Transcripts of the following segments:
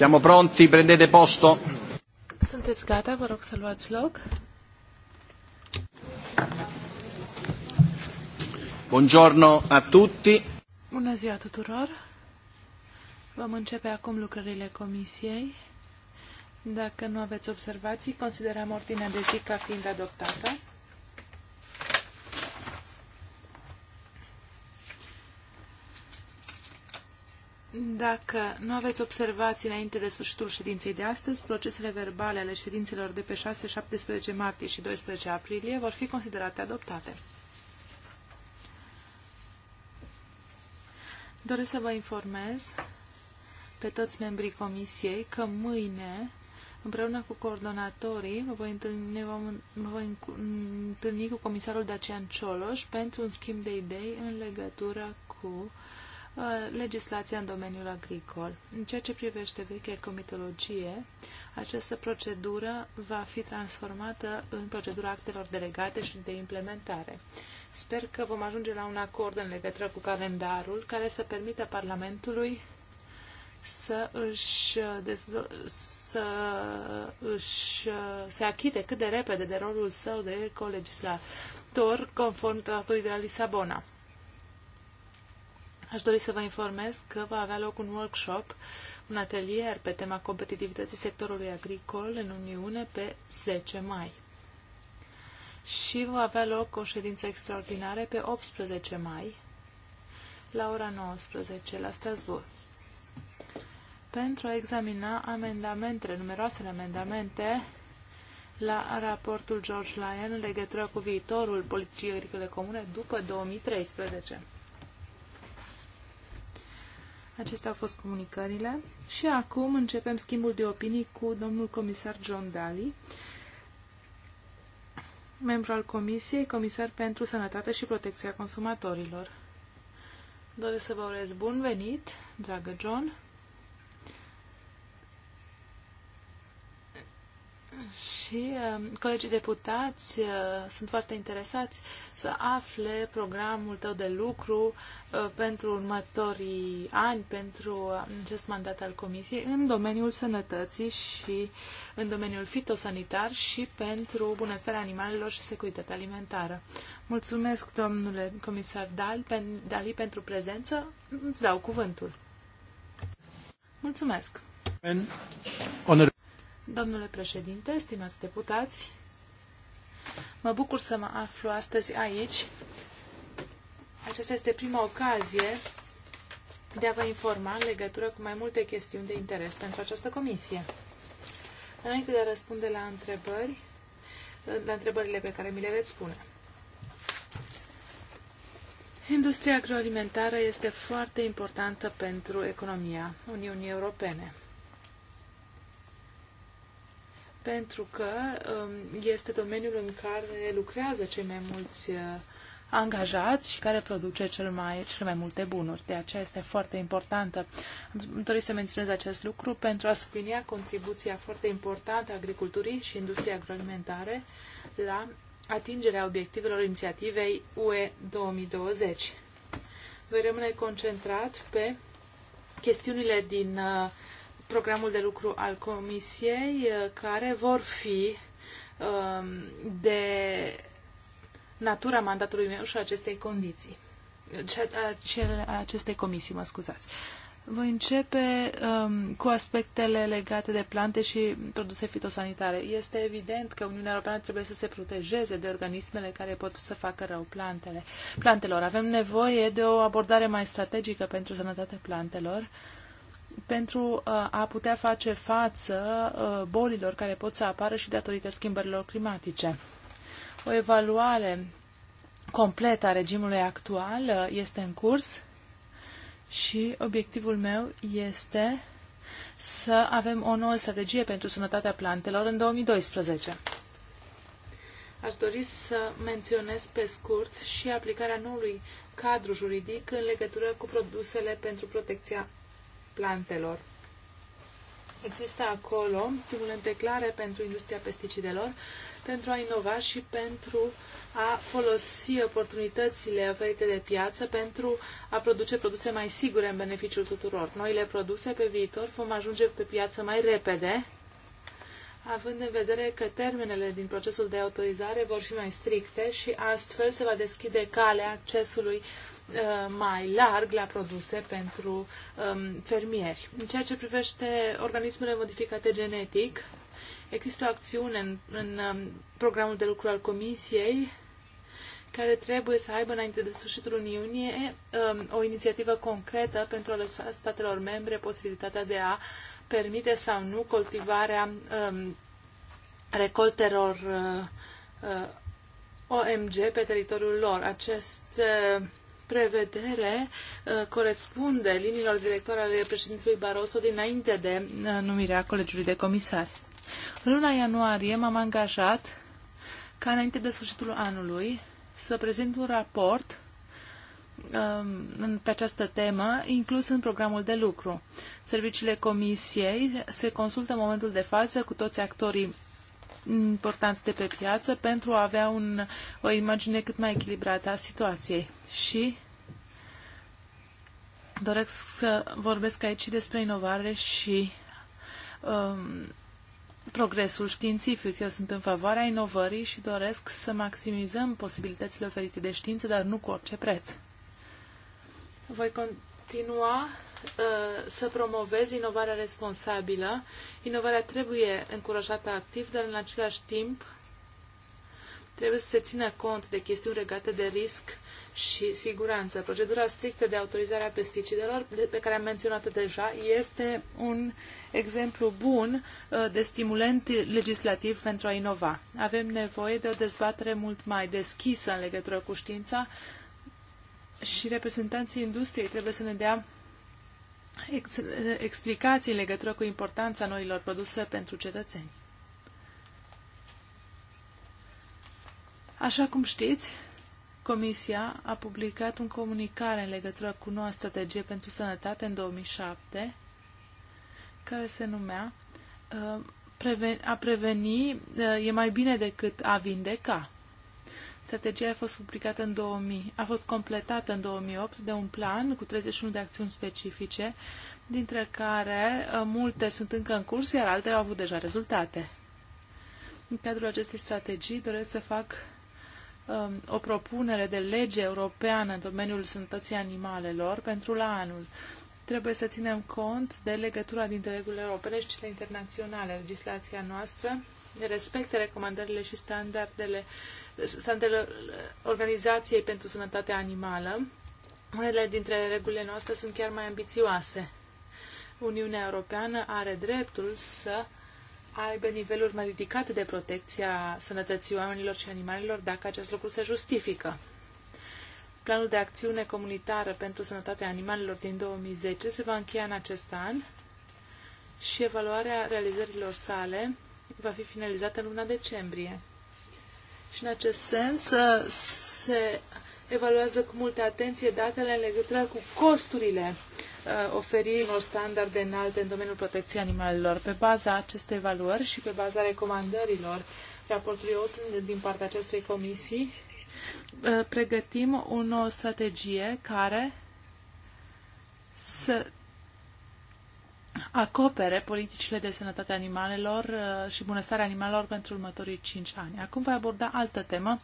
Siamo pronti? Prendete posto? Sunteți gata? Vă rog să luați loc. Buongiorno a tutti. Bună ziua tuturor. Vom începe acum lucrările comisiei. Dacă nu aveți observații, considerăm ordinea de zi ca fiind adoptată. Dacă nu aveți observații înainte de sfârșitul ședinței de astăzi, procesele verbale ale ședințelor de pe 6, 17 martie și 12 aprilie vor fi considerate adoptate. Doresc să vă informez pe toți membrii comisiei că mâine, împreună cu coordonatorii, mă voi întâlni, vom, mă voi întâlni cu comisarul Dacian Cioloș pentru un schimb de idei în legătură cu Uh, legislația în domeniul agricol. În ceea ce privește vechea comitologie, această procedură va fi transformată în procedura actelor delegate și de implementare. Sper că vom ajunge la un acord în legătură cu calendarul care să permită Parlamentului să își, uh, să își uh, se achite cât de repede de rolul său de colegislator conform tratatului de la Lisabona. Aș dori să vă informez că va avea loc un workshop, un atelier pe tema competitivității sectorului agricol în Uniune pe 10 mai. Și va avea loc o ședință extraordinară pe 18 mai, la ora 19, la Strasbourg pentru a examina amendamentele, numeroasele amendamente la raportul George Lyon în legătură cu viitorul politicii agricole comune după 2013. Acestea au fost comunicările. Și acum începem schimbul de opinii cu domnul comisar John Daly, membru al Comisiei, comisar pentru Sănătate și Protecția Consumatorilor. Doresc să vă urez bun venit, dragă John. și um, colegii deputați uh, sunt foarte interesați să afle programul tău de lucru uh, pentru următorii ani, pentru uh, acest mandat al Comisiei în domeniul sănătății și în domeniul fitosanitar și pentru bunăstarea animalelor și securitatea alimentară. Mulțumesc, domnule comisar Dali, pentru prezență. Îți dau cuvântul. Mulțumesc. Domnule președinte, stimați deputați, mă bucur să mă aflu astăzi aici. Aceasta este prima ocazie de a vă informa în legătură cu mai multe chestiuni de interes pentru această comisie. Înainte de a răspunde la întrebări, la întrebările pe care mi le veți spune. Industria agroalimentară este foarte importantă pentru economia Uniunii Europene pentru că um, este domeniul în care lucrează cei mai mulți uh, angajați și care produce cel mai, cel mai multe bunuri. De aceea este foarte importantă. Îmi doresc să menționez acest lucru pentru a sublinia contribuția foarte importantă a agriculturii și industriei agroalimentare la atingerea obiectivelor inițiativei UE 2020. Voi rămâne concentrat pe chestiunile din uh, programul de lucru al Comisiei, uh, care vor fi um, de natura mandatului meu și acestei condiții, acestei comisii, mă scuzați. Voi începe um, cu aspectele legate de plante și produse fitosanitare. Este evident că Uniunea Europeană trebuie să se protejeze de organismele care pot să facă rău plantele, plantelor. Avem nevoie de o abordare mai strategică pentru sănătatea plantelor pentru uh, a putea face față uh, bolilor care pot să apară și datorită schimbărilor climatice. O evaluare completă a regimului actual uh, este în curs și obiectivul meu este să avem o nouă strategie pentru sănătatea plantelor în 2012. Aș dori să menționez pe scurt și aplicarea noului cadru juridic în legătură cu produsele pentru protecția plantelor. Există acolo stimulente clare pentru industria pesticidelor, pentru a inova și pentru a folosi oportunitățile oferite de piață pentru a produce produse mai sigure în beneficiul tuturor. Noile produse pe viitor vom ajunge pe piață mai repede, având în vedere că termenele din procesul de autorizare vor fi mai stricte și astfel se va deschide calea accesului Uh, mai larg la produse pentru um, fermieri. În ceea ce privește organismele modificate genetic, există o acțiune în, în um, programul de lucru al Comisiei care trebuie să aibă înainte de sfârșitul lunii iunie um, o inițiativă concretă pentru a lăsa statelor membre posibilitatea de a permite sau nu cultivarea um, recolterilor uh, uh, OMG pe teritoriul lor. Acest uh, prevedere uh, corespunde liniilor directoare ale președintelui Barroso dinainte de uh, numirea colegiului de comisari. În luna ianuarie m-am angajat ca înainte de sfârșitul anului să prezint un raport um, pe această temă, inclus în programul de lucru. Serviciile comisiei se consultă în momentul de fază cu toți actorii importanți de pe piață pentru a avea un, o imagine cât mai echilibrată a situației. Și doresc să vorbesc aici și despre inovare și um, progresul științific. Eu sunt în favoarea inovării și doresc să maximizăm posibilitățile oferite de știință, dar nu cu orice preț. Voi continua Uh, să promovezi inovarea responsabilă. Inovarea trebuie încurajată activ, dar în același timp trebuie să se țină cont de chestiuni legate de risc și siguranță. Procedura strictă de autorizare a pesticidelor, pe care am menționat deja, este un exemplu bun uh, de stimulent legislativ pentru a inova. Avem nevoie de o dezbatere mult mai deschisă în legătură cu știința și reprezentanții industriei trebuie să ne dea ex, explicații în legătură cu importanța noilor produse pentru cetățeni. Așa cum știți, Comisia a publicat un comunicare în legătură cu noua strategie pentru sănătate în 2007, care se numea uh, A preveni uh, e mai bine decât a vindeca. Strategia a fost publicată în 2000, a fost completată în 2008 de un plan cu 31 de acțiuni specifice, dintre care uh, multe sunt încă în curs, iar altele au avut deja rezultate. În cadrul acestei strategii doresc să fac um, o propunere de lege europeană în domeniul sănătății animalelor pentru la anul. Trebuie să ținem cont de legătura dintre regulile europene și cele internaționale. Legislația noastră respecte recomandările și standardele, standardele Organizației pentru Sănătatea Animală. Unele dintre regulile noastre sunt chiar mai ambițioase. Uniunea Europeană are dreptul să aibă niveluri mai ridicate de protecție a sănătății oamenilor și animalelor dacă acest lucru se justifică. Planul de acțiune comunitară pentru sănătatea animalelor din 2010 se va încheia în acest an și evaluarea realizărilor sale va fi finalizată în luna decembrie. Și în acest sens uh, se evaluează cu multă atenție datele în legătură cu costurile uh, oferirii unor standarde înalte în domeniul protecției animalelor. Pe baza acestei evaluări și pe baza recomandărilor raportului OSN din partea acestei comisii, uh, pregătim o nouă strategie care să acopere politicile de sănătate animalelor uh, și bunăstarea animalelor pentru următorii 5 ani. Acum voi aborda altă temă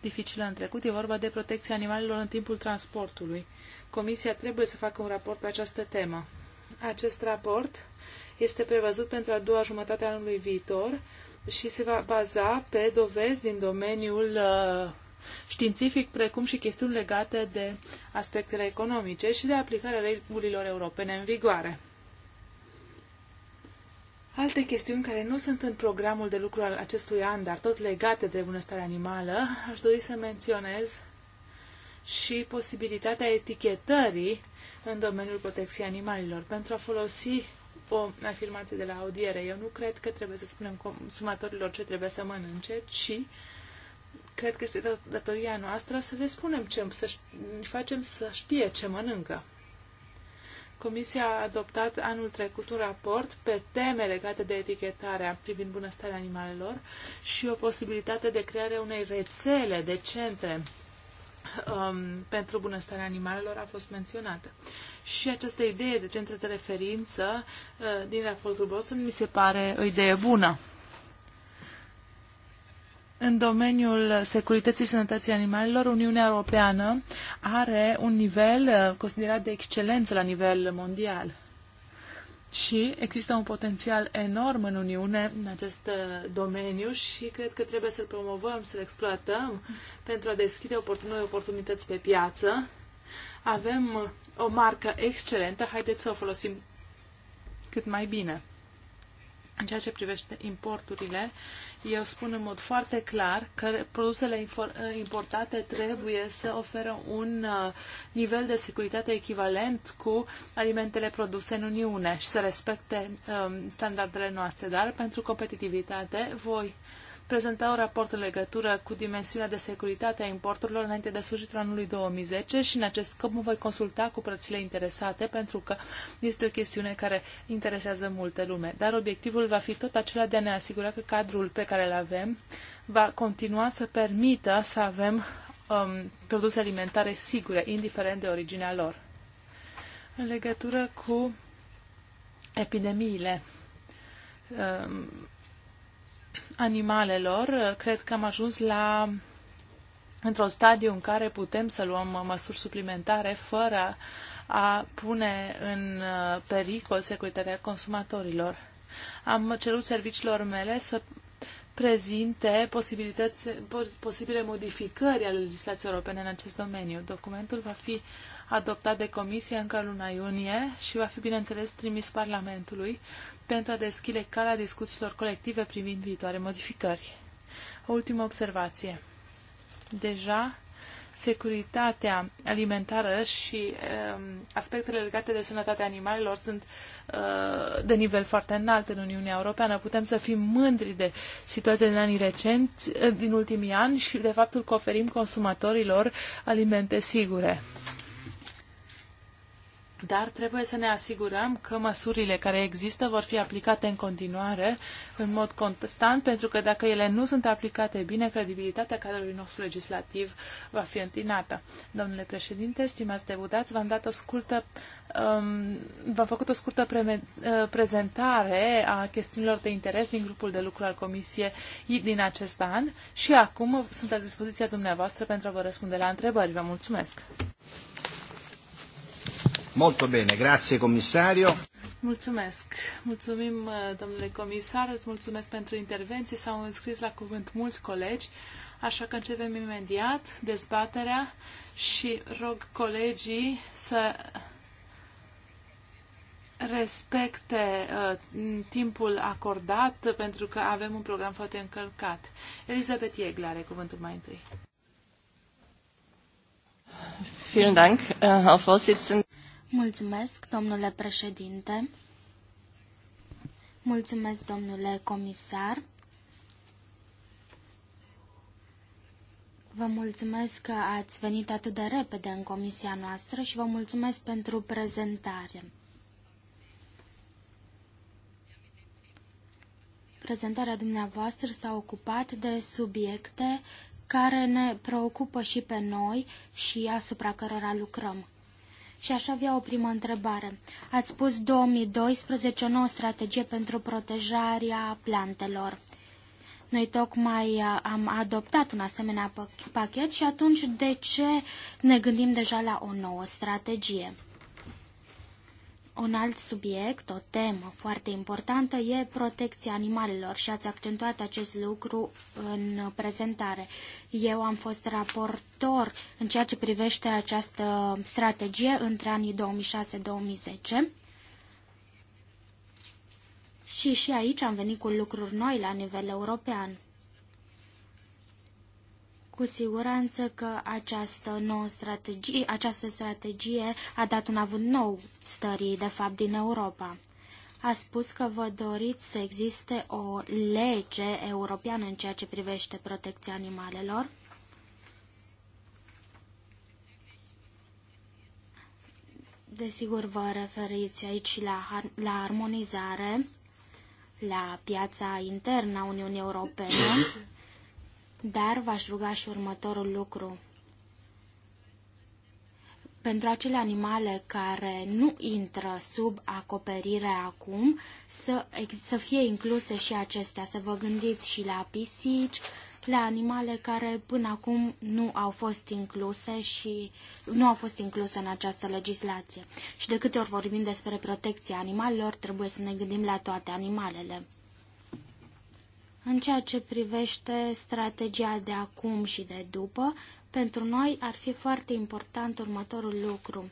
dificilă în trecut, e vorba de protecția animalelor în timpul transportului. Comisia trebuie să facă un raport pe această temă. Acest raport este prevăzut pentru a doua jumătate a anului viitor și se va baza pe dovezi din domeniul uh, științific, precum și chestiuni legate de aspectele economice și de aplicarea regulilor europene în vigoare. Alte chestiuni care nu sunt în programul de lucru al acestui an, dar tot legate de bunăstare animală, aș dori să menționez și posibilitatea etichetării în domeniul protecției animalelor. Pentru a folosi o afirmație de la audiere, eu nu cred că trebuie să spunem consumatorilor ce trebuie să mănânce, ci cred că este datoria noastră să le spunem ce, să facem să știe ce mănâncă. Comisia a adoptat anul trecut un raport pe teme legate de etichetarea privind bunăstarea animalelor și o posibilitate de creare unei rețele de centre um, pentru bunăstarea animalelor a fost menționată. Și această idee de centre de referință uh, din raportul Boston mi se pare o idee bună. În domeniul securității și sănătății animalelor, Uniunea Europeană are un nivel uh, considerat de excelență la nivel mondial. Și există un potențial enorm în Uniune în acest uh, domeniu și cred că trebuie să-l promovăm, să-l exploatăm pentru a deschide noi oportunități pe piață. Avem uh, o marcă excelentă, haideți să o folosim cât mai bine. În ceea ce privește importurile, eu spun în mod foarte clar că produsele importate trebuie să oferă un uh, nivel de securitate echivalent cu alimentele produse în Uniune și să respecte um, standardele noastre, dar pentru competitivitate voi prezenta un raport în legătură cu dimensiunea de securitate a importurilor înainte de sfârșitul anului 2010 și în acest scop mă voi consulta cu părțile interesate pentru că este o chestiune care interesează multe lume. Dar obiectivul va fi tot acela de a ne asigura că cadrul pe care îl avem va continua să permită să avem um, produse alimentare sigure, indiferent de originea lor. În legătură cu epidemiile, um, animalelor, cred că am ajuns la într-un stadiu în care putem să luăm măsuri suplimentare fără a pune în uh, pericol securitatea consumatorilor. Am cerut serviciilor mele să prezinte posibilități, posibile modificări ale legislației europene în acest domeniu. Documentul va fi adoptat de comisie încă luna iunie și va fi, bineînțeles, trimis Parlamentului pentru a deschide calea discuțiilor colective privind viitoare modificări. O ultimă observație. Deja securitatea alimentară și um, aspectele legate de sănătatea animalelor sunt uh, de nivel foarte înalt în Uniunea Europeană. Putem să fim mândri de situația din anii recenți, eh, din ultimii ani și de faptul că oferim consumatorilor alimente sigure. Dar trebuie să ne asigurăm că măsurile care există vor fi aplicate în continuare, în mod constant, pentru că dacă ele nu sunt aplicate bine, credibilitatea cadrului nostru legislativ va fi întinată. Domnule președinte, stimați deputați, v-am dat o scurtă, um, v-am făcut o scurtă pre- uh, prezentare a chestiunilor de interes din grupul de lucru al Comisiei din acest an și acum sunt la dispoziția dumneavoastră pentru a vă răspunde la întrebări. Vă mulțumesc! Molto bene, grazie commissario. Mulțumesc. Mulțumim, domnule comisar, îți mulțumesc pentru intervenții. S-au înscris la cuvânt mulți colegi, așa că începem imediat dezbaterea și rog colegii să respecte uh, timpul acordat pentru că avem un program foarte încărcat. Elizabeth Iegle are cuvântul mai întâi. Vielen Dank, Herr Vorsitzende. Mulțumesc, domnule președinte. Mulțumesc, domnule comisar. Vă mulțumesc că ați venit atât de repede în comisia noastră și vă mulțumesc pentru prezentare. Prezentarea dumneavoastră s-a ocupat de subiecte care ne preocupă și pe noi și asupra cărora lucrăm. Și aș avea o primă întrebare. Ați spus 2012 o nouă strategie pentru protejarea plantelor. Noi tocmai uh, am adoptat un asemenea pachet și atunci de ce ne gândim deja la o nouă strategie? Un alt subiect, o temă foarte importantă, e protecția animalelor și ați accentuat acest lucru în prezentare. Eu am fost raportor în ceea ce privește această strategie între anii 2006-2010. Și și aici am venit cu lucruri noi la nivel european. Cu siguranță că această nouă strategie, această strategie a dat un avânt nou stării, de fapt, din Europa. A spus că vă doriți să existe o lege europeană în ceea ce privește protecția animalelor. Desigur, vă referiți aici la, la armonizare, la piața internă a Uniunii Europene. Dar v-aș ruga și următorul lucru. Pentru acele animale care nu intră sub acoperire acum, să, să fie incluse și acestea, să vă gândiți și la pisici, la animale care până acum nu au fost incluse și nu au fost incluse în această legislație. Și de câte ori vorbim despre protecția animalelor, trebuie să ne gândim la toate animalele. În ceea ce privește strategia de acum și de după, pentru noi ar fi foarte important următorul lucru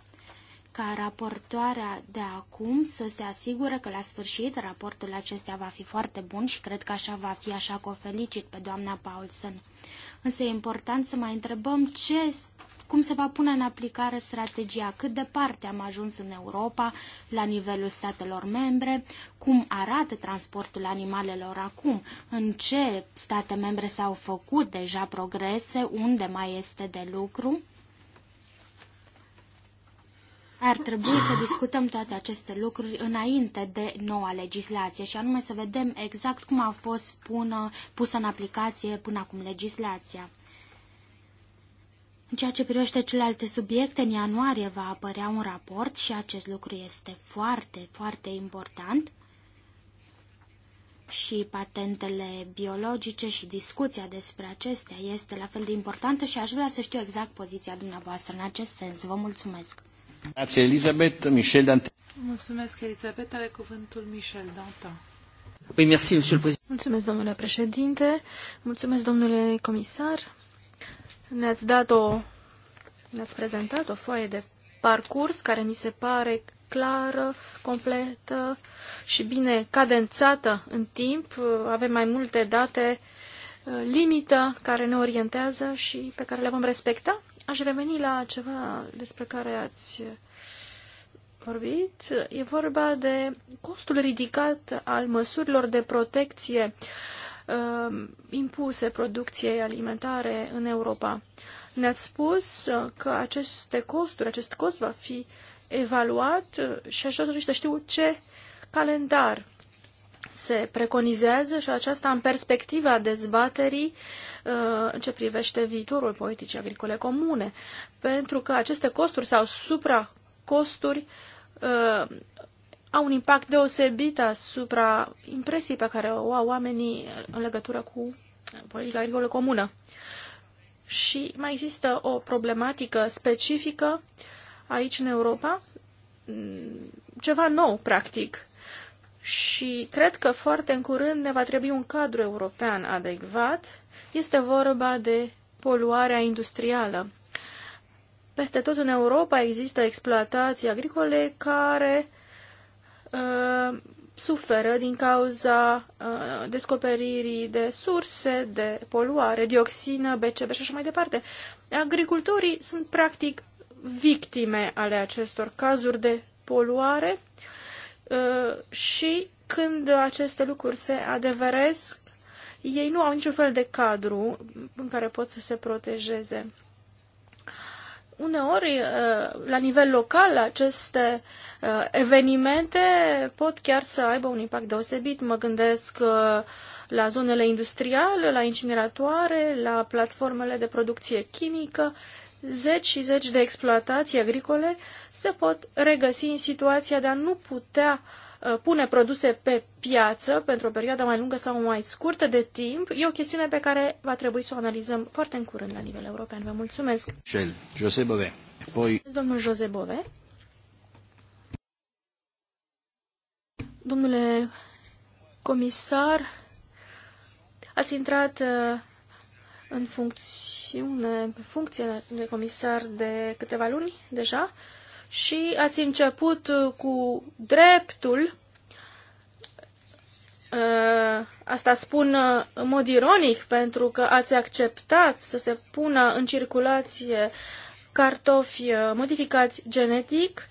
ca raportoarea de acum să se asigure că la sfârșit raportul acesta va fi foarte bun și cred că așa va fi, așa că o felicit pe doamna Paulsen. Însă e important să mai întrebăm ce cum se va pune în aplicare strategia, cât de departe am ajuns în Europa la nivelul statelor membre, cum arată transportul animalelor acum, în ce state membre s-au făcut deja progrese, unde mai este de lucru. Ar trebui să discutăm toate aceste lucruri înainte de noua legislație și anume să vedem exact cum a fost pusă în aplicație până acum legislația. În ceea ce privește celelalte subiecte, în ianuarie va apărea un raport și acest lucru este foarte, foarte important. Și patentele biologice și discuția despre acestea este la fel de importantă și aș vrea să știu exact poziția dumneavoastră în acest sens. Vă mulțumesc! Grazie, Elisabeth. Michel Dante. Mulțumesc, Elisabeth. Are cuvântul Michel Dante. Oui, merci, Mulțumesc, domnule președinte. Mulțumesc, domnule comisar. Ne-ați dat o, ne-ați prezentat o foaie de parcurs care mi se pare clară, completă și bine cadențată în timp. Avem mai multe date limită care ne orientează și pe care le vom respecta. Aș reveni la ceva despre care ați vorbit. E vorba de costul ridicat al măsurilor de protecție uh, Um, impuse producției alimentare în Europa. Ne-ați spus uh, că aceste costuri, acest cost va fi evaluat uh, și aș dori să știu ce calendar se preconizează și aceasta în perspectiva dezbaterii uh, în ce privește viitorul politicii agricole comune, pentru că aceste costuri sau supracosturi au un impact deosebit asupra impresii pe care o au oamenii în legătură cu politica agricolă comună. Și mai există o problematică specifică aici în Europa, mm, ceva nou, practic. Și cred că foarte în curând ne va trebui un cadru european adecvat. Este vorba de poluarea industrială. Peste tot în Europa există exploatații agricole care Uh, suferă din cauza uh, descoperirii de surse de poluare, dioxină, BCB și așa mai departe. Agricultorii sunt practic victime ale acestor cazuri de poluare uh, și când aceste lucruri se adeveresc, ei nu au niciun fel de cadru în care pot să se protejeze uneori, uh, la nivel local, aceste uh, evenimente pot chiar să aibă un impact deosebit. Mă gândesc uh, la zonele industriale, la incineratoare, la platformele de producție chimică. Zeci și zeci de exploatații agricole se pot regăsi în situația de a nu putea uh, Uh, pune produse pe piață pentru o perioadă mai lungă sau mai scurtă de timp e o chestiune pe care va trebui să o analizăm foarte în curând la nivel european. Vă mulțumesc! Cel, Jose Bove. Poi. Domnul Jose Bove. Domnule comisar, ați intrat uh, în funcțiune, funcție de comisar de câteva luni deja și ați început uh, cu dreptul, uh, asta spun uh, în mod ironic, pentru că ați acceptat să se pună în circulație cartofi modificați genetic,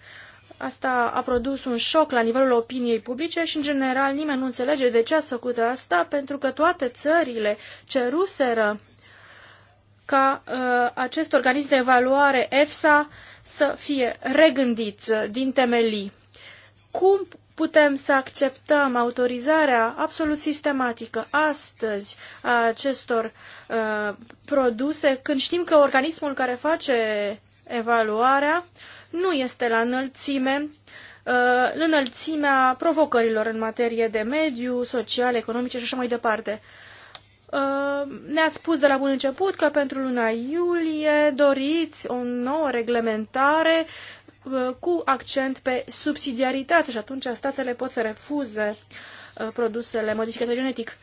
Asta a produs un șoc la nivelul opiniei publice și, în general, nimeni nu înțelege de ce ați făcut asta, pentru că toate țările ceruseră ca uh, acest organism de evaluare EFSA să fie regândiți din temelii. Cum putem să acceptăm autorizarea absolut sistematică astăzi a acestor uh, produse când știm că organismul care face evaluarea nu este la înălțime uh, înălțimea provocărilor în materie de mediu, social, economice și așa mai departe. Uh, Uh, ne-ați spus de la bun început că pentru luna iulie doriți o nouă reglementare uh, cu accent pe subsidiaritate și atunci statele pot să refuze uh, produsele modificate genetic.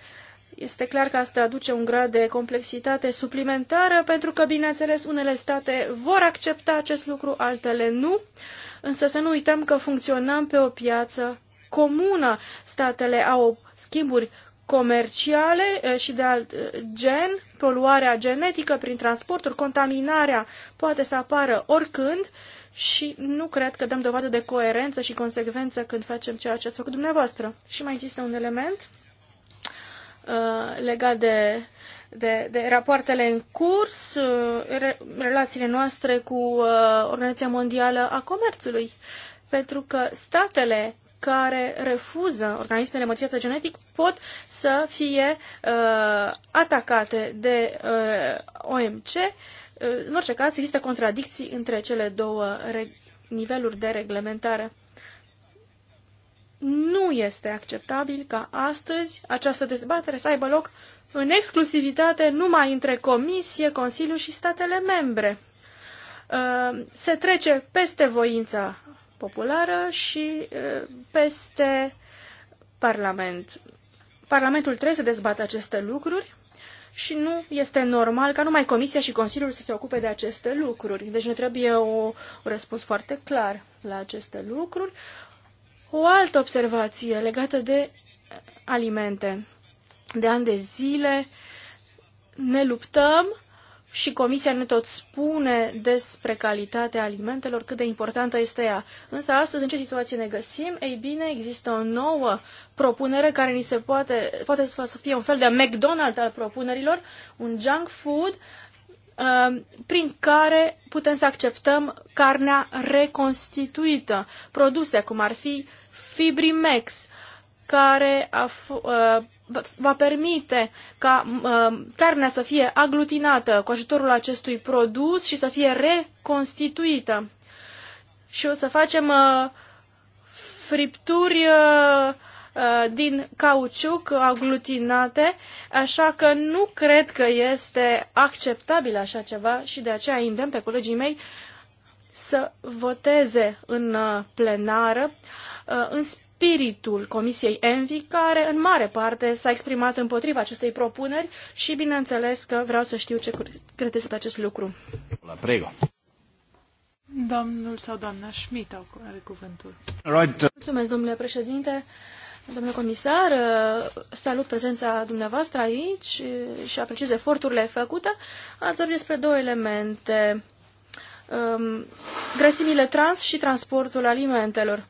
Este clar că asta aduce un grad de complexitate suplimentară, pentru că, bineînțeles, unele state vor accepta acest lucru, altele nu, însă să nu uităm că funcționăm pe o piață comună. Statele au schimburi comerciale și de alt gen, poluarea genetică prin transporturi, contaminarea poate să apară oricând și nu cred că dăm dovadă de coerență și consecvență când facem ceea ce ați făcut dumneavoastră. Și mai există un element legat de, de, de rapoartele în curs, relațiile noastre cu Organizația Mondială a Comerțului, pentru că statele care refuză organismele modificate genetic pot să fie uh, atacate de uh, OMC. Uh, în orice caz, există contradicții între cele două niveluri de reglementare. Nu este acceptabil ca astăzi această dezbatere să aibă loc în exclusivitate numai între Comisie, Consiliu și statele membre. Uh, se trece peste voința Populară și peste Parlament. Parlamentul trebuie să dezbată aceste lucruri și nu este normal ca numai Comisia și Consiliul să se ocupe de aceste lucruri. Deci ne trebuie o, un răspuns foarte clar la aceste lucruri. O altă observație legată de alimente. De ani de zile ne luptăm și comisia ne tot spune despre calitatea alimentelor, cât de importantă este ea. Însă astăzi în ce situație ne găsim? Ei bine, există o nouă propunere care ni se poate, poate să fie un fel de McDonald's al propunerilor, un junk food, um, prin care putem să acceptăm carnea reconstituită. Produse cum ar fi Fibrimex, care a f- uh, va permite ca uh, carnea să fie aglutinată cu ajutorul acestui produs și să fie reconstituită. Și o să facem uh, fripturi uh, uh din cauciuc aglutinate, așa că nu cred că este acceptabil așa ceva și de aceea îndemn pe colegii mei să voteze în uh, plenară uh, în spiritul Comisiei Envi, care în mare parte s-a exprimat împotriva acestei propuneri și bineînțeles că vreau să știu ce credeți pe acest lucru. La prego. Domnul sau doamna Schmidt are cuvântul. Right. Mulțumesc, domnule președinte. Domnule comisar, salut prezența dumneavoastră aici și apreciez eforturile făcute. Ați vorbit despre două elemente, um, grăsimile trans și transportul alimentelor.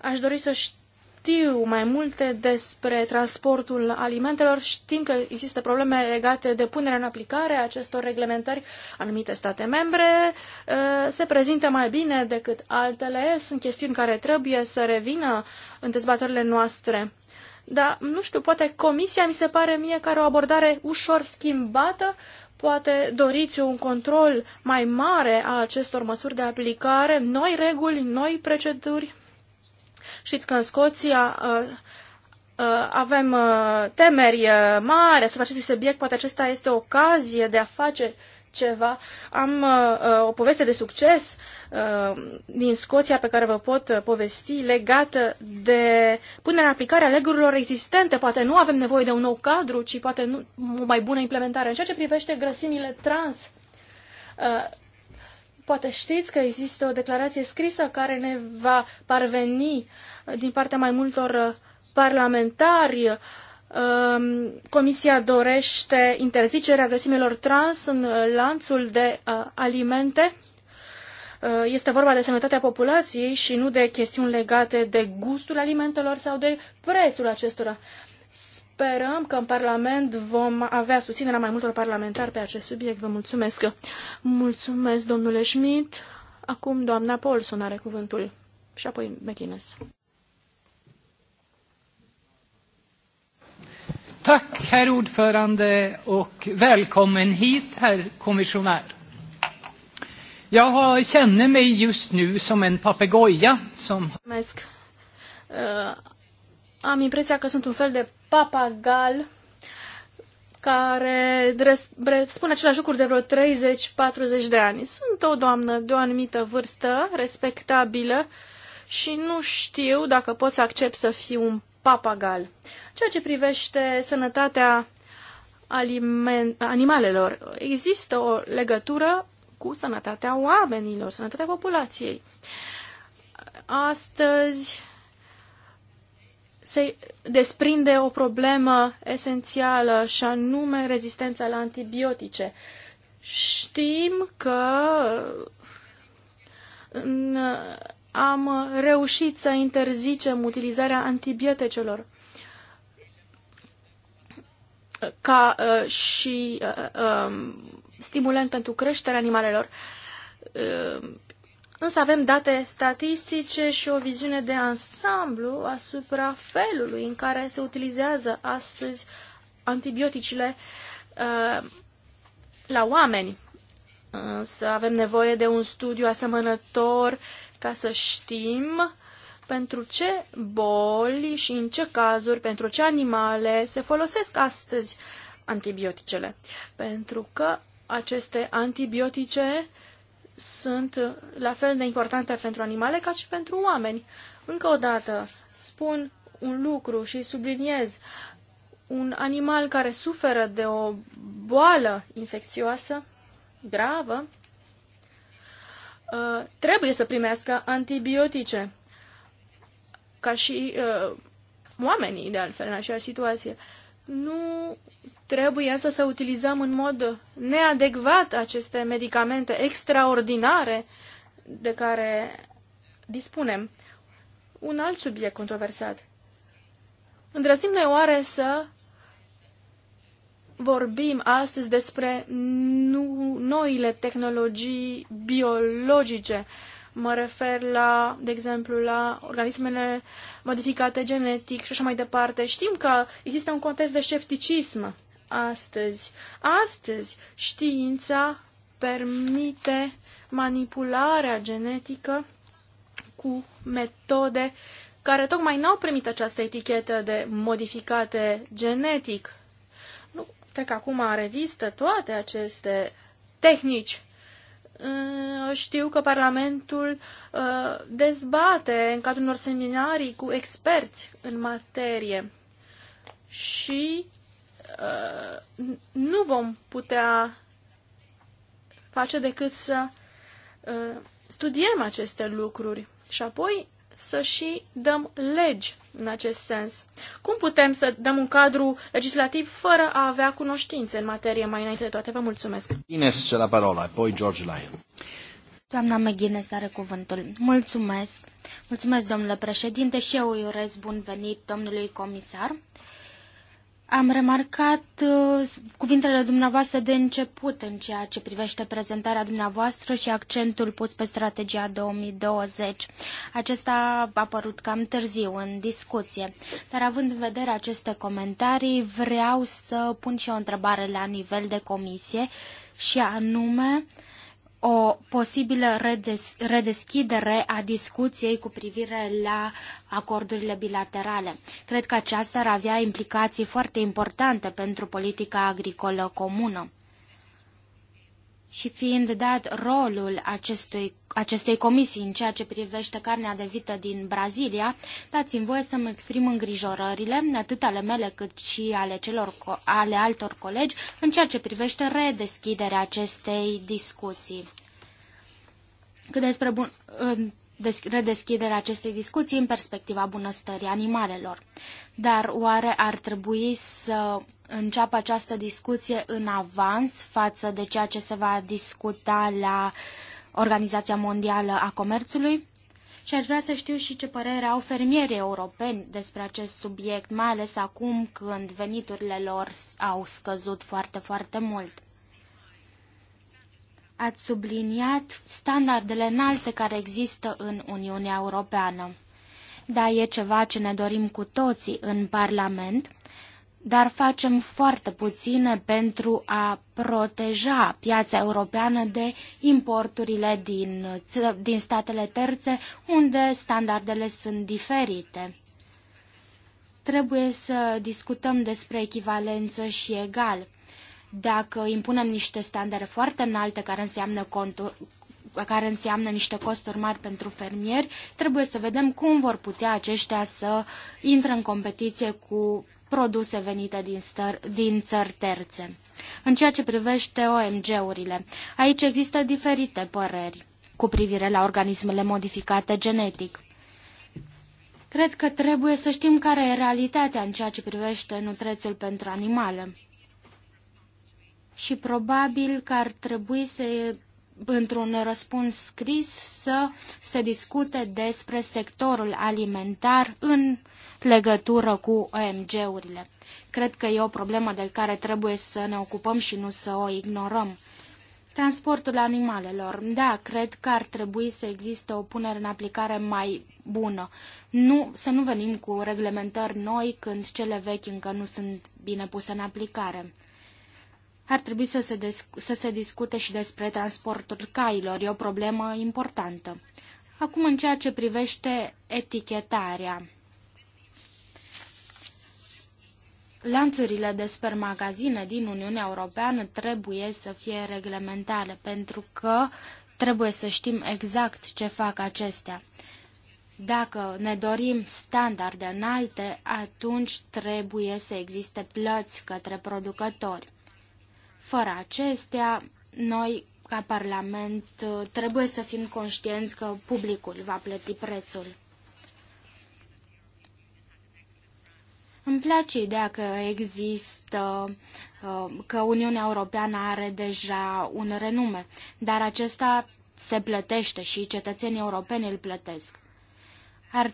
Aș dori să știu mai multe despre transportul alimentelor. Știm că există probleme legate de punerea în aplicare a acestor reglementări. Anumite state membre uh, se prezintă mai bine decât altele. Sunt chestiuni care trebuie să revină în dezbaterile noastre. Dar, nu știu, poate comisia mi se pare mie că are o abordare ușor schimbată, poate doriți un control mai mare a acestor măsuri de aplicare, noi reguli, noi proceduri. Știți că în Scoția uh, uh, avem uh, temeri mari asupra acestui subiect, poate acesta este o ocazie de a face ceva. Am o poveste de succes din Scoția pe care vă pot povesti legată de punerea în aplicare a legurilor existente. Poate nu avem nevoie de un nou cadru, ci poate nu, o mai bună implementare. În ceea ce privește grăsimile trans, Poate știți că există o declarație scrisă care ne va parveni din partea mai multor uh, parlamentari. Um, Comisia dorește interzicerea grăsimilor trans în uh, lanțul de uh, alimente. Este vorba de sănătatea populației și nu de chestiuni legate de gustul alimentelor sau de prețul acestora sperăm că în Parlament vom avea susținerea mai multor parlamentari pe acest subiect. Vă mulțumesc. Mulțumesc, domnule Schmidt. Acum doamna Paulson are cuvântul și apoi McInnes. Tack, herr ordförande, och välkommen hit, herr kommissionär. Jag har, känner mig just nu som en papegoja som... Uh, am impresia că sunt un fel de papagal care spune același lucru de vreo 30-40 de ani. Sunt o doamnă de o anumită vârstă, respectabilă, și nu știu dacă pot să accept să fiu un papagal. Ceea ce privește sănătatea animalelor, există o legătură cu sănătatea oamenilor, sănătatea populației. Astăzi se desprinde o problemă esențială și anume rezistența la antibiotice. Știm că am reușit să interzicem utilizarea antibioticelor ca uh, și uh, uh, um, stimulant pentru creșterea animalelor. Însă avem date statistice și o viziune de ansamblu asupra felului în care se utilizează astăzi antibioticile uh, la oameni. Însă avem nevoie de un studiu asemănător ca să știm pentru ce boli și în ce cazuri, pentru ce animale se folosesc astăzi antibioticele. Pentru că aceste antibiotice sunt la fel de importante pentru animale ca și pentru oameni. Încă o dată, spun un lucru și subliniez, un animal care suferă de o boală infecțioasă gravă uh, trebuie să primească antibiotice, ca și uh, oamenii, de altfel, în aceeași situație nu trebuie însă să utilizăm în mod neadecvat aceste medicamente extraordinare de care dispunem. Un alt subiect controversat. Îndrăznim noi oare să vorbim astăzi despre nu, noile tehnologii biologice? Uh, Mă refer la, de exemplu, la organismele modificate genetic și așa mai departe. Știm că există un context de scepticism astăzi. Astăzi știința permite manipularea genetică cu metode care tocmai n-au primit această etichetă de modificate genetic. Nu trec acum în revistă toate aceste tehnici știu că Parlamentul uh, dezbate în cadrul unor seminarii cu experți în materie și uh, nu vom putea face decât să uh, studiem aceste lucruri și apoi să și dăm legi în acest sens. Cum putem să dăm un cadru legislativ fără a avea cunoștințe în materie mai înainte de toate? Vă mulțumesc. Ines ce la parola, apoi George Lyon. Doamna McGuinness are cuvântul. Mulțumesc. Mulțumesc, domnule președinte, și eu îi urez bun venit domnului comisar. Am remarcat uh, cuvintele dumneavoastră de început în ceea ce privește prezentarea dumneavoastră și accentul pus pe strategia 2020. Acesta a apărut cam târziu în discuție, dar având în vedere aceste comentarii, vreau să pun și o întrebare la nivel de comisie și anume, uh, o posibilă redes redeschidere a discuției cu privire la acordurile bilaterale. Cred că aceasta ar avea implicații foarte importante pentru politica agricolă comună și fiind dat rolul acestui, acestei comisii în ceea ce privește carnea de vită din Brazilia, dați-mi voie să-mi exprim îngrijorările, atât ale mele cât și ale, celor, ale altor colegi, în ceea ce privește redeschiderea acestei discuții. Cât despre bun, redeschiderea acestei discuții în perspectiva bunăstării animalelor. Dar oare ar trebui să înceapă această discuție în avans față de ceea ce se va discuta la Organizația Mondială a Comerțului? Și aș vrea să știu și ce părere au fermierii europeni despre acest subiect, mai ales acum când veniturile lor au scăzut foarte, foarte mult. Ați subliniat standardele înalte care există în Uniunea Europeană. Da, e ceva ce ne dorim cu toții în Parlament dar facem foarte puține pentru a proteja piața europeană de importurile din, din statele terțe, unde standardele sunt diferite. Trebuie să discutăm despre echivalență și egal. Dacă impunem niște standarde foarte înalte, care înseamnă contul care înseamnă niște costuri mari pentru fermieri, trebuie să vedem cum vor putea aceștia să intre în competiție cu produse venite din, stăr, din țări terțe. În ceea ce privește OMG-urile, aici există diferite păreri cu privire la organismele modificate genetic. Cred că trebuie să știm care e realitatea în ceea ce privește nutrețul pentru animale. Și probabil că ar trebui să într-un răspuns scris să se discute despre sectorul alimentar în legătură cu OMG-urile. Cred că e o problemă de care trebuie să ne ocupăm și nu să o ignorăm. Transportul animalelor. Da, cred că ar trebui să existe o punere în aplicare mai bună. Nu, să nu venim cu reglementări noi când cele vechi încă nu sunt bine puse în aplicare. Ar trebui să se, să se discute și despre transportul cailor. E o problemă importantă. Acum, în ceea ce privește etichetarea. Lanțurile de supermagazine din Uniunea Europeană trebuie să fie reglementare, pentru că trebuie să știm exact ce fac acestea. Dacă ne dorim standarde înalte, atunci trebuie să existe plăți către producători. Fără acestea, noi, ca Parlament, trebuie să fim conștienți că publicul va plăti prețul. Îmi place ideea că există, uh, că Uniunea Europeană are deja un renume, dar acesta se plătește și cetățenii europeni îl plătesc. Ar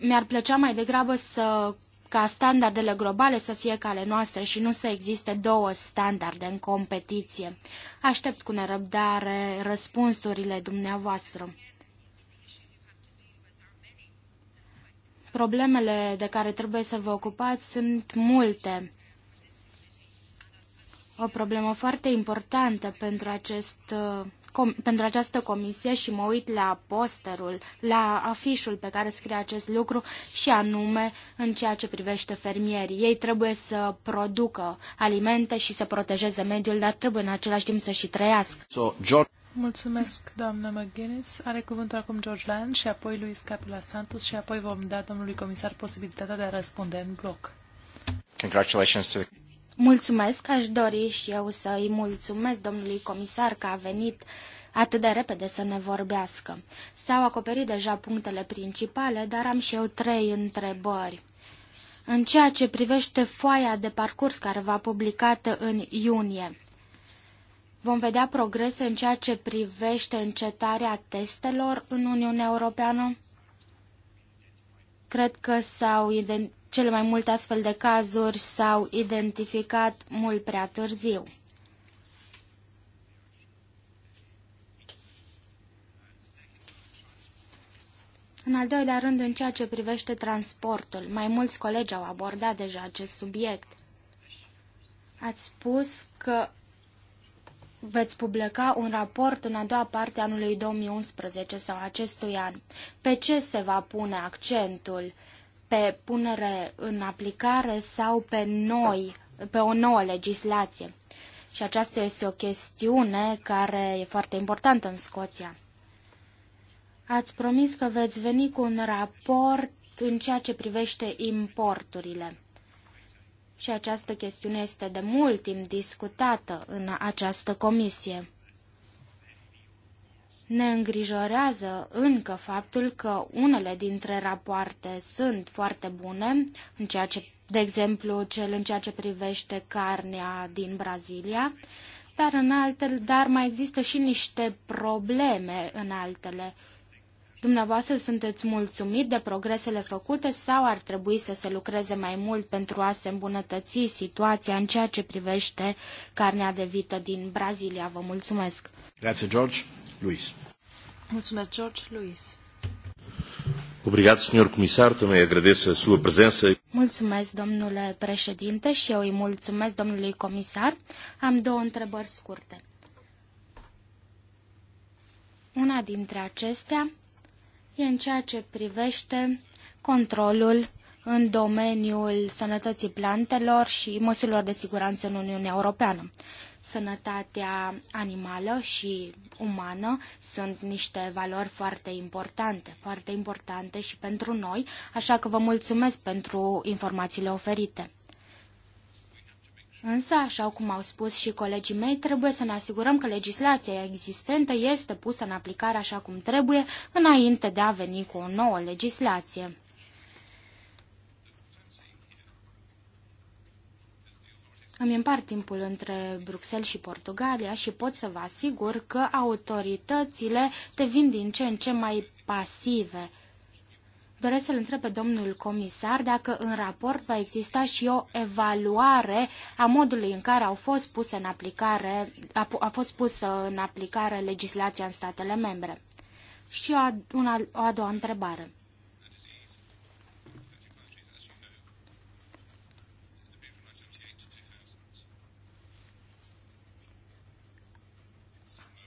mi-ar plăcea mai degrabă să ca standardele globale să fie ca ale noastre și nu să existe două standarde în competiție. Aștept cu nerăbdare răspunsurile dumneavoastră. Problemele de care trebuie să vă ocupați sunt multe. O problemă foarte importantă pentru, acest, uh, com, pentru această comisie și mă uit la posterul, la afișul pe care scrie acest lucru și anume în ceea ce privește fermierii. Ei trebuie să producă alimente și să protejeze mediul, dar trebuie în același timp să și trăiască. So, George... Mulțumesc, doamnă McGuinness. Are cuvântul acum George Land și apoi Luis Capula Santos și apoi vom da domnului comisar posibilitatea de a răspunde în bloc. Congratulations to... Mulțumesc, aș dori și eu să îi mulțumesc domnului comisar că a venit atât de repede să ne vorbească. S-au acoperit deja punctele principale, dar am și eu trei întrebări. În ceea ce privește foaia de parcurs care va publicată în iunie, Vom vedea progrese în ceea ce privește încetarea testelor în Uniunea Europeană? Cred că s-au cele mai multe astfel de cazuri s-au identificat mult prea târziu. În al doilea rând, în ceea ce privește transportul, mai mulți colegi au abordat deja acest subiect. Ați spus că veți publica un raport în a doua parte a anului 2011 sau acestui an. Pe ce se va pune accentul? Pe punere în aplicare sau pe noi, pe o nouă legislație? Și aceasta este o chestiune care e foarte importantă în Scoția. Ați promis că veți veni cu un raport în ceea ce privește importurile și această chestiune este de mult timp discutată în această comisie. Ne îngrijorează încă faptul că unele dintre rapoarte sunt foarte bune, în ceea ce, de exemplu cel în ceea ce privește carnea din Brazilia, dar, în altele, dar mai există și niște probleme în altele Dumneavoastră sunteți mulțumit de progresele făcute sau ar trebui să se lucreze mai mult pentru a se îmbunătăți situația în ceea ce privește carnea de vită din Brazilia? Vă mulțumesc! Grazie, George. Luis. Mulțumesc, George. Luis. Obrigado, senhor Também agradeço a sua presença. Mulțumesc, domnule președinte, și eu îi mulțumesc domnului comisar. Am două întrebări scurte. Una dintre acestea e în ceea ce privește controlul în domeniul sănătății plantelor și măsurilor de siguranță în Uniunea Europeană. Sănătatea animală și umană sunt niște valori foarte importante, foarte importante și pentru noi, așa că vă mulțumesc pentru informațiile oferite. Însă, așa cum au spus și colegii mei, trebuie să ne asigurăm că legislația existentă este pusă în aplicare așa cum trebuie, înainte de a veni cu o nouă legislație. Îmi împart timpul între Bruxelles și Portugalia și pot să vă asigur că autoritățile devin din ce în ce mai pasive Doresc să-l întreb pe domnul comisar dacă în raport va exista și o evaluare a modului în care au fost puse în aplicare, a, a fost pusă în aplicare legislația în statele membre. Și o, una, o a doua întrebare.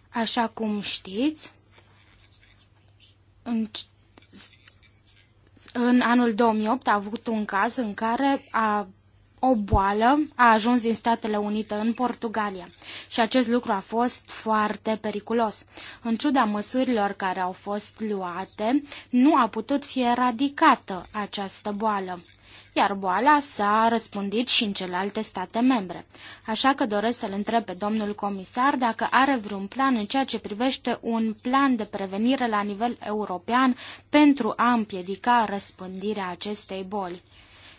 Așa cum știți, în în anul 2008 a avut un caz în care a o boală a ajuns din Statele Unite în Portugalia și acest lucru a fost foarte periculos. În ciuda măsurilor care au fost luate, nu a putut fi eradicată această boală iar boala s-a răspândit și în celelalte state membre. Așa că doresc să-l întreb pe domnul comisar dacă are vreun plan în ceea ce privește un plan de prevenire la nivel european pentru a împiedica răspândirea acestei boli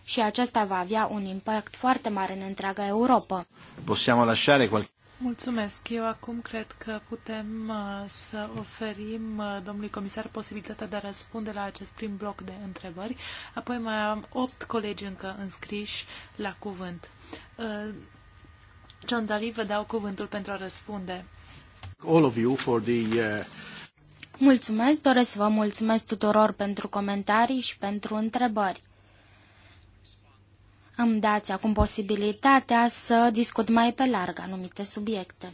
și aceasta va avea un impact foarte mare în întreaga Europa. Possiamo lasciare qualche Mulțumesc. Eu acum cred că putem uh, să oferim uh, domnului comisar posibilitatea de a răspunde la acest prim bloc de întrebări. Apoi mai am opt colegi încă înscriși la cuvânt. Uh, John Daly, vă dau cuvântul pentru a răspunde. All of you for the, uh... Mulțumesc, doresc să vă mulțumesc tuturor pentru comentarii și pentru întrebări îmi dați acum posibilitatea să discut mai pe larg anumite subiecte.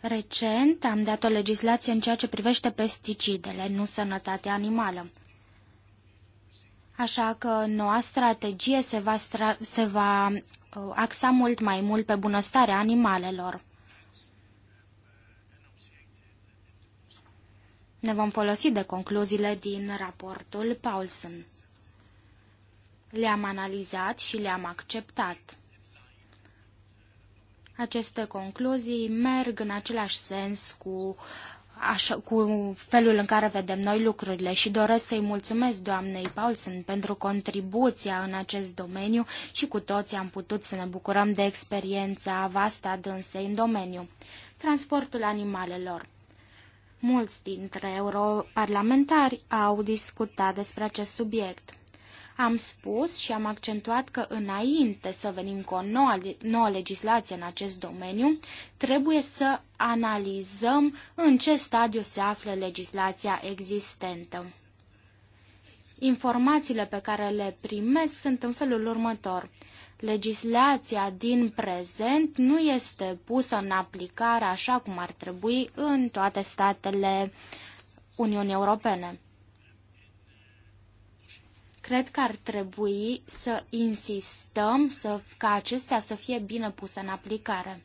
Recent am dat o legislație în ceea ce privește pesticidele, nu sănătatea animală. Așa că noua strategie se va, stra se va uh, axa mult mai mult pe bunăstarea animalelor. Ne vom folosi de concluziile din raportul Paulson. Le-am analizat și le-am acceptat. Aceste concluzii merg în același sens cu, așa, cu felul în care vedem noi lucrurile și doresc să-i mulțumesc doamnei Paulson pentru contribuția în acest domeniu și cu toții am putut să ne bucurăm de experiența vastă dânsei în domeniu. Transportul animalelor. Mulți dintre europarlamentari au discutat despre acest subiect. Am spus și am accentuat că înainte să venim cu o nouă, nouă legislație în acest domeniu, trebuie să analizăm în ce stadiu se află legislația existentă. Informațiile pe care le primesc sunt în felul următor legislația din prezent nu este pusă în aplicare așa cum ar trebui în toate statele Uniunii Europene. Cred că ar trebui să insistăm să, ca acestea să fie bine puse în aplicare.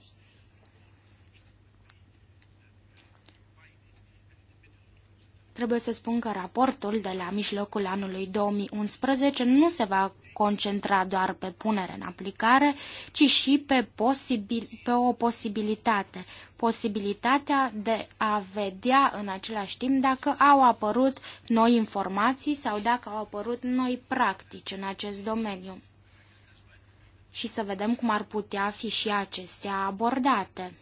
Trebuie să spun că raportul de la mijlocul anului 2011 nu se va concentra doar pe punere în aplicare, ci și pe, posibil, pe o posibilitate, posibilitatea de a vedea în același timp dacă au apărut noi informații sau dacă au apărut noi practici în acest domeniu și să vedem cum ar putea fi și acestea abordate.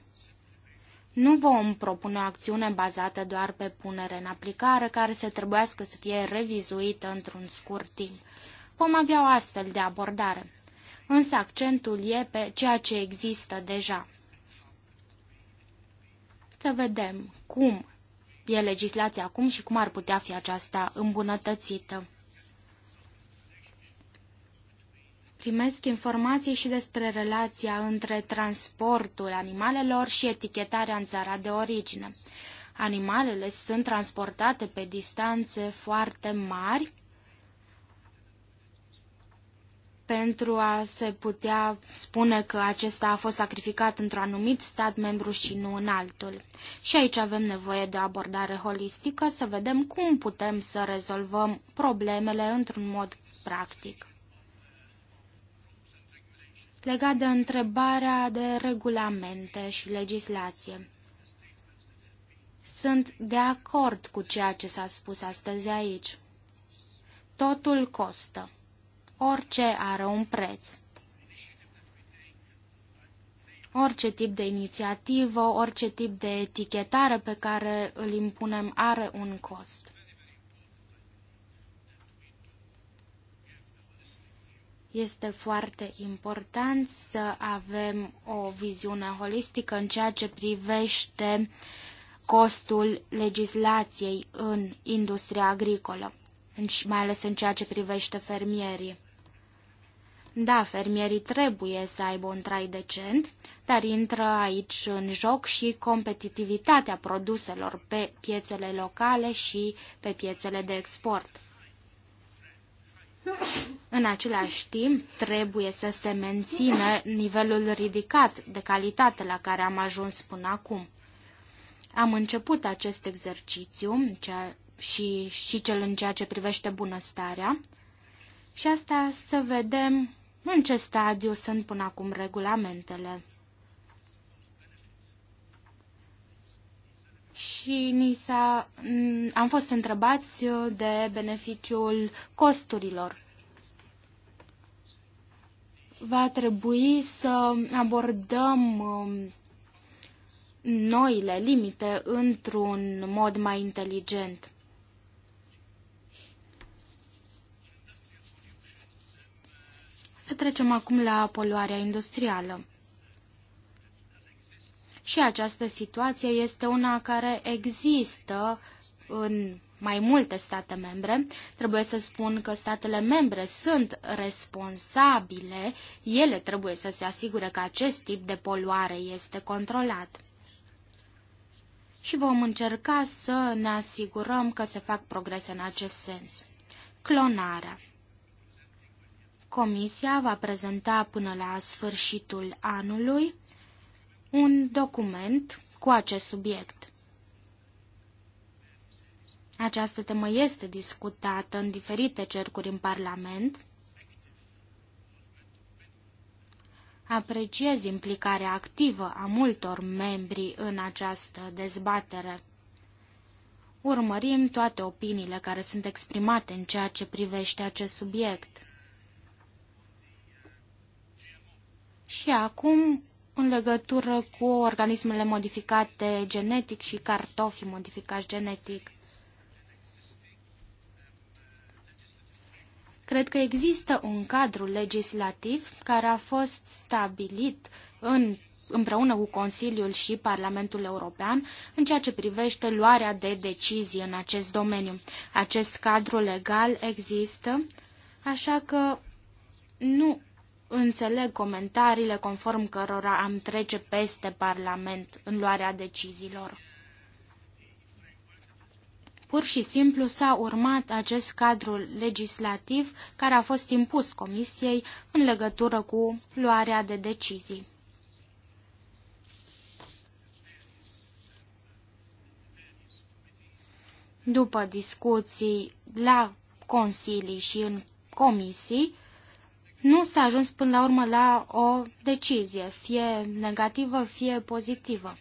Nu vom propune o acțiune bazată doar pe punere în aplicare, care să trebuiască să fie revizuită într-un scurt timp vom avea o astfel de abordare. Însă accentul e pe ceea ce există deja. Să vedem cum e legislația acum și cum ar putea fi aceasta îmbunătățită. Primesc informații și despre relația între transportul animalelor și etichetarea în țara de origine. Animalele sunt transportate pe distanțe foarte mari pentru a se putea spune că acesta a fost sacrificat într-un anumit stat membru și nu în altul. Și aici avem nevoie de o abordare holistică să vedem cum putem să rezolvăm problemele într-un mod practic. Legat de întrebarea de regulamente și legislație. Sunt de acord cu ceea ce s-a spus astăzi aici. Totul costă. Orice are un preț. Orice tip de inițiativă, orice tip de etichetare pe care îl impunem are un cost. Este foarte important să avem o viziune holistică în ceea ce privește costul legislației în industria agricolă, mai ales în ceea ce privește fermierii. Da, fermierii trebuie să aibă un trai decent, dar intră aici în joc și competitivitatea produselor pe piețele locale și pe piețele de export. În același timp, trebuie să se mențină nivelul ridicat de calitate la care am ajuns până acum. Am început acest exercițiu și, și cel în ceea ce privește bunăstarea și asta să vedem în ce stadiu sunt până acum regulamentele? și ni a am fost întrebați de beneficiul costurilor. Va trebui să abordăm um, noile limite într-un mod mai inteligent. Să trecem acum la poluarea industrială. Și această situație este una care există în mai multe state membre. Trebuie să spun că statele membre sunt responsabile, ele trebuie să se asigure că acest tip de poluare este controlat. Și vom încerca să ne asigurăm că se fac progrese în acest sens. Clonarea Comisia va prezenta până la sfârșitul anului un document cu acest subiect. Această temă este discutată în diferite cercuri în Parlament. Apreciez implicarea activă a multor membri în această dezbatere. Urmărim toate opiniile care sunt exprimate în ceea ce privește acest subiect. Și acum, în legătură cu organismele modificate genetic și cartofii modificați genetic, Cred că există un cadru legislativ care a fost stabilit în, împreună cu Consiliul și Parlamentul European în ceea ce privește luarea de decizii în acest domeniu. Acest cadru legal există, așa că nu Înțeleg comentariile conform cărora am trece peste Parlament în luarea deciziilor. Pur și simplu s-a urmat acest cadru legislativ care a fost impus Comisiei în legătură cu luarea de decizii. După discuții la consilii și în comisii, nu s-a ajuns până la urmă la o decizie, fie negativă, fie pozitivă.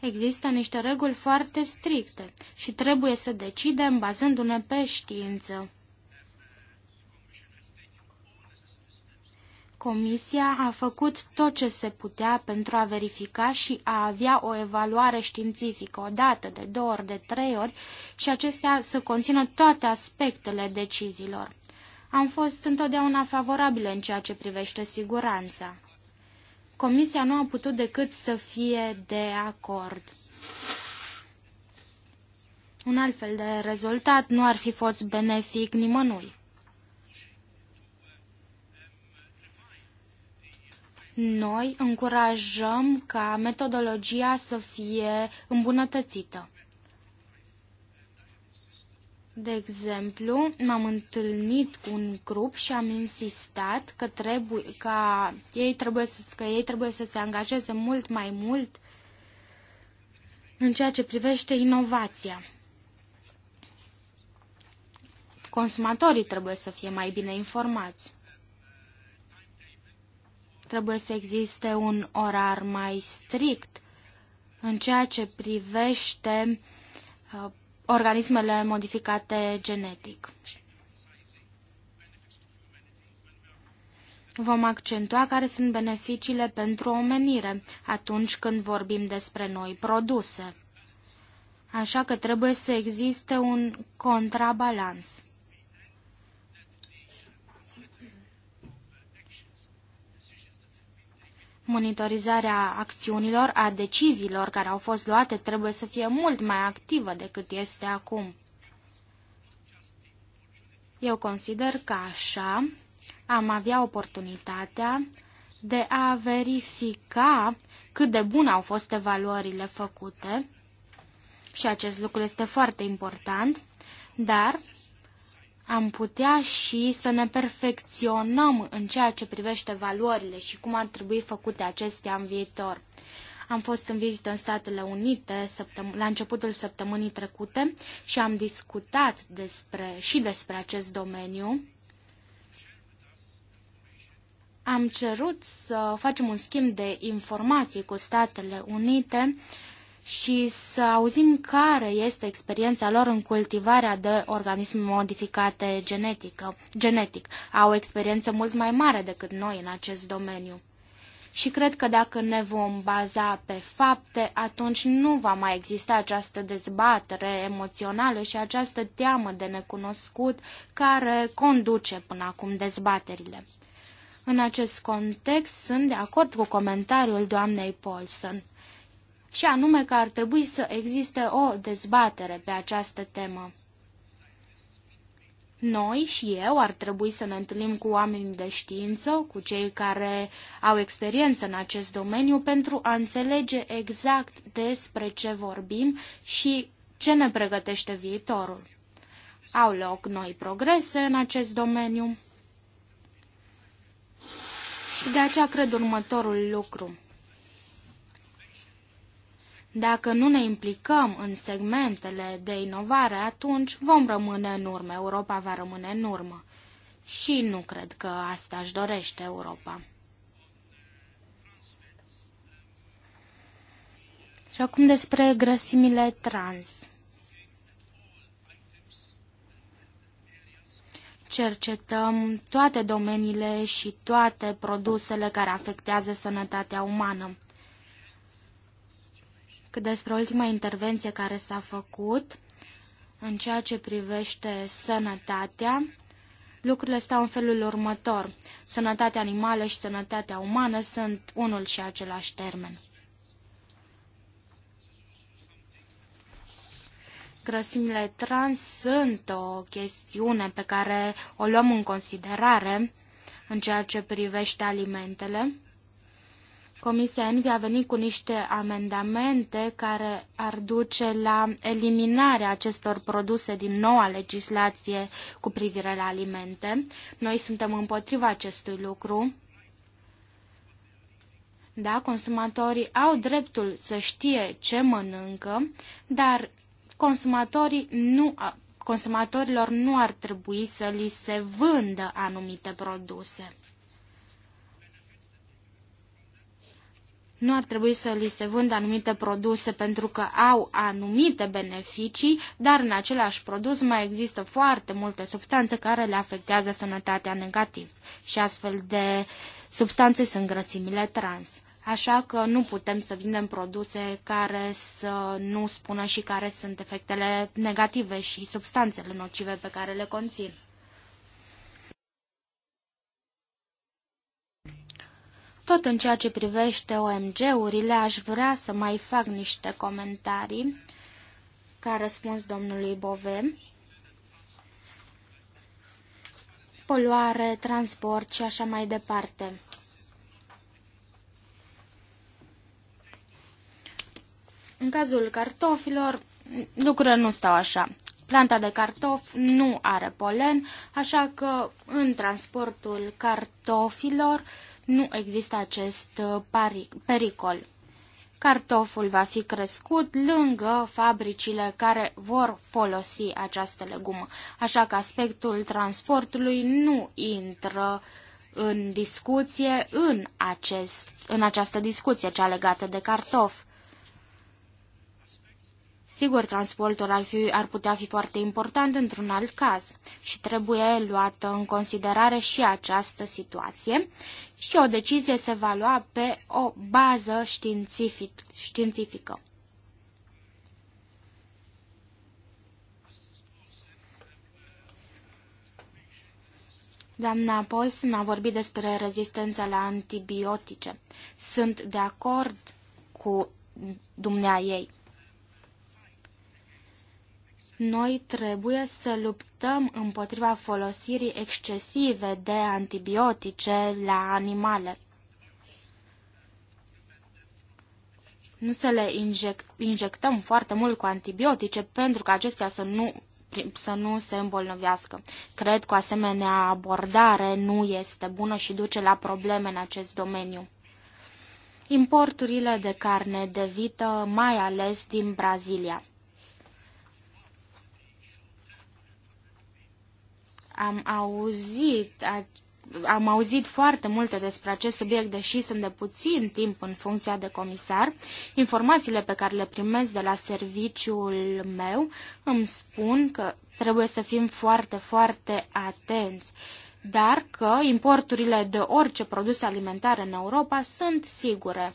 Există niște reguli foarte stricte și trebuie să decidem bazându-ne pe știință. Comisia a făcut tot ce se putea pentru a verifica și a avea o evaluare științifică o dată, de două ori, de trei ori și acestea să conțină toate aspectele deciziilor. Am fost întotdeauna favorabile în ceea ce privește siguranța. Comisia nu a putut decât să fie de acord. Un alt fel de rezultat nu ar fi fost benefic nimănui. Noi încurajăm ca metodologia să fie îmbunătățită. De exemplu, m-am întâlnit cu un grup și am insistat că, trebuie, că ei trebuie să, că ei trebuie să se angajeze mult mai mult în ceea ce privește inovația. Consumatorii trebuie să fie mai bine informați. Trebuie să existe un orar mai strict în ceea ce privește uh, organismele modificate genetic. Vom accentua care sunt beneficiile pentru omenire atunci când vorbim despre noi produse. Așa că trebuie să existe un contrabalans. Monitorizarea acțiunilor, a deciziilor care au fost luate trebuie să fie mult mai activă decât este acum. Eu consider că așa am avea oportunitatea de a verifica cât de bune au fost evaluările făcute și acest lucru este foarte important, dar am putea și să ne perfecționăm în ceea ce privește valorile și cum ar trebui făcute acestea în viitor. Am fost în vizită în Statele Unite la începutul săptămânii trecute și am discutat despre, și despre acest domeniu. Am cerut să facem un schimb de informații cu Statele Unite uh, și să auzim care este experiența lor în cultivarea de organisme modificate genetică, genetic. Au o experiență mult mai mare decât noi în acest domeniu. Și cred că dacă ne vom baza pe fapte, atunci nu va mai exista această dezbatere emoțională și această teamă de necunoscut care conduce până acum dezbaterile. În acest context, sunt de acord cu comentariul doamnei Paulson și anume că ar trebui să existe o dezbatere pe această temă. Noi și eu ar trebui să ne întâlnim cu oamenii de știință, cu cei care au experiență în acest domeniu, pentru a înțelege exact despre ce vorbim și ce ne pregătește viitorul. Au loc noi progrese în acest domeniu. Și de aceea cred următorul lucru. Dacă nu ne implicăm în segmentele de inovare, atunci vom rămâne în urmă, Europa va rămâne în urmă. Și nu cred că asta își dorește Europa. Și acum despre grăsimile trans. Cercetăm toate domeniile și toate produsele care afectează sănătatea umană cât despre ultima intervenție care s-a făcut în ceea ce privește sănătatea. Lucrurile stau în felul următor. Sănătatea animală și sănătatea umană sunt unul și același termen. Grăsimile trans sunt o chestiune pe care o luăm în considerare în ceea ce privește alimentele. Comisia Envi a venit cu niște amendamente care ar duce la eliminarea acestor produse din noua legislație cu privire la alimente. Noi suntem împotriva acestui lucru. Da, consumatorii au dreptul să știe ce mănâncă, dar consumatorii nu, consumatorilor nu ar trebui să li se vândă anumite produse. nu ar trebui să li se vândă anumite produse pentru că au anumite beneficii, dar în același produs mai există foarte multe substanțe care le afectează sănătatea negativ și astfel de substanțe sunt grăsimile trans. Așa că nu putem să vindem produse care să nu spună și care sunt efectele negative și substanțele nocive pe care le conțin. Tot în ceea ce privește OMG-urile, aș vrea să mai fac niște comentarii ca răspuns domnului Bove. Poluare, transport și așa mai departe. În cazul cartofilor, lucrurile nu stau așa. Planta de cartof nu are polen, așa că în transportul cartofilor, uh, nu există acest uh, pericol. Cartoful va fi crescut lângă fabricile care vor folosi această legumă, așa că aspectul transportului nu intră în discuție în, acest, în această discuție cea legată de cartof. Sigur, transportul ar, fi, ar putea fi foarte important într-un alt caz și trebuie luată în considerare și această situație și o decizie se va lua pe o bază științific, științifică. Doamna Paulson a vorbit despre rezistența la antibiotice. Sunt de acord cu dumnea ei. Noi trebuie să luptăm împotriva folosirii excesive de antibiotice la animale. Nu să le inject, injectăm foarte mult cu antibiotice pentru că acestea să nu să nu se îmbolnăvească. Cred că o asemenea abordare nu este bună și duce la probleme în acest domeniu. Importurile de carne de vită, mai ales din Brazilia. am auzit, am auzit foarte multe despre acest subiect, deși sunt de puțin timp în funcția de comisar. Informațiile pe care le primesc de la serviciul meu îmi spun că trebuie să fim foarte, foarte atenți dar că importurile de orice produs alimentar în Europa sunt sigure.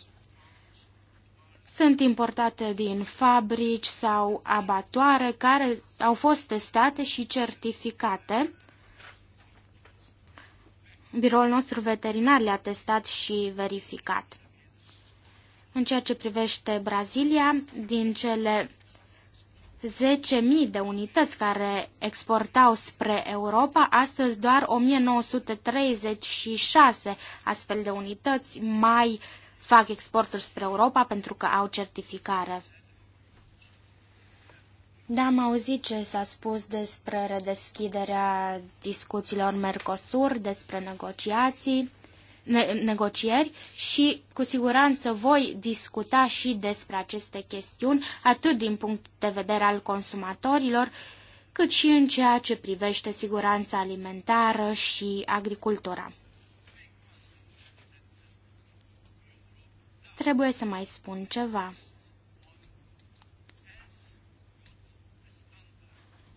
Sunt importate din fabrici sau abatoare care au fost testate și certificate biroul nostru veterinar le-a testat și verificat. În ceea ce privește Brazilia, din cele 10.000 de unități care exportau spre Europa, astăzi doar 1936 astfel de unități mai fac exporturi spre Europa pentru că au certificare. Da, am auzit ce s-a spus despre redeschiderea discuțiilor Mercosur, despre negociații, ne, negocieri și cu siguranță voi discuta și despre aceste chestiuni, atât din punct de vedere al consumatorilor, cât și în ceea ce privește siguranța alimentară și agricultura. Trebuie să mai spun ceva.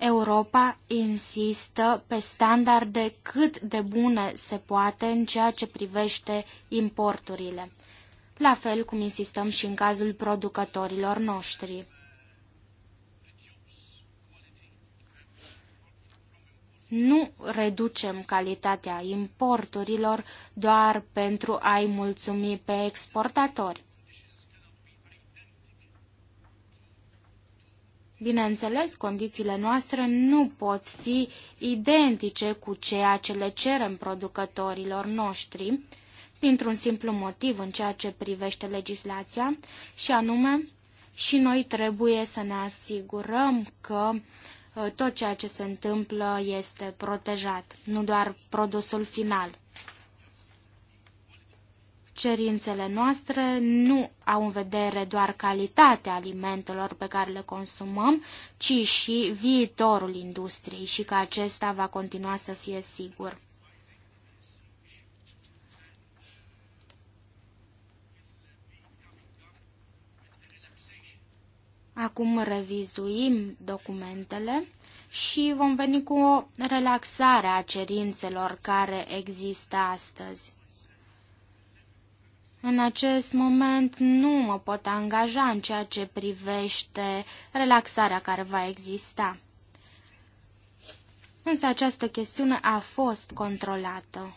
Europa insistă pe standarde cât de bune se poate în ceea ce privește importurile, la fel cum insistăm și în cazul producătorilor noștri. Nu reducem calitatea importurilor doar pentru a-i mulțumi pe exportatori. Bineînțeles, condițiile noastre nu pot fi identice cu ceea ce le cerem producătorilor noștri, dintr-un simplu motiv în ceea ce privește legislația, și anume, și noi trebuie să ne asigurăm că uh, tot ceea ce se întâmplă este protejat, nu doar produsul final. Cerințele noastre nu au în vedere doar calitatea alimentelor pe care le consumăm, ci și viitorul industriei și că acesta va continua să fie sigur. Acum revizuim documentele și vom veni cu o relaxare a cerințelor care există astăzi. În acest moment nu mă pot angaja în ceea ce privește relaxarea care va exista. Însă această chestiune a fost controlată.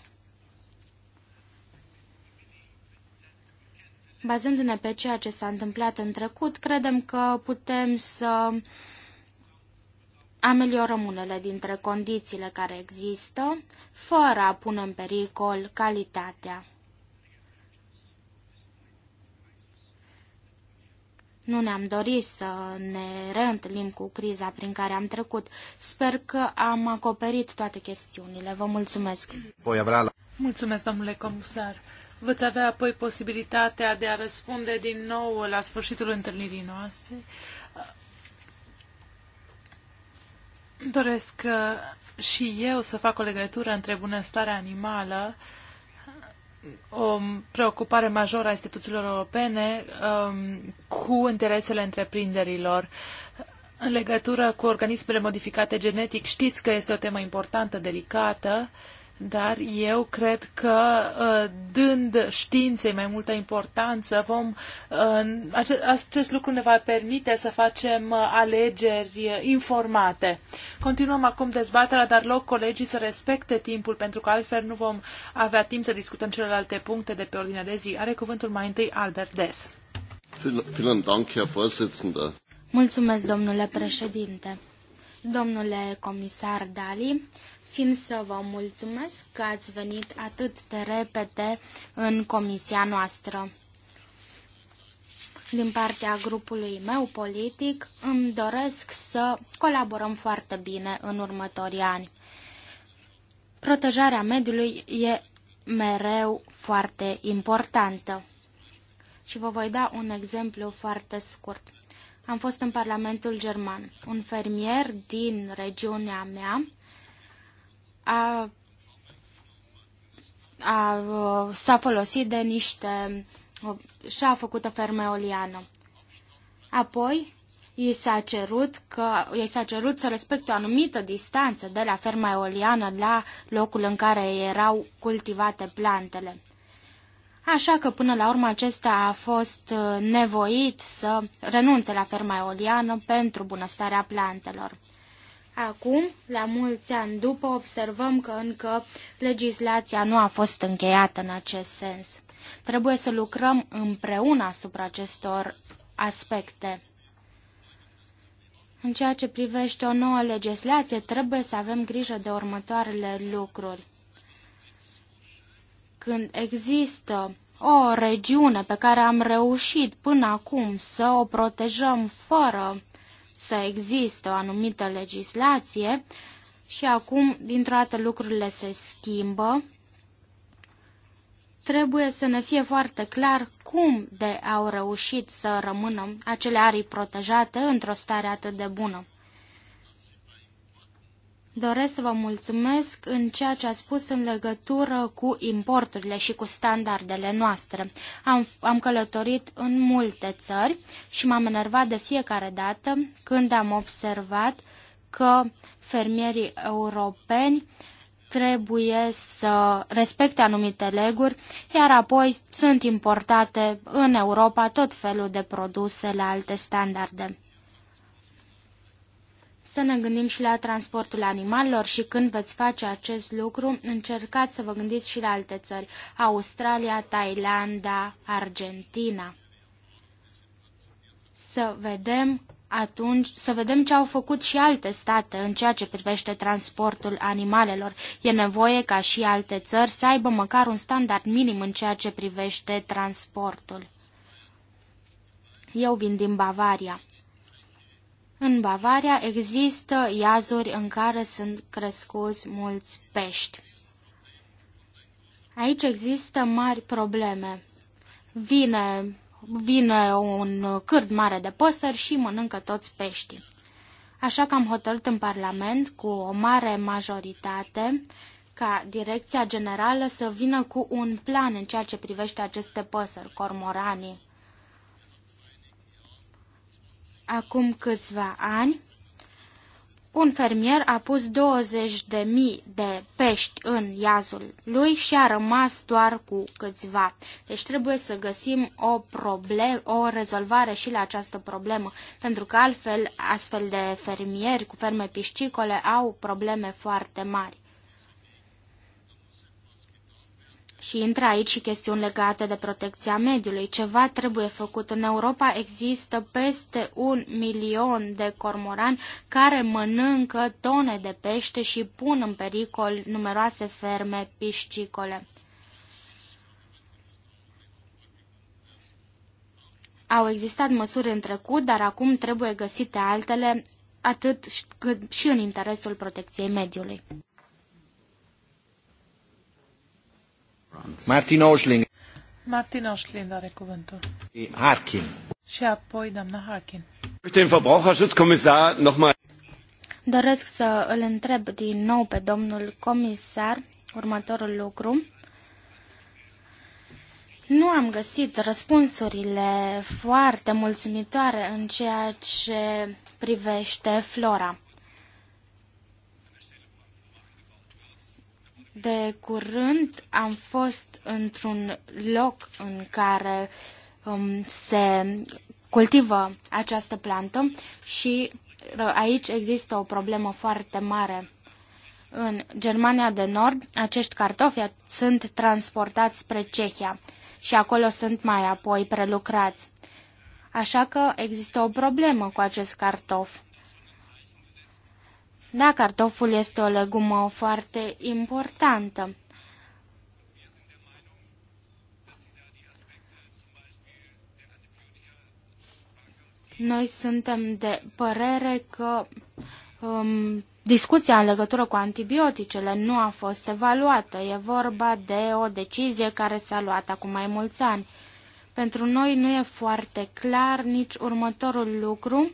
Bazându-ne pe ceea ce s-a întâmplat în trecut, credem că putem să ameliorăm unele dintre condițiile care există, fără a pune în pericol calitatea. Nu ne-am dorit să ne reîntâlnim cu criza prin care am trecut. Sper că am acoperit toate chestiunile. Vă mulțumesc! Voi avea la... Mulțumesc, domnule comisar! Veți avea apoi posibilitatea de a răspunde din nou la sfârșitul întâlnirii noastre. Doresc uh, și eu să fac o legătură între bunăstarea animală o preocupare majoră a instituțiilor europene um, cu interesele întreprinderilor. În legătură cu organismele modificate genetic, știți că este o temă importantă, delicată. Uh, dar eu cred că uh, dând științei mai multă importanță, vom, uh, acest, acest lucru ne va permite să facem uh, alegeri informate. Continuăm acum dezbaterea, dar loc colegii să respecte timpul, pentru că altfel nu vom avea timp să discutăm celelalte puncte de pe ordinea de zi. Are cuvântul mai întâi Albert Des. Mulțumesc, domnule președinte. Domnule comisar Dali, Țin să vă mulțumesc că ați venit atât de repede în comisia noastră. Din partea grupului meu politic, îmi doresc să colaborăm foarte bine în următorii ani. Protejarea mediului e mereu foarte importantă. Și vă voi da un exemplu foarte scurt. Am fost în Parlamentul German. Un fermier din regiunea mea a, a, s-a folosit de niște și-a făcut o fermă eoliană. Apoi, i s-a cerut, că, i s-a cerut să respecte o anumită distanță de la ferma eoliană la locul în care erau cultivate plantele. Așa că până la urmă acesta a fost uh, nevoit să renunțe la ferma eoliană pentru bunăstarea plantelor. Acum, la mulți ani după, observăm că încă legislația nu a fost încheiată în acest sens. Trebuie să lucrăm împreună asupra acestor aspecte. În ceea ce privește o nouă legislație, trebuie să avem grijă de următoarele lucruri. Când există o regiune pe care am reușit până acum să o protejăm fără să existe o anumită legislație și acum, dintr-o dată, lucrurile se schimbă, trebuie să ne fie foarte clar cum de au reușit să rămână acele arii protejate într-o stare atât de bună. Doresc să vă mulțumesc în ceea ce ați spus în legătură cu importurile și cu standardele noastre. Am, am călătorit în multe țări și m-am enervat de fiecare dată când am observat că fermierii europeni trebuie să respecte anumite leguri, iar apoi sunt importate în Europa tot felul de produse la alte standarde să ne gândim și la transportul animalelor și când veți face acest lucru, încercați să vă gândiți și la alte țări, Australia, Thailanda, Argentina. Să vedem atunci, să vedem ce au făcut și alte state în ceea ce privește transportul animalelor. E nevoie ca și alte țări să aibă măcar un standard minim în ceea ce privește transportul. Eu vin din Bavaria. În Bavaria există iazuri în care sunt crescuți mulți pești. Aici există mari probleme. Vine, vine un cârd mare de păsări și mănâncă toți peștii. Așa că am hotărât în Parlament cu o mare majoritate ca Direcția Generală să vină cu un plan în ceea ce privește aceste păsări, cormoranii acum câțiva ani, un fermier a pus 20 de mii de pești în iazul lui și a rămas doar cu câțiva. Deci trebuie să găsim o, problem, o rezolvare și la această problemă, pentru că altfel astfel de fermieri cu ferme piscicole au probleme foarte mari. Și intră aici și chestiuni legate de protecția mediului. Ceva trebuie făcut. În Europa există peste un milion de cormorani care mănâncă tone de pește și pun în pericol numeroase ferme piscicole. Au existat măsuri în trecut, dar acum trebuie găsite altele, atât cât și în interesul protecției mediului. Martin Oșling. Martin Oșling are cuvântul. Harkin. Și apoi doamna Harkin. Den Verbraucherschutzkommissar nochmal. Doresc să îl întreb din nou pe domnul comisar următorul lucru. Nu am găsit răspunsurile foarte mulțumitoare în ceea ce privește flora. De curând am fost într-un loc în care um, se cultivă această plantă și aici există o problemă foarte mare. În Germania de Nord, acești cartofi sunt transportați spre Cehia și acolo sunt mai apoi prelucrați. Așa că există o problemă cu acest cartof. Da, cartoful este o legumă foarte importantă. Noi suntem de părere că um, discuția în legătură cu antibioticele nu a fost evaluată. E vorba de o decizie care s-a luat acum mai mulți ani. Pentru noi nu e foarte clar nici următorul lucru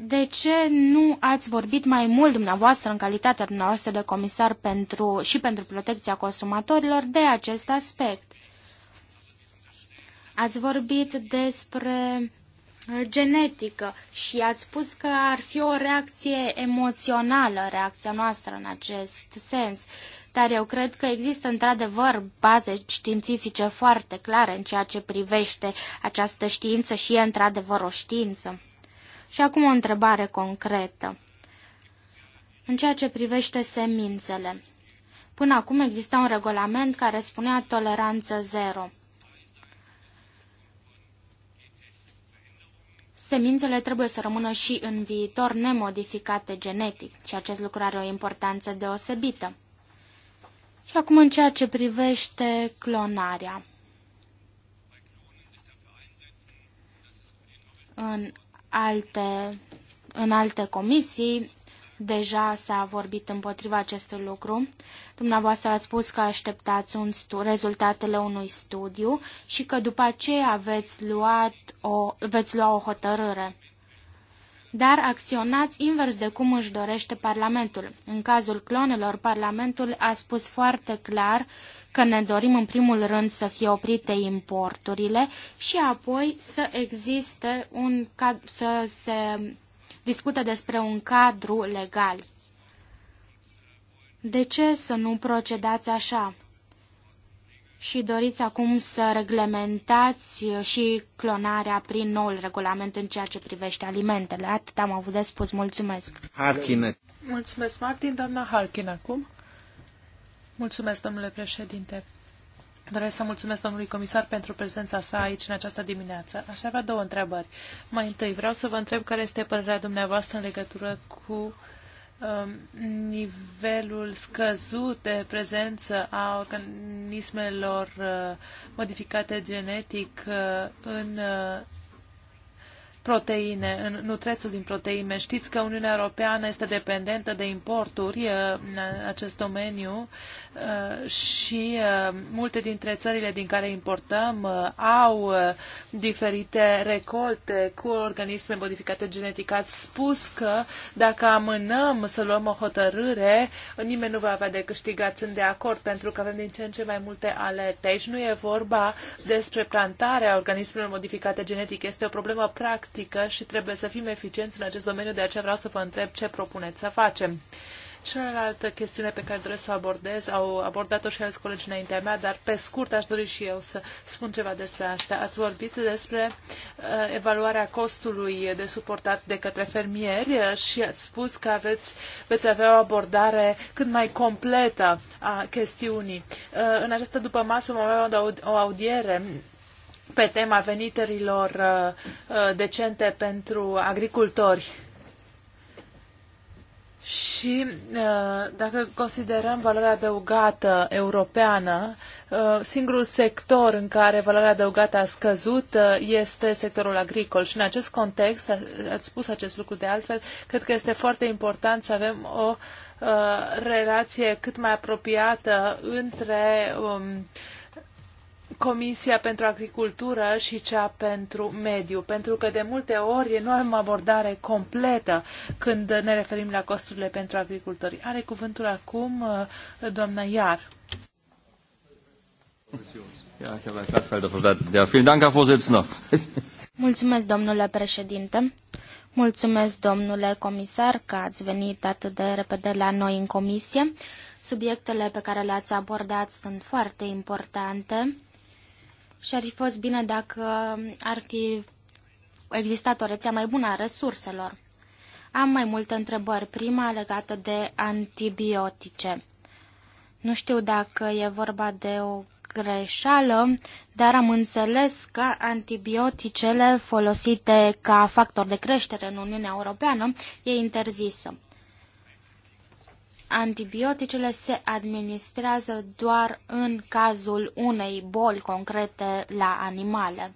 de ce nu ați vorbit mai mult dumneavoastră în calitatea dumneavoastră de comisar pentru, și pentru protecția consumatorilor de acest aspect? Ați vorbit despre uh, genetică și ați spus că ar fi o reacție emoțională, reacția noastră în acest sens. Dar eu cred că există într-adevăr baze științifice foarte clare în ceea ce privește această știință și e într-adevăr o știință. Și acum o întrebare concretă. În ceea ce privește semințele, până acum exista un regulament care spunea toleranță zero. Semințele trebuie să rămână și în viitor nemodificate genetic și acest lucru are o importanță deosebită. Și acum în ceea ce privește clonarea. În alte, în alte comisii deja s-a vorbit împotriva acestui lucru. Dumneavoastră a spus că așteptați un stu- rezultatele unui studiu și că după aceea veți, luat o, veți lua o hotărâre. Dar acționați invers de cum își dorește Parlamentul. În cazul clonelor, Parlamentul a spus foarte clar că ne dorim în primul rând să fie oprite importurile și apoi să existe un să se discute despre un cadru legal. De ce să nu procedați așa? Și doriți acum să reglementați și clonarea prin noul regulament în ceea ce privește alimentele. Atât am avut de spus. Mulțumesc. Harkine. Mulțumesc, Martin. Doamna Harkin, acum. Mulțumesc, domnule președinte. Doresc să mulțumesc domnului comisar pentru prezența sa aici în această dimineață. Aș avea două întrebări. Mai întâi, vreau să vă întreb care este părerea dumneavoastră în legătură cu um, nivelul scăzut de prezență a organismelor uh, modificate genetic uh, în uh, proteine, în nutrețul din proteine. Știți că Uniunea Europeană este dependentă de importuri uh, în acest domeniu uh, și uh, multe dintre țările din care importăm au diferite recolte cu organisme modificate genetic. Ați spus că dacă amânăm să luăm o hotărâre, nimeni nu va avea de câștigat. Sunt de acord pentru că avem din ce în ce mai multe alete. Aici nu e vorba despre plantarea organismelor modificate genetic. Este o problemă practică practică și trebuie să fim eficienți în acest domeniu, de aceea vreau să vă întreb ce propuneți să facem. Celelalte chestiune pe care doresc să o abordez, au abordat-o și alți colegi înaintea mea, dar pe scurt aș dori și eu să spun ceva despre asta. Ați vorbit despre uh, evaluarea costului de suportat de către fermieri și ați spus că aveți, veți avea o abordare cât mai completă a chestiunii. Uh, în această după masă vom avea o audiere pe tema veniturilor uh, uh, decente pentru agricultori. Și uh, dacă considerăm valoarea adăugată europeană, singurul sector în care valoarea adăugată a scăzut este sectorul agricol. Și în acest context, ați spus acest lucru de altfel, cred că este foarte important să avem o relație cât mai apropiată între um, Comisia pentru Agricultură și cea pentru Mediu, pentru că de multe ori nu avem abordare completă când ne referim la costurile pentru agricultori. Are cuvântul acum uh, doamna Iar. Mulțumesc, domnule președinte. Mulțumesc, domnule comisar, că ați venit atât de repede la noi în comisie. Subiectele pe care le-ați abordat sunt foarte importante și ar fi fost bine dacă ar fi existat o rețea mai bună a resurselor. Am mai multe întrebări. Prima legată de antibiotice. Nu știu dacă e vorba de o greșeală, dar am înțeles că antibioticele folosite ca factor de creștere în Uniunea Europeană e interzisă antibioticele se administrează doar în cazul unei boli concrete la animale.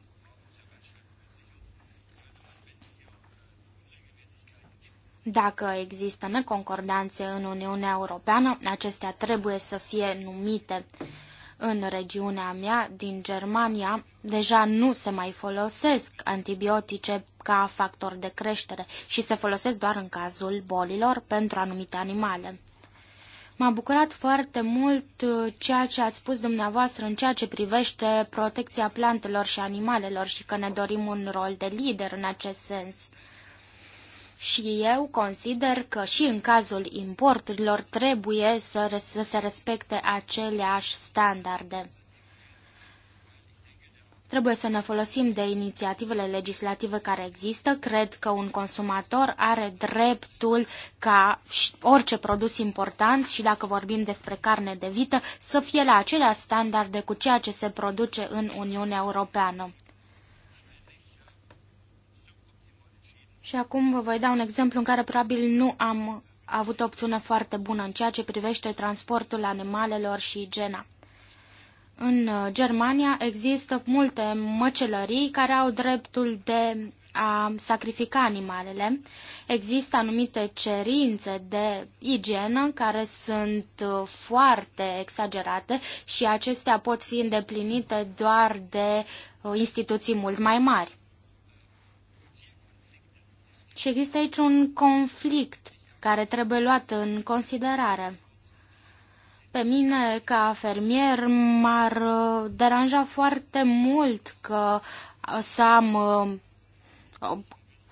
Dacă există neconcordanțe în Uniunea Europeană, acestea trebuie să fie numite. În regiunea mea, din Germania, deja nu se mai folosesc antibiotice ca factor de creștere și se folosesc doar în cazul bolilor pentru anumite animale. M-a bucurat foarte mult uh, ceea ce ați spus dumneavoastră în ceea ce privește protecția plantelor și animalelor și că ne dorim un rol de lider în acest sens. Și eu consider că și în cazul importurilor trebuie să, să se respecte aceleași standarde. Trebuie să ne folosim de inițiativele legislative care există. Cred că un consumator are dreptul ca orice produs important și dacă vorbim despre carne de vită să fie la acelea standarde cu ceea ce se produce în Uniunea Europeană. Și acum vă voi da un exemplu în care probabil nu am avut o opțiune foarte bună în ceea ce privește transportul animalelor și igiena. În uh, Germania există multe măcelării care au dreptul de a sacrifica animalele. Există anumite cerințe de igienă care sunt uh, foarte exagerate și acestea pot fi îndeplinite doar de uh, instituții mult mai mari. Și există aici un conflict care trebuie luat în considerare. Pe mine, ca fermier, m-ar uh, deranja foarte mult că uh, să am, uh,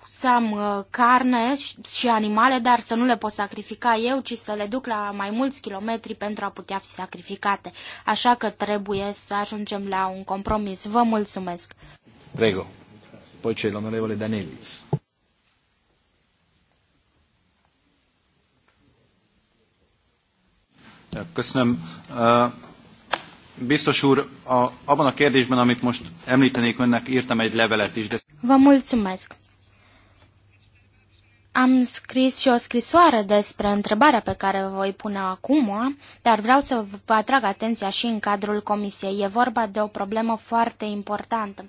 să am carne și animale, dar să nu le pot sacrifica eu, ci să le duc la mai mulți kilometri pentru a putea fi sacrificate. Așa că trebuie să ajungem la un compromis. Vă mulțumesc! Prego. Poi c'è l'onorevole Danelis. Köszönöm. Biztos úr, a, abban a kérdésben, amit most említenék önnek, írtam egy levelet is. De... Vă mulțumesc. Am scris și o scrisoare despre întrebarea pe care o voi pune acum, dar vreau să vă atrag atenția și în cadrul comisiei. E vorba de o problemă foarte importantă.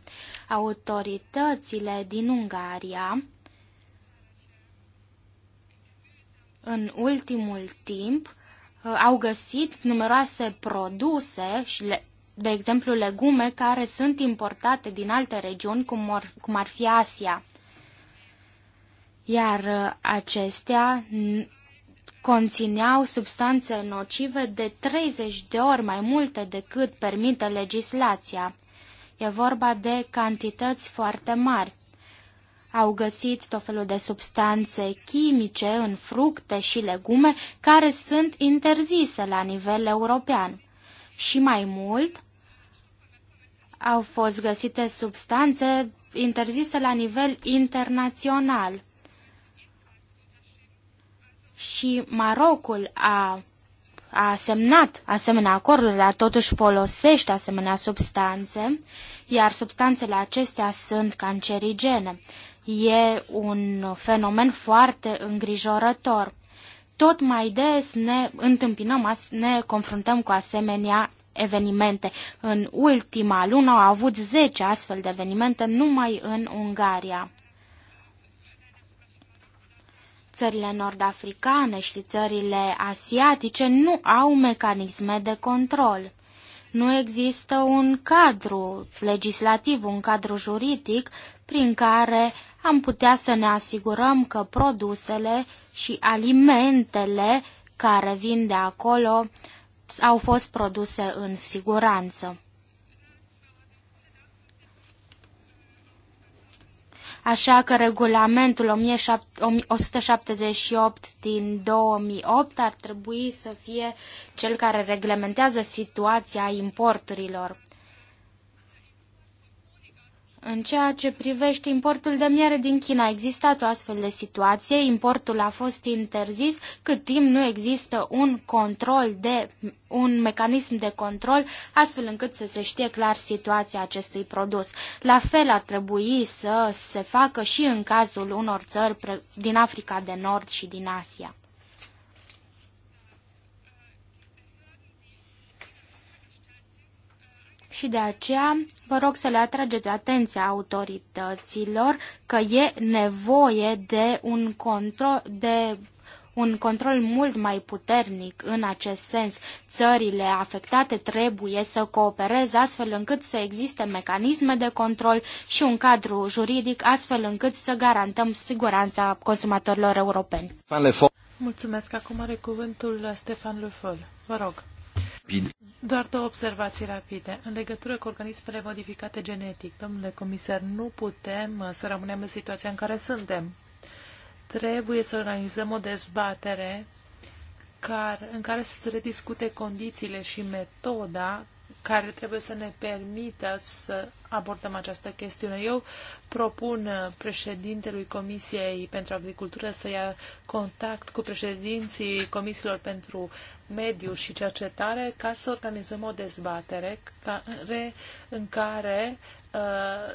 Autoritățile din Ungaria în ultimul timp Uh, au găsit numeroase produse și le, de exemplu legume care sunt importate din alte regiuni, cum, or, cum ar fi Asia. Iar uh, acestea conțineau substanțe nocive de 30 de ori mai multe decât permite legislația. E vorba de cantități foarte mari. Au găsit tot felul de substanțe chimice în fructe și legume care sunt interzise la nivel european. Și mai mult, au fost găsite substanțe interzise la nivel internațional. Și Marocul a, a semnat asemenea acorduri, dar totuși folosește asemenea substanțe, iar substanțele acestea sunt cancerigene e un fenomen foarte îngrijorător. Tot mai des ne întâmpinăm, ne confruntăm cu asemenea evenimente. În ultima lună au avut 10 astfel de evenimente numai în Ungaria. Țările nord-africane și țările asiatice nu au mecanisme de control. Nu există un cadru legislativ, un cadru juridic prin care am putea să ne asigurăm că produsele și alimentele care vin de acolo au fost produse în siguranță. Așa că regulamentul 178 din 2008 ar trebui să fie cel care reglementează situația importurilor. În ceea ce privește importul de miere din China, a existat o astfel de situație, importul a fost interzis, cât timp nu există un control de un mecanism de control, astfel încât să se știe clar situația acestui produs. La fel ar trebui să se facă și în cazul unor țări din Africa de Nord și din Asia. și de aceea vă rog să le atrageți atenția autorităților că e nevoie de un control, de un control mult mai puternic în acest sens. Țările afectate trebuie să coopereze astfel încât să existe mecanisme de control și un cadru juridic astfel încât să garantăm siguranța consumatorilor europeni. Mulțumesc. Acum are cuvântul Stefan Lufol. Vă rog. Doar două observații rapide. În legătură cu organismele modificate genetic, domnule comisar, nu putem uh, să rămânem în situația în care suntem. Trebuie să organizăm o dezbatere în care să se rediscute condițiile și metoda care trebuie să ne permită să abordăm această chestiune. Eu propun președintelui Comisiei pentru Agricultură să ia contact cu președinții Comisiilor pentru Mediu și Cercetare ca să organizăm o dezbatere care, în care uh,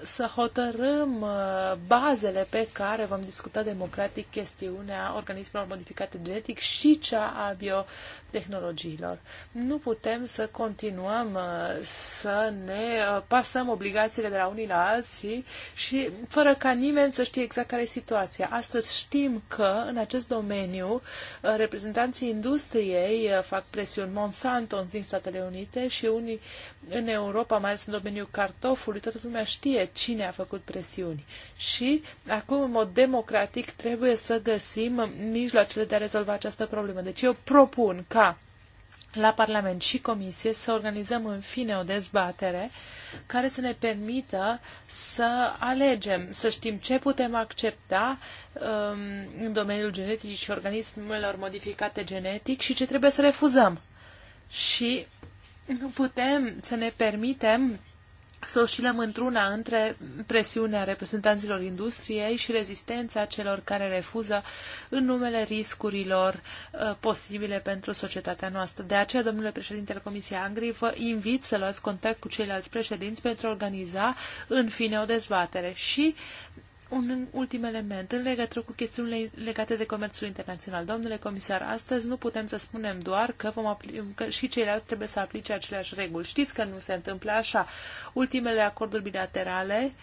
să hotărâm uh, bazele pe care vom discuta democratic chestiunea organismelor modificate genetic și cea a bio tehnologiilor. Nu putem să continuăm uh, să ne uh, pasăm obligațiile de la unii la alții și fără ca nimeni să știe exact care e situația. Astăzi știm că în acest domeniu uh, reprezentanții industriei fac presiuni Monsanto din Statele Unite și unii în Europa, mai ales în domeniul cartofului, toată lumea știe cine a făcut presiuni. Și acum, în mod democratic, trebuie să găsim mijloacele de a rezolva această problemă. Deci eu propun ca la Parlament și Comisie să organizăm în fine o dezbatere care să ne permită să alegem, să știm ce putem accepta um, în domeniul genetic și organismelor modificate genetic și ce trebuie să refuzăm. Și nu putem să ne permitem să oscilăm într-una între presiunea reprezentanților industriei și rezistența celor care refuză în numele riscurilor uh, posibile pentru societatea noastră. De aceea, domnule președinte al Comisiei Angri, vă invit să luați contact cu ceilalți președinți pentru a organiza în fine o dezbatere și un ultim element în legătură cu chestiunile legate de comerțul internațional. Domnule comisar, astăzi nu putem să spunem doar că, vom că și ceilalți trebuie să aplice aceleași reguli. Știți că nu se întâmplă așa. Ultimele acorduri bilaterale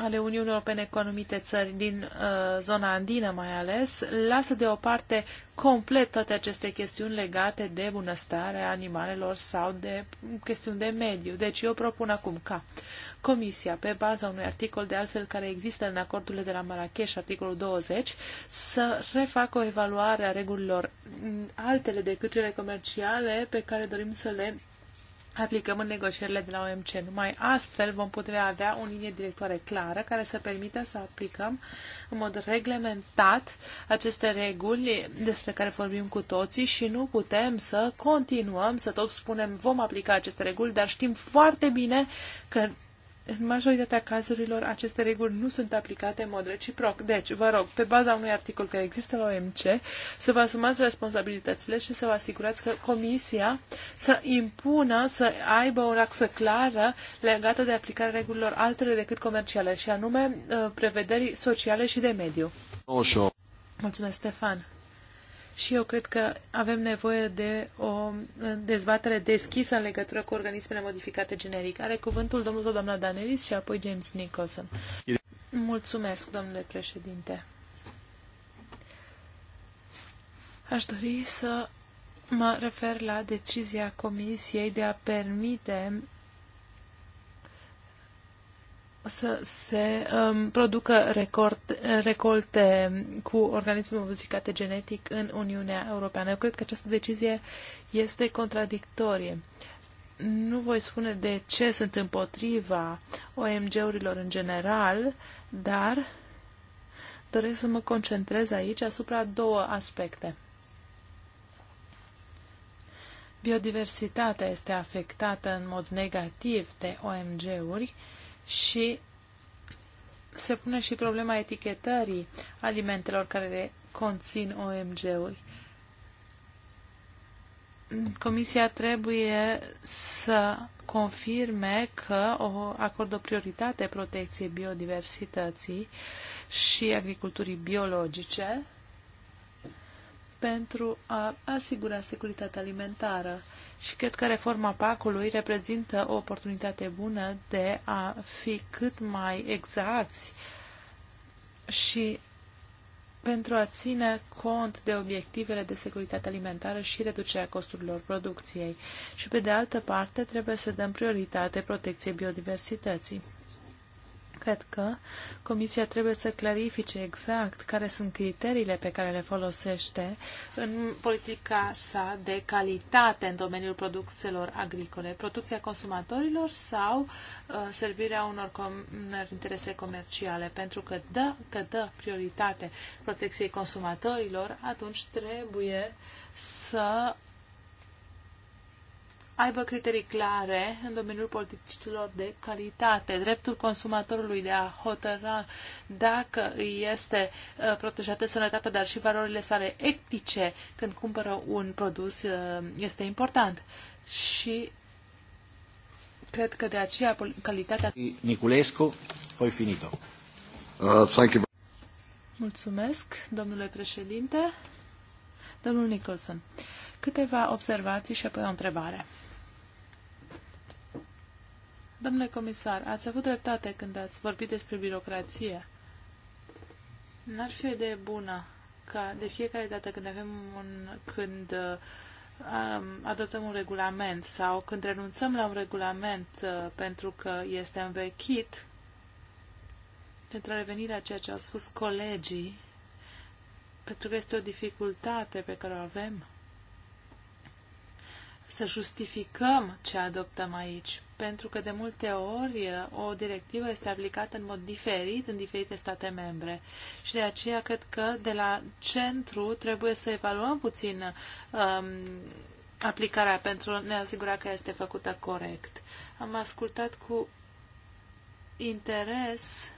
ale Uniunii Europene cu anumite țări din uh, zona andină mai ales, lasă deoparte complet toate aceste chestiuni legate de bunăstare animalelor sau de chestiuni de mediu. Deci eu propun acum ca uh, Comisia, pe baza unui articol de altfel care există în acordurile de la Marrakech articolul 20, să refacă o evaluare a regulilor altele decât cele comerciale pe care dorim să le aplicăm în negocierile de la OMC. Numai astfel vom putea avea o linie directoare clară care să permită să aplicăm în mod reglementat aceste reguli despre care vorbim cu toții și nu putem să continuăm să tot spunem vom aplica aceste reguli, dar știm foarte bine că în majoritatea cazurilor aceste reguli nu sunt aplicate în mod reciproc. Deci, vă rog, pe baza unui articol care există la OMC, să vă asumați responsabilitățile și să vă asigurați că Comisia să impună, să aibă o laxă clară legată de aplicarea regulilor altele decât comerciale, și anume uh, prevederii sociale și de mediu. Mulțumesc, Stefan și eu cred că avem nevoie de o dezbatere deschisă în legătură cu organismele modificate generic. Are cuvântul domnul sau doamna Danelis și apoi James Nicholson. Mulțumesc, domnule președinte. Aș dori să mă refer la decizia Comisiei de a permite să se um, producă record, recolte cu organisme modificate genetic în Uniunea Europeană. Eu cred că această decizie este contradictorie. Nu voi spune de ce sunt împotriva OMG-urilor în general, dar doresc să mă concentrez aici asupra două aspecte. Biodiversitatea este afectată în mod negativ de OMG-uri, uh, și se pune și problema etichetării alimentelor care conțin OMG-uri. Comisia trebuie să confirme că o acordă o prioritate protecției biodiversității și agriculturii biologice pentru a asigura securitatea alimentară și cred că reforma PAC-ului reprezintă o oportunitate bună de a fi cât mai exacti și pentru a ține cont de obiectivele de securitate alimentară și reducerea costurilor producției. Și pe de altă parte, trebuie să dăm prioritate protecției biodiversității. Cred că Comisia trebuie să clarifice exact care sunt criteriile pe care le folosește în politica sa de calitate în domeniul producțelor agricole, producția consumatorilor sau uh, servirea unor, com- unor interese comerciale, pentru că dă, că dă prioritate protecției consumatorilor, atunci trebuie să aibă criterii clare în domeniul politicilor de calitate, dreptul consumatorului de a hotăra dacă îi este uh, protejată sănătatea, dar și valorile sale etice când cumpără un produs uh, este important. Și cred că de aceea calitatea... Niculescu, poi finito. Uh, thank you. Mulțumesc, domnule președinte. Domnul Nicholson, câteva observații și apoi o întrebare. Domnule comisar, ați avut dreptate când ați vorbit despre birocrație. N-ar fi de bună ca de fiecare dată când avem un, când uh, adoptăm un regulament sau când renunțăm la un regulament uh, pentru că este învechit, pentru a reveni la ceea ce au spus colegii, pentru că este o dificultate pe care o avem, să justificăm ce adoptăm aici, pentru că de multe ori o directivă este aplicată în mod diferit în diferite state membre și de aceea cred că de la centru trebuie să evaluăm puțin um, aplicarea pentru a ne asigura că este făcută corect. Am ascultat cu interes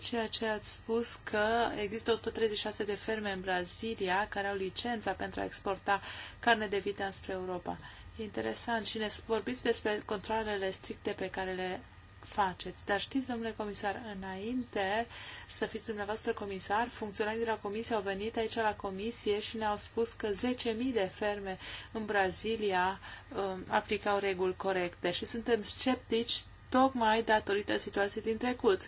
ceea ce ați spus că există 136 de ferme în Brazilia care au licența pentru a exporta carne de vită spre Europa. E interesant și ne vorbiți despre controlele stricte pe care le faceți. Dar știți, domnule comisar, înainte să fiți dumneavoastră comisar, funcționarii de la comisie au venit aici la comisie și ne-au spus că 10.000 de ferme în Brazilia um, aplicau reguli corecte și suntem sceptici tocmai datorită situației din trecut.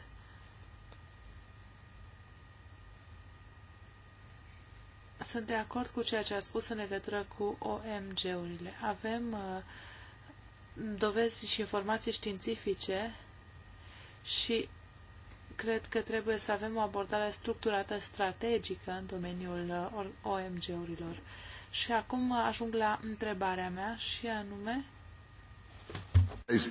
Sunt de acord cu ceea ce a spus în legătură cu OMG-urile. Avem uh, dovezi și informații științifice și cred că trebuie să avem o abordare structurată strategică în domeniul uh, OMG-urilor. Și acum ajung la întrebarea mea și anume...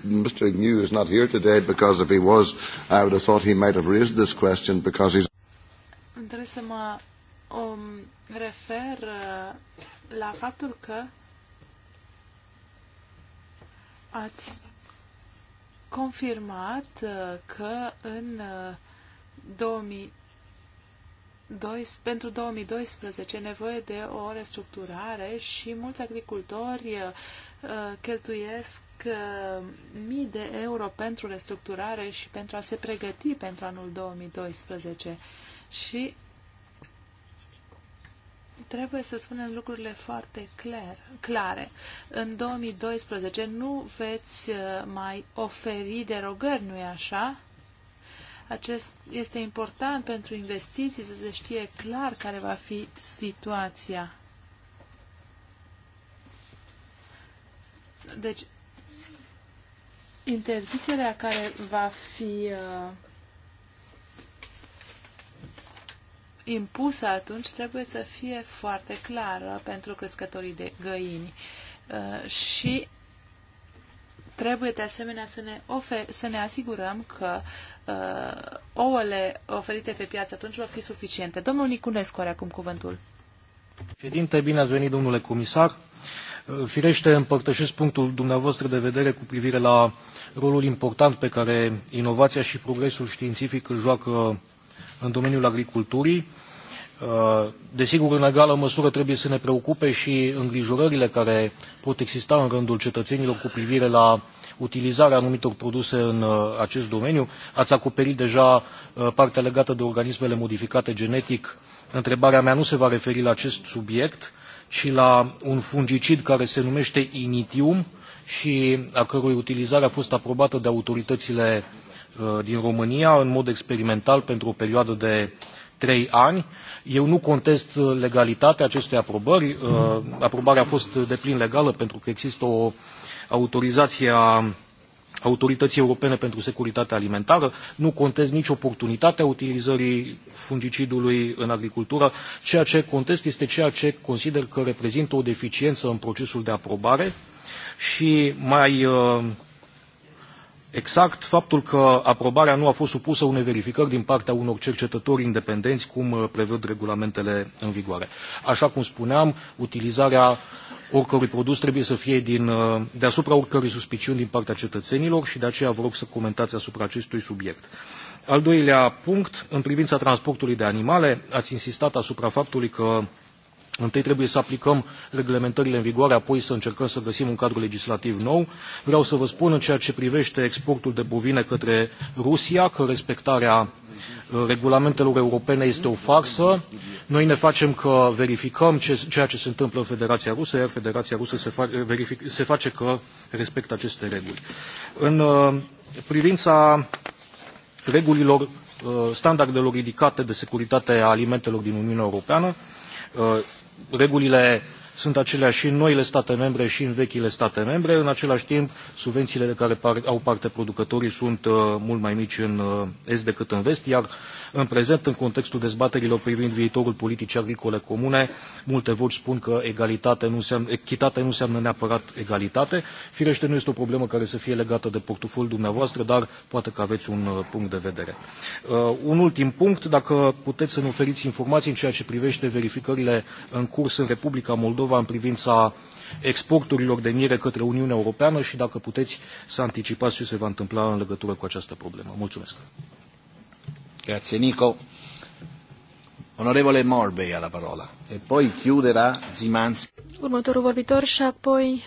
Mr. New is not here today because if he was, I would have thought he might have raised this question because he's... Îmi trebuie să mă o refer uh, la faptul că ați confirmat uh, că în 2012, uh, pentru 2012 e nevoie de o restructurare și mulți agricultori cheltuiesc mii de euro pentru restructurare și pentru a se pregăti pentru anul 2012. Și trebuie să spunem lucrurile foarte clar, clare. În 2012 nu veți uh, mai oferi derogări, nu-i așa? Acest este important pentru investiții să se știe clar care va fi situația. Deci, interzicerea care va fi uh, impusă atunci trebuie să fie foarte clară pentru crescătorii de găini. Uh, și trebuie de asemenea să ne, ofer, să ne asigurăm că uh, ouăle oferite pe piață atunci vor fi suficiente. Domnul Niculescu are acum cuvântul. Ședinte, bine ați venit, domnule comisar. Uh, firește, împărtășesc punctul dumneavoastră de vedere cu privire la rolul important pe care inovația și progresul științific îl joacă în domeniul agriculturii Uh, desigur, în egală măsură trebuie să ne preocupe și îngrijorările care pot exista în rândul cetățenilor cu privire la utilizarea anumitor produse în uh, acest domeniu. Ați acoperit deja uh, partea legată de organismele modificate genetic. Întrebarea mea nu se va referi la acest subiect, ci la un fungicid care se numește initium și a cărui utilizare a fost aprobată de autoritățile din România în mod experimental pentru o perioadă de trei ani. Eu nu contest uh, legalitatea acestei aprobări. Uh, aprobarea a fost deplin legală pentru că există o autorizație a Autorității Europene pentru Securitatea Alimentară. Nu contest nici oportunitatea utilizării fungicidului în agricultură. Ceea ce contest este ceea ce consider că reprezintă o deficiență în procesul de aprobare și mai uh, Exact faptul că aprobarea nu a fost supusă unei verificări din partea unor cercetători independenți, cum uh, prevăd regulamentele în vigoare. Așa cum spuneam, utilizarea oricărui produs trebuie să fie din, uh, deasupra oricărui suspiciuni din partea cetățenilor și de aceea vă rog să comentați asupra acestui subiect. Al doilea punct, în privința transportului de animale, ați insistat asupra faptului că Întâi trebuie să aplicăm reglementările în vigoare, apoi să încercăm să găsim un cadru legislativ nou. Vreau să vă spun în ceea ce privește exportul de bovine către Rusia, că respectarea uh, regulamentelor europene este o farsă. Noi ne facem că verificăm ce, ceea ce se întâmplă în Federația Rusă, iar Federația Rusă se, fa, verific, se face că respectă aceste reguli. În uh, privința regulilor, uh, standardelor ridicate de securitate a alimentelor din Uniunea Europeană, regulile sunt aceleași și în noile state membre și în vechile state membre. În același timp, subvențiile de care par, au parte producătorii sunt uh, mult mai mici în uh, est decât în vest, iar în prezent, în contextul dezbaterilor privind viitorul politicii agricole comune, multe voci spun că egalitate nu înseamnă, echitate nu înseamnă neapărat egalitate. Firește, nu este o problemă care să fie legată de portofoliul dumneavoastră, dar poate că aveți un uh, punct de vedere. Uh, un ultim punct, dacă puteți să ne oferiți informații în ceea ce privește verificările în curs în Republica Moldova în privința exporturilor de miere către Uniunea Europeană și dacă puteți să anticipați ce se va întâmpla în legătură cu această problemă. Mulțumesc! Grazie Nico. Onorevole Morbey ha la parola e poi chiuderà Zimanski. Următorul vorbitor și apoi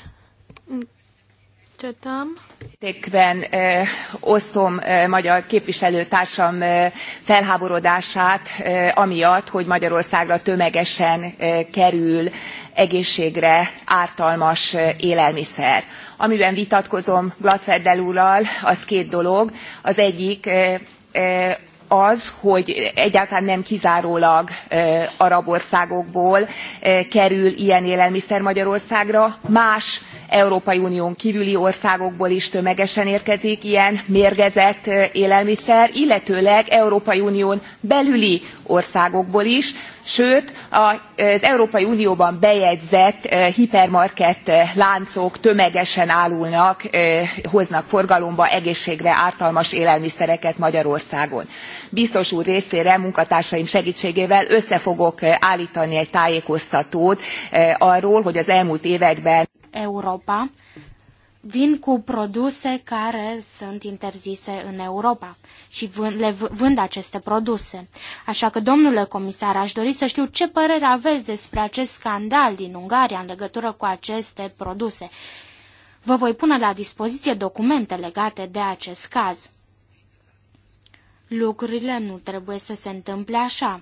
Csetam. Tékben eh, osztom eh, magyar képviselőtársam eh, felháborodását eh, amiatt, hogy Magyarországra tömegesen eh, kerül egészségre ártalmas eh, élelmiszer. Amiben vitatkozom Glatfeldel úrral, az két dolog. Az egyik eh, eh az, hogy egyáltalán nem kizárólag arab országokból kerül ilyen élelmiszer Magyarországra, más európai unión kvüli országokból is tömegesen érkezik ilyen mérgezett élelmiszer illetőleg európai unión belüli országokból is sőt az európai unióban bejegyzett eh, hipermarket eh, láncok tömegesen árulnak eh, hoznak forgalomba egészségre ártalmas élelmiszereket magyarországon. biztos úr részére munkatársaim segtségével össze fogok álltani egy tájékoztatót arról hogy az elmúlt években európa vin cu produse care sunt interzise în Europa și vând, le vând aceste produse. Așa că, domnule comisar, aș dori să știu ce părere aveți despre acest scandal din Ungaria în legătură cu aceste produse. Vă voi pune la dispoziție documente legate de acest caz. Lucrurile nu trebuie să se întâmple așa.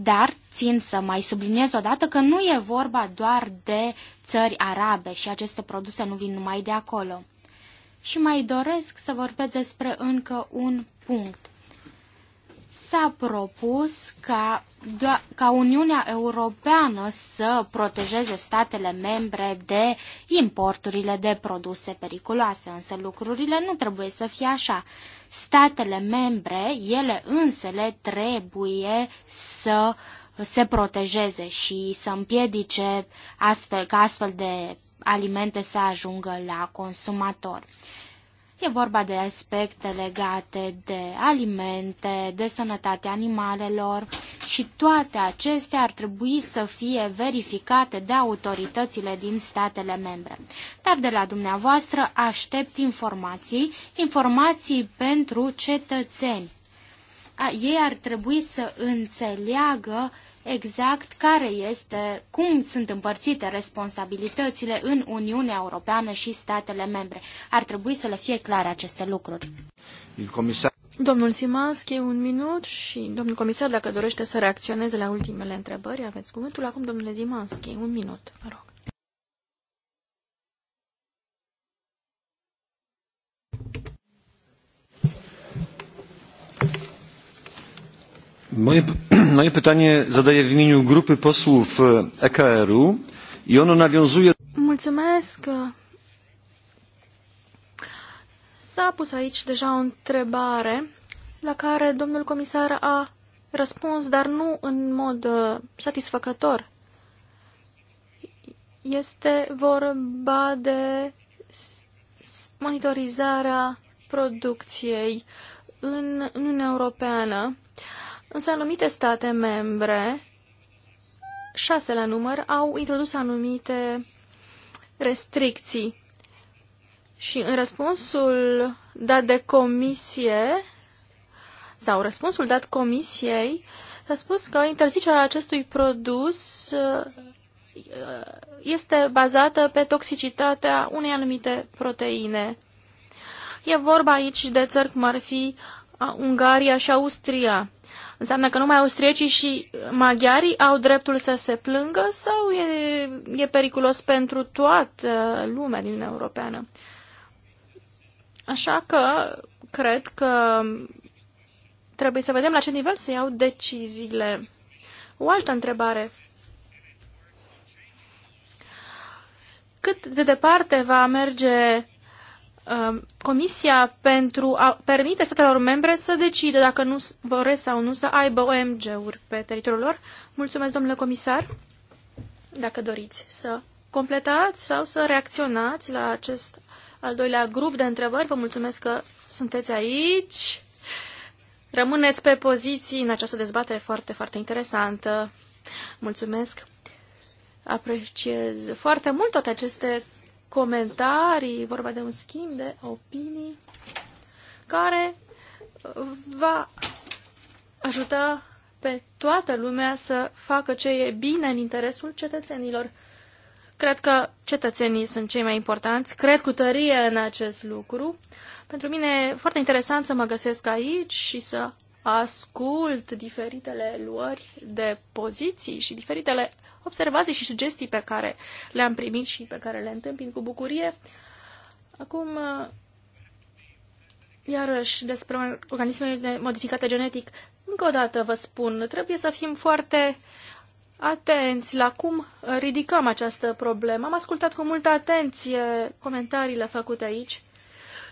Dar țin să mai subliniez odată că nu e vorba doar de țări arabe și aceste produse nu vin numai de acolo. Și mai doresc să vorbesc despre încă un punct. S-a propus ca, ca Uniunea Europeană să protejeze statele membre de importurile de produse periculoase, însă lucrurile nu trebuie să fie așa. Statele membre, ele însele, trebuie să se protejeze și să împiedice astfel, ca astfel de alimente să ajungă la consumator. E vorba de aspecte legate de alimente, de sănătatea animalelor și toate acestea ar trebui să fie verificate de autoritățile din statele membre. Dar de la dumneavoastră aștept informații, informații pentru cetățeni. Ei ar trebui să înțeleagă exact care este, cum sunt împărțite responsabilitățile în Uniunea Europeană și statele membre. Ar trebui să le fie clare aceste lucruri. Comisar... Domnul Simanski, un minut și domnul comisar, dacă dorește să reacționeze la ultimele întrebări, aveți cuvântul. Acum, domnule Simanski, un minut, vă rog. Moje, moje pytanie zadaję w imieniu grupy posłów EKR-u i ono nawiązuje... Mulțumesc! S-a pus aici deja o întrebare la care domnul comisar a răspuns, dar nu în mod satisfăcător. Este vorba de monitorizarea producției în Uniunea Europeană. Uh, Însă anumite state membre, șase la număr, au introdus anumite restricții. Și în răspunsul dat de comisie, sau răspunsul dat comisiei, s-a spus că interzicerea acestui produs uh, este bazată pe toxicitatea unei anumite proteine. E vorba aici de țări cum ar fi uh, Ungaria și Austria. Înseamnă că numai austriecii și maghiarii au dreptul să se plângă sau e, e periculos pentru toată lumea din Europeană? Așa că cred că trebuie să vedem la ce nivel se iau deciziile. O altă întrebare. Cât de departe va merge Um, Comisia pentru a permite statelor membre să decidă dacă nu voresc sau nu să aibă OMG-uri pe teritoriul lor. Mulțumesc, domnule comisar, dacă doriți să completați sau să reacționați la acest al doilea grup de întrebări. Vă mulțumesc că sunteți aici. Rămâneți pe poziții în această dezbatere foarte, foarte interesantă. Mulțumesc! Apreciez foarte mult toate aceste comentarii, vorba de un schimb de opinii care va ajuta pe toată lumea să facă ce e bine în interesul cetățenilor. Cred că cetățenii sunt cei mai importanți, cred cu tărie în acest lucru. Pentru mine e foarte interesant să mă găsesc aici și să ascult diferitele luări de poziții și diferitele uh, observații și sugestii pe care le-am primit și pe care le întâmpin cu bucurie. Acum, uh, iarăși, despre organismele modificate genetic, încă o dată vă spun, trebuie să fim foarte atenți la cum ridicăm această problemă. Am ascultat cu multă atenție comentariile făcute aici.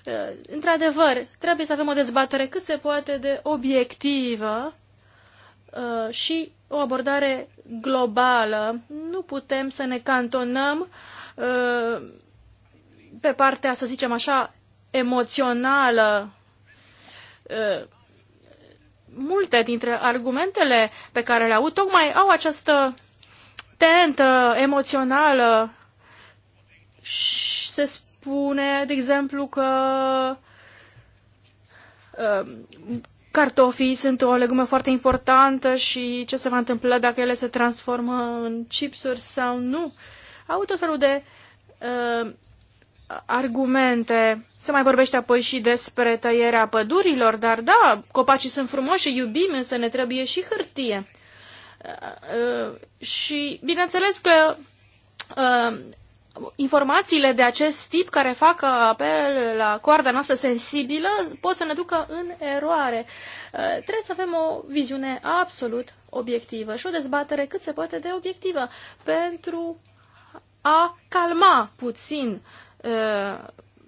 Uh, într-adevăr, trebuie să avem o dezbatere cât se poate de obiectivă Uh, și o abordare globală. Nu putem să ne cantonăm uh, pe partea, să zicem așa, emoțională. Uh, multe dintre argumentele pe care le au tocmai au această tentă emoțională și se spune, de exemplu, că Cartofii sunt o legumă foarte importantă și ce se va întâmpla dacă ele se transformă în chipsuri sau nu. Au tot felul de uh, argumente. Se mai vorbește apoi și despre tăierea pădurilor, dar da, copacii sunt frumoși și iubim, însă ne trebuie și hârtie. Uh, uh, și bineînțeles că uh, informațiile de acest tip care fac apel la coarda noastră sensibilă pot să ne ducă în eroare. Uh, trebuie să avem o viziune absolut obiectivă și o dezbatere cât se poate de obiectivă pentru a calma puțin uh,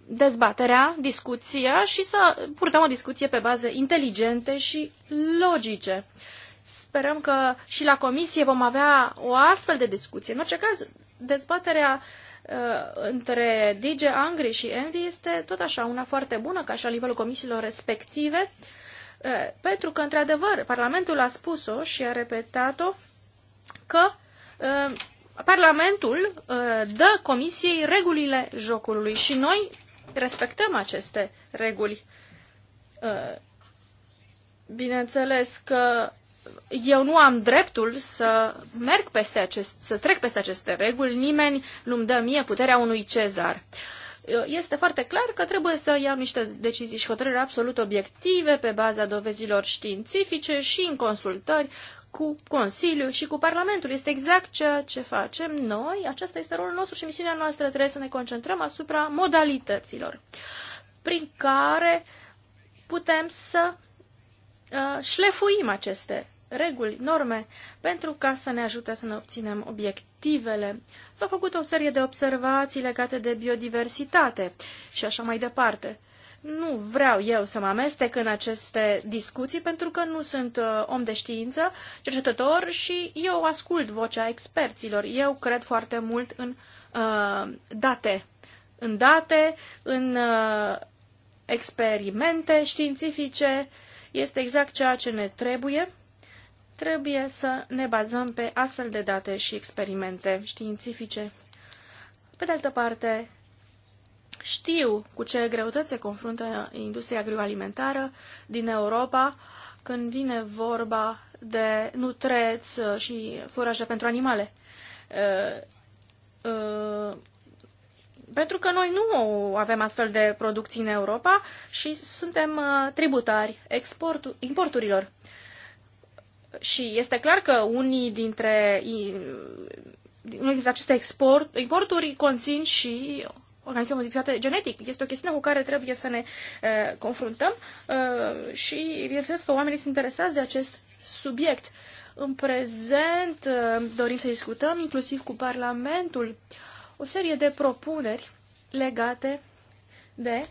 dezbaterea, discuția și să purtăm o discuție pe baze inteligente și logice. Sperăm că și la comisie vom avea o astfel de discuție. În orice caz, dezbaterea uh, Uh, între DG Angri și Envy este tot așa una foarte bună, ca și la nivelul comisiilor respective, uh, pentru că, într-adevăr, Parlamentul a spus-o și a repetat-o că uh, Parlamentul dă Comisiei regulile jocului și noi respectăm aceste reguli. Bineînțeles că eu nu am dreptul să merg peste acest, să trec peste aceste reguli, nimeni nu-mi dă mie puterea unui cezar. Este foarte clar că trebuie să iau niște decizii și hotărâri absolut obiective pe baza dovezilor științifice și în consultări cu Consiliul și cu Parlamentul. Este exact ceea ce facem noi. Aceasta este rolul nostru și misiunea noastră. Trebuie să ne concentrăm asupra modalităților prin care putem să uh, șlefuim aceste reguli, norme, pentru ca să ne ajute să ne obținem obiectivele. S-au făcut o serie de observații legate de biodiversitate și așa mai departe. Nu vreau eu să mă amestec în aceste discuții pentru că nu sunt uh, om de știință, cercetător și eu ascult vocea experților. Eu cred foarte mult în uh, date, în date, în uh, experimente științifice. Este exact ceea ce ne trebuie trebuie să ne bazăm pe astfel de date și experimente științifice. Pe de altă parte, știu cu ce greutăți se confruntă industria agroalimentară din Europa când vine vorba de nutreți și furaje pentru animale. Pentru că noi nu avem astfel de producții în Europa și suntem tributari exporturilor. importurilor. Și este clar că unii dintre, unii dintre aceste export, importuri conțin și organisme modificate genetic. Este o chestiune cu care trebuie să ne uh, confruntăm uh, și bineînțeles că oamenii sunt interesați de acest subiect. În prezent uh, dorim să discutăm inclusiv cu Parlamentul o serie de propuneri legate de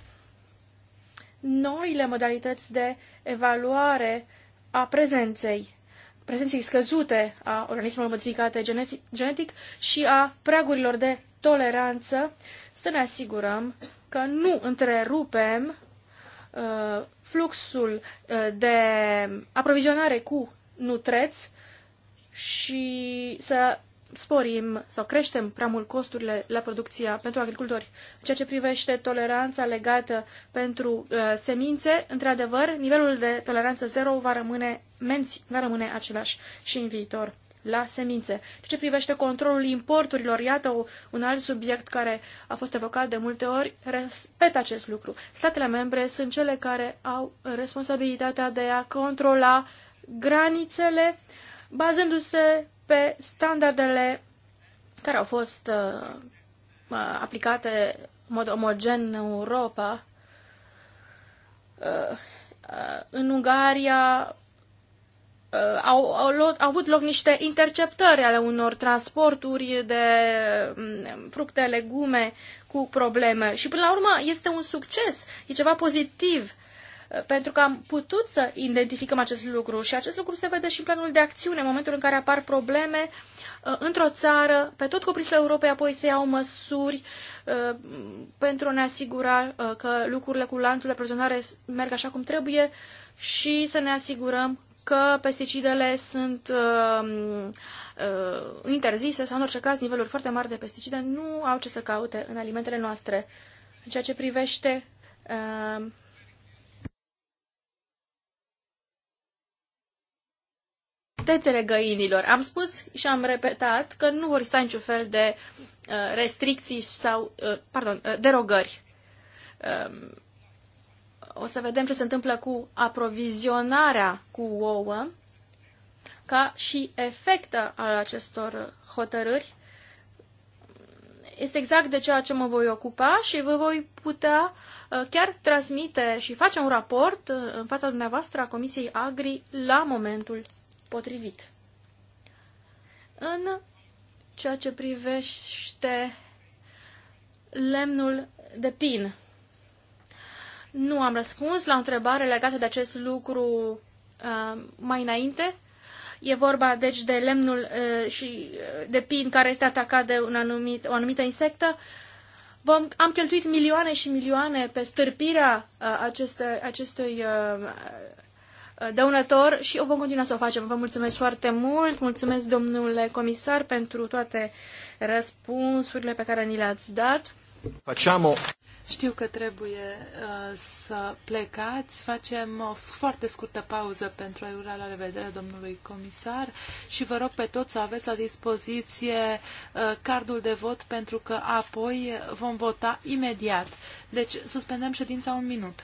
noile modalități de evaluare a prezenței prezenței scăzute a organismelor modificate genetic și a pragurilor de toleranță, să ne asigurăm că nu întrerupem uh, fluxul uh, de aprovizionare cu nutreți și să sporim sau creștem prea mult costurile la producția pentru agricultori. În ceea ce privește toleranța legată pentru uh, semințe, într-adevăr, nivelul de toleranță zero va rămâne, menți, va rămâne același și în viitor la semințe. Ceea ce privește controlul importurilor, iată o, un alt subiect care a fost evocat de multe ori, respect acest lucru. Statele membre sunt cele care au responsabilitatea de a controla granițele bazându-se pe standardele care au fost uh, uh, aplicate în mod omogen în Europa. Uh, în Ungaria au, au, au avut loc niște interceptări ale unor transporturi de mm, fructe, legume cu probleme și până la urmă este un succes, e ceva pozitiv pentru că am putut să identificăm acest lucru și acest lucru se vede și în planul de acțiune, în momentul în care apar probleme uh, într-o țară, pe tot cuprinsul Europei apoi se iau măsuri uh, pentru a ne asigura uh, că lucrurile cu lanțul de aprovizionare merg așa cum trebuie și să ne asigurăm că pesticidele sunt uh, uh, interzise sau, în orice caz, niveluri foarte mari de pesticide nu au ce să caute în alimentele noastre. În ceea ce privește uh, portețele găinilor. Am spus și am repetat că nu vor sta niciun fel de uh, restricții sau, uh, pardon, uh, derogări. Um, o să vedem ce se întâmplă cu aprovizionarea cu ouă ca și efectă al acestor hotărâri. Este exact de ceea ce mă voi ocupa și vă voi putea chiar transmite și face un raport în fața dumneavoastră a Comisiei Agri la momentul potrivit. În ceea ce privește lemnul de pin, nu am răspuns la o întrebare legată de acest lucru uh, mai înainte. E vorba, deci, de lemnul uh, și uh, de pin care este atacat de un anumit, o anumită insectă. Vom, am cheltuit milioane și milioane pe stârpirea uh, aceste, acestui uh, Uh, dăunător și o vom continua să o facem. Vă mulțumesc foarte mult, mulțumesc domnule comisar pentru toate răspunsurile pe care ni le-ați dat. Facem Știu că trebuie uh, să plecați. Facem o foarte scurtă pauză pentru a ura la revedere domnului comisar și vă rog pe toți să aveți la dispoziție uh, cardul de vot pentru că apoi vom vota imediat. Deci suspendăm ședința un minut.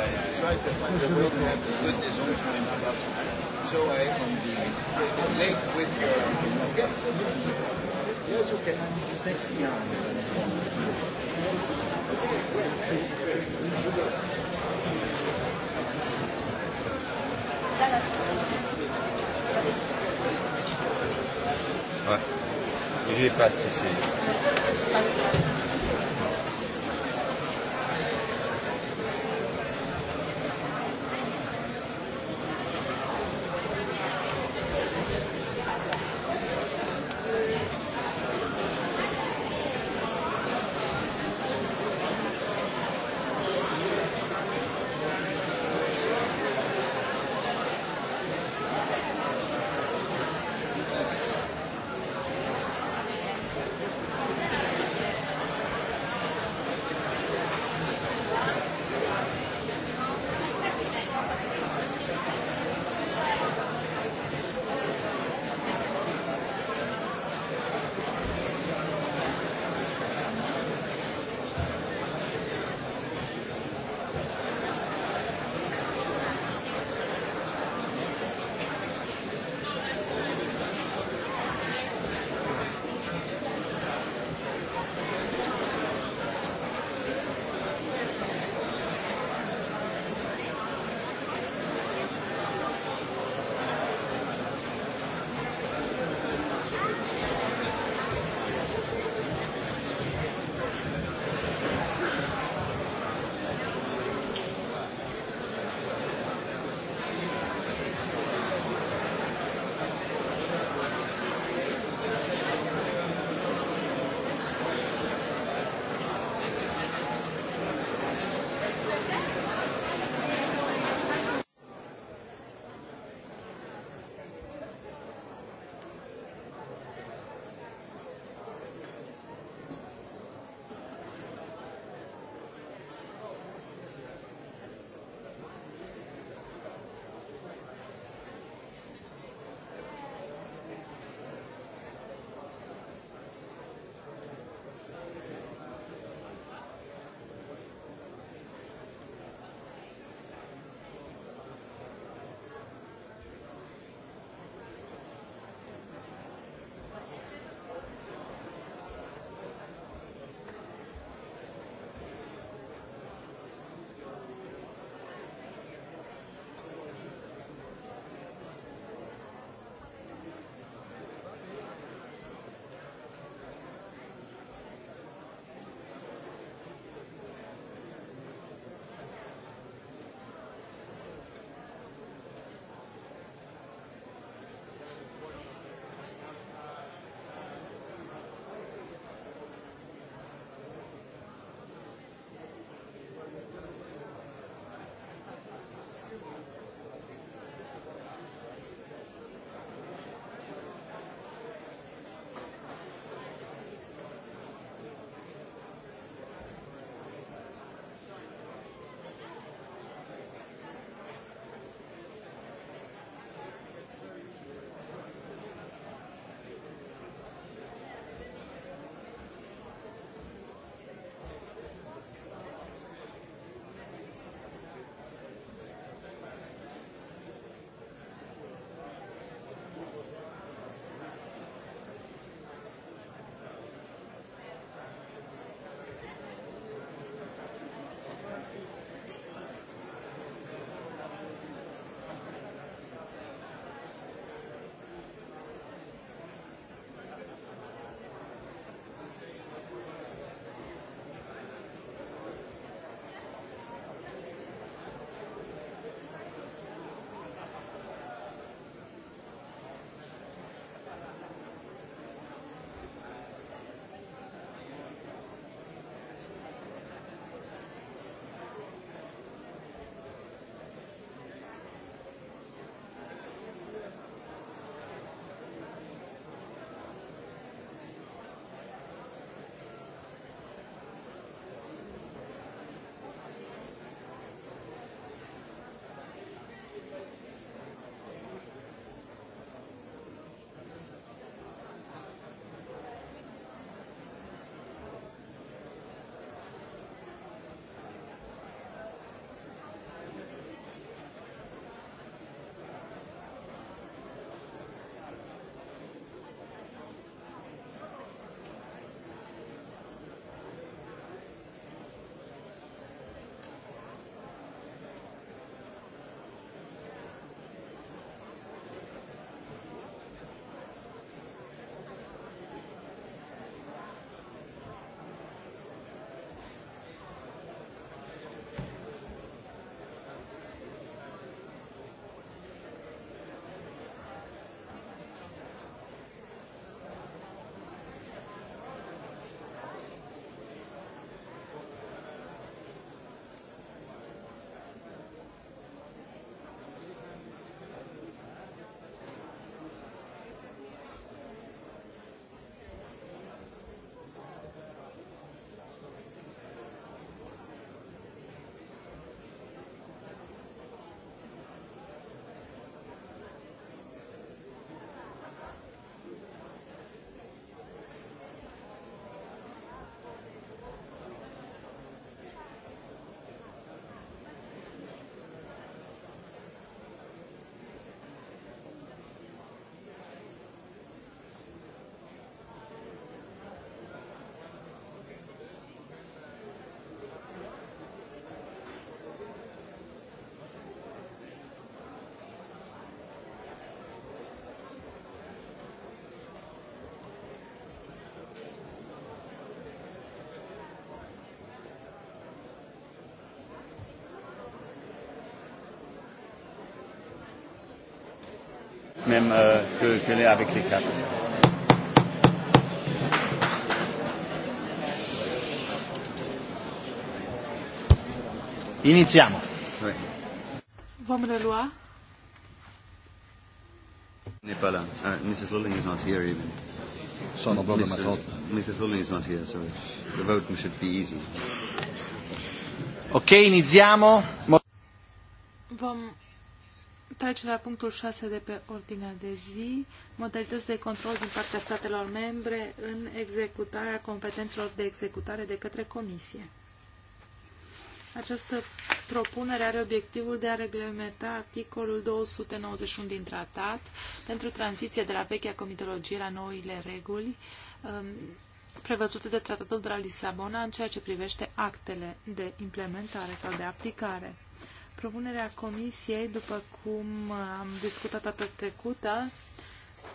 I tried to find a way to have a good assumption in philosophy. So I, I relate with your, okay? Yes, you can understand me on Okay, great, great, great. Ouais. J'y passe ici. Je passe là. même euh, que, que les, avec les câbles. Iniziamo. Vom relua. Nepala. Uh, ah, Mrs. Lulling is not here even. So no problem Mrs. at all. Mrs. Lulling is not here, so the voting should be easy. Ok, iniziamo. Vom trece la punctul 6 de pe ordinea de zi, modalități de control din partea statelor membre în executarea competențelor de executare de către Comisie. Această propunere are obiectivul de a reglementa articolul 291 din tratat pentru tranziție de la vechea comitologie la noile reguli um, prevăzute de tratatul de la Lisabona în ceea ce privește actele de implementare sau de aplicare. Propunerea Comisiei, după cum am discutat data trecută,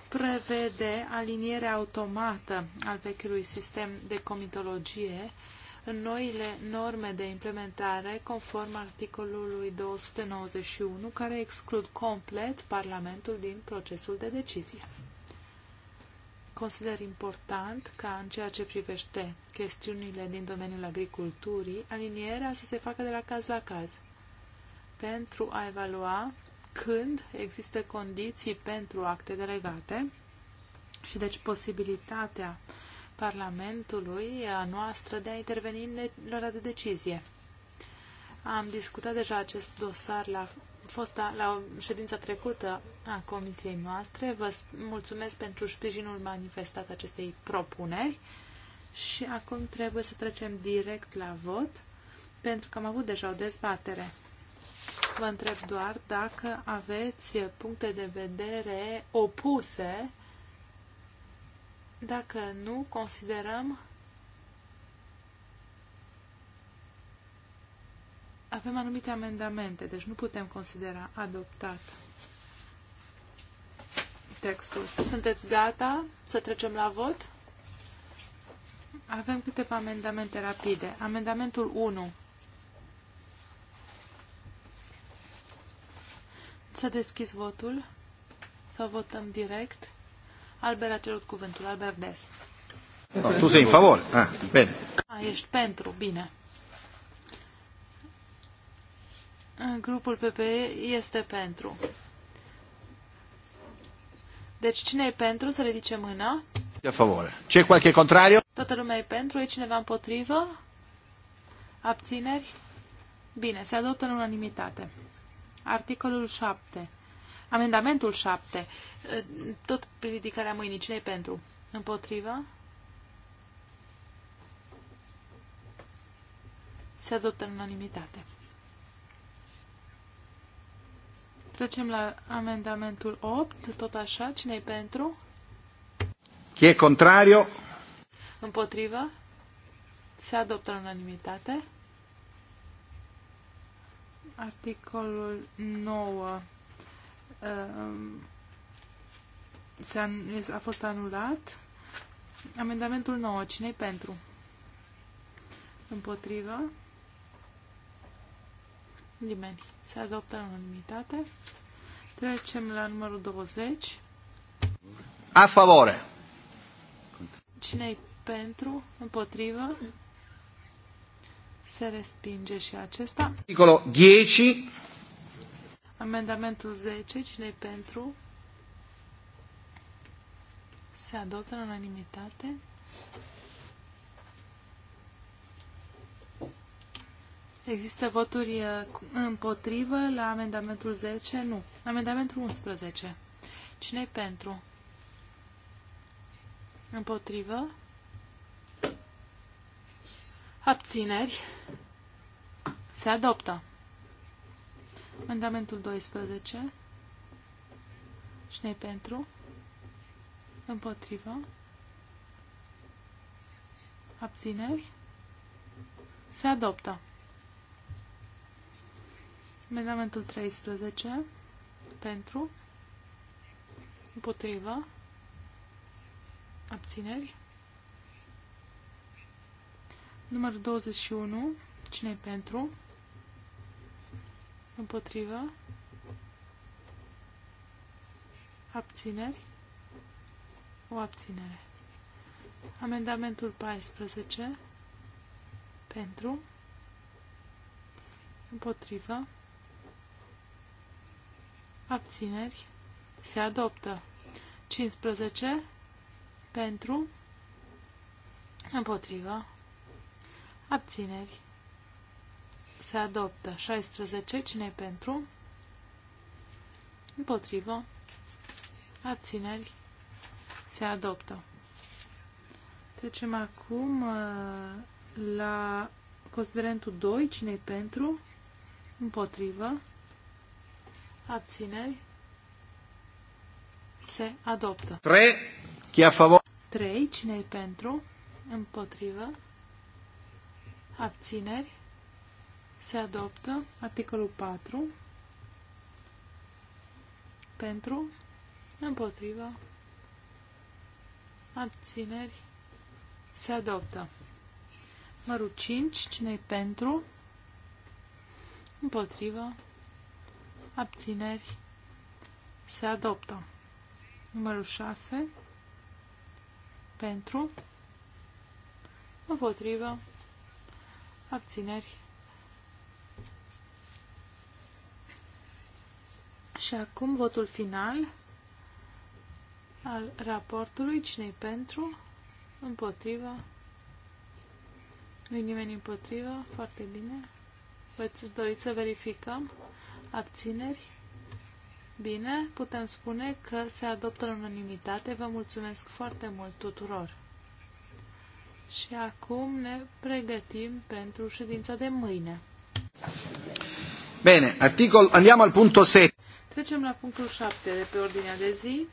prevede alinierea automată al vechiului sistem de comitologie în noile norme de implementare conform articolului 291, care exclud complet Parlamentul din procesul de decizie. Consider important ca în ceea ce privește chestiunile din domeniul agriculturii, alinierea să se facă de la caz la caz pentru a evalua când există condiții pentru acte delegate și deci posibilitatea Parlamentului, a noastră, de a interveni în luarea de decizie. Am discutat deja acest dosar la fosta, la ședința trecută a comisiei noastre. Vă mulțumesc pentru sprijinul manifestat acestei propuneri și acum trebuie să trecem direct la vot, pentru că am avut deja o dezbatere. Vă întreb doar dacă aveți puncte de vedere opuse. Dacă nu, considerăm avem anumite amendamente, deci nu putem considera adoptat textul. Sunteți gata să trecem la vot? Avem câteva amendamente rapide. Amendamentul 1. Să deschis votul. Să votăm direct. Albert a cerut cuvântul. Albert Des. No, tu sei în favor. Ah, bine. A, ah, ești pentru. Bine. Grupul PPE este pentru. Deci cine e pentru să ridice mâna? De favoare. Ce qualche contrario? Toată lumea e pentru, e cineva împotrivă? Abțineri? Bine, se adoptă în unanimitate. Articolul 7. Amendamentul 7. Tot ridicarea mâinii. cine pentru? Împotrivă? Se adoptă în unanimitate. Trecem la amendamentul 8, tot așa. Cine-i pentru? Chi e contrario? Împotrivă? Se adoptă în unanimitate. Articolul 9 uh, a a fost anulat. Amendamentul 9. cine e pentru? Împotrivă. Nimeni. Se adoptă în unanimitate. Trecem la numărul 20. A favore. cine e pentru? Împotrivă? Se respinge și acesta. Articolo 10. Amendamentul 10. cine pentru? Se adoptă în unanimitate. Există voturi uh, împotrivă la amendamentul 10? Nu. Amendamentul 11. cine pentru? Împotrivă? Abțineri. Se adoptă. Amendamentul 12. Cine pentru? Împotrivă. Abțineri. Se adoptă. Amendamentul 13. Pentru. Împotrivă. Abțineri. Numărul 21. cine pentru? Împotrivă. Abțineri. O abținere. Amendamentul 14. Pentru. Împotrivă. Abțineri. Se adoptă. 15. Pentru. Împotrivă. Abțineri. Se adoptă. 16. cine pentru? Împotrivă. Abțineri. Se adoptă. Trecem acum uh, la considerentul 2. cine pentru? Împotrivă. Abțineri. Se adoptă. 3. Chi a favor? 3. cine pentru? Împotrivă abțineri, se adoptă articolul 4 pentru, împotriva, abțineri, se adoptă. Mărul 5, cine pentru, împotriva, abțineri, se adoptă. Numărul 6, pentru, împotriva, abțineri. Și acum votul final al raportului. cine pentru? Împotriva? Nu-i nimeni împotriva? Foarte bine. Veți doriți să verificăm? Abțineri? Bine, putem spune că se adoptă în unanimitate. Vă mulțumesc foarte mult tuturor! Și acum ne pregătim pentru ședința de mâine. Bine, articol, andiamo al punto 7. Trecem la punctul 7 de pe ordinea de zi.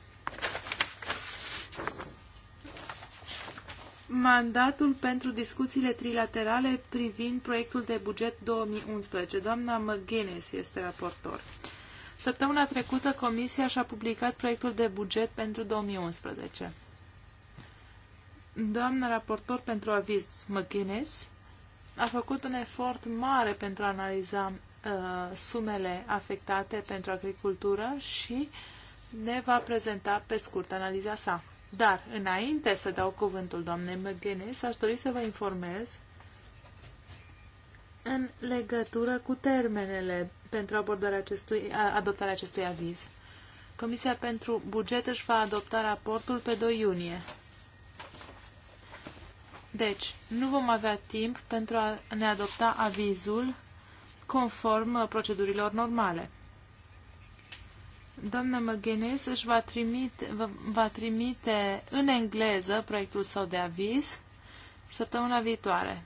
Mandatul pentru discuțiile trilaterale privind proiectul de buget 2011. Doamna McGuinness este raportor. Săptămâna trecută, Comisia și-a publicat proiectul de buget pentru 2011. Doamna raportor pentru aviz McGuinness a făcut un efort mare pentru a analiza uh, sumele afectate pentru agricultură și ne va prezenta pe scurt analiza sa. Dar, înainte să dau cuvântul doamnei McGuinness, aș dori să vă informez în legătură cu termenele pentru abordarea acestui, adoptarea acestui aviz. Comisia pentru buget își va adopta raportul pe 2 iunie. Deci, nu vom avea timp pentru a ne adopta avizul conform uh, procedurilor normale. Doamna McGuinness își va trimite, va trimite în engleză proiectul său de aviz săptămâna viitoare.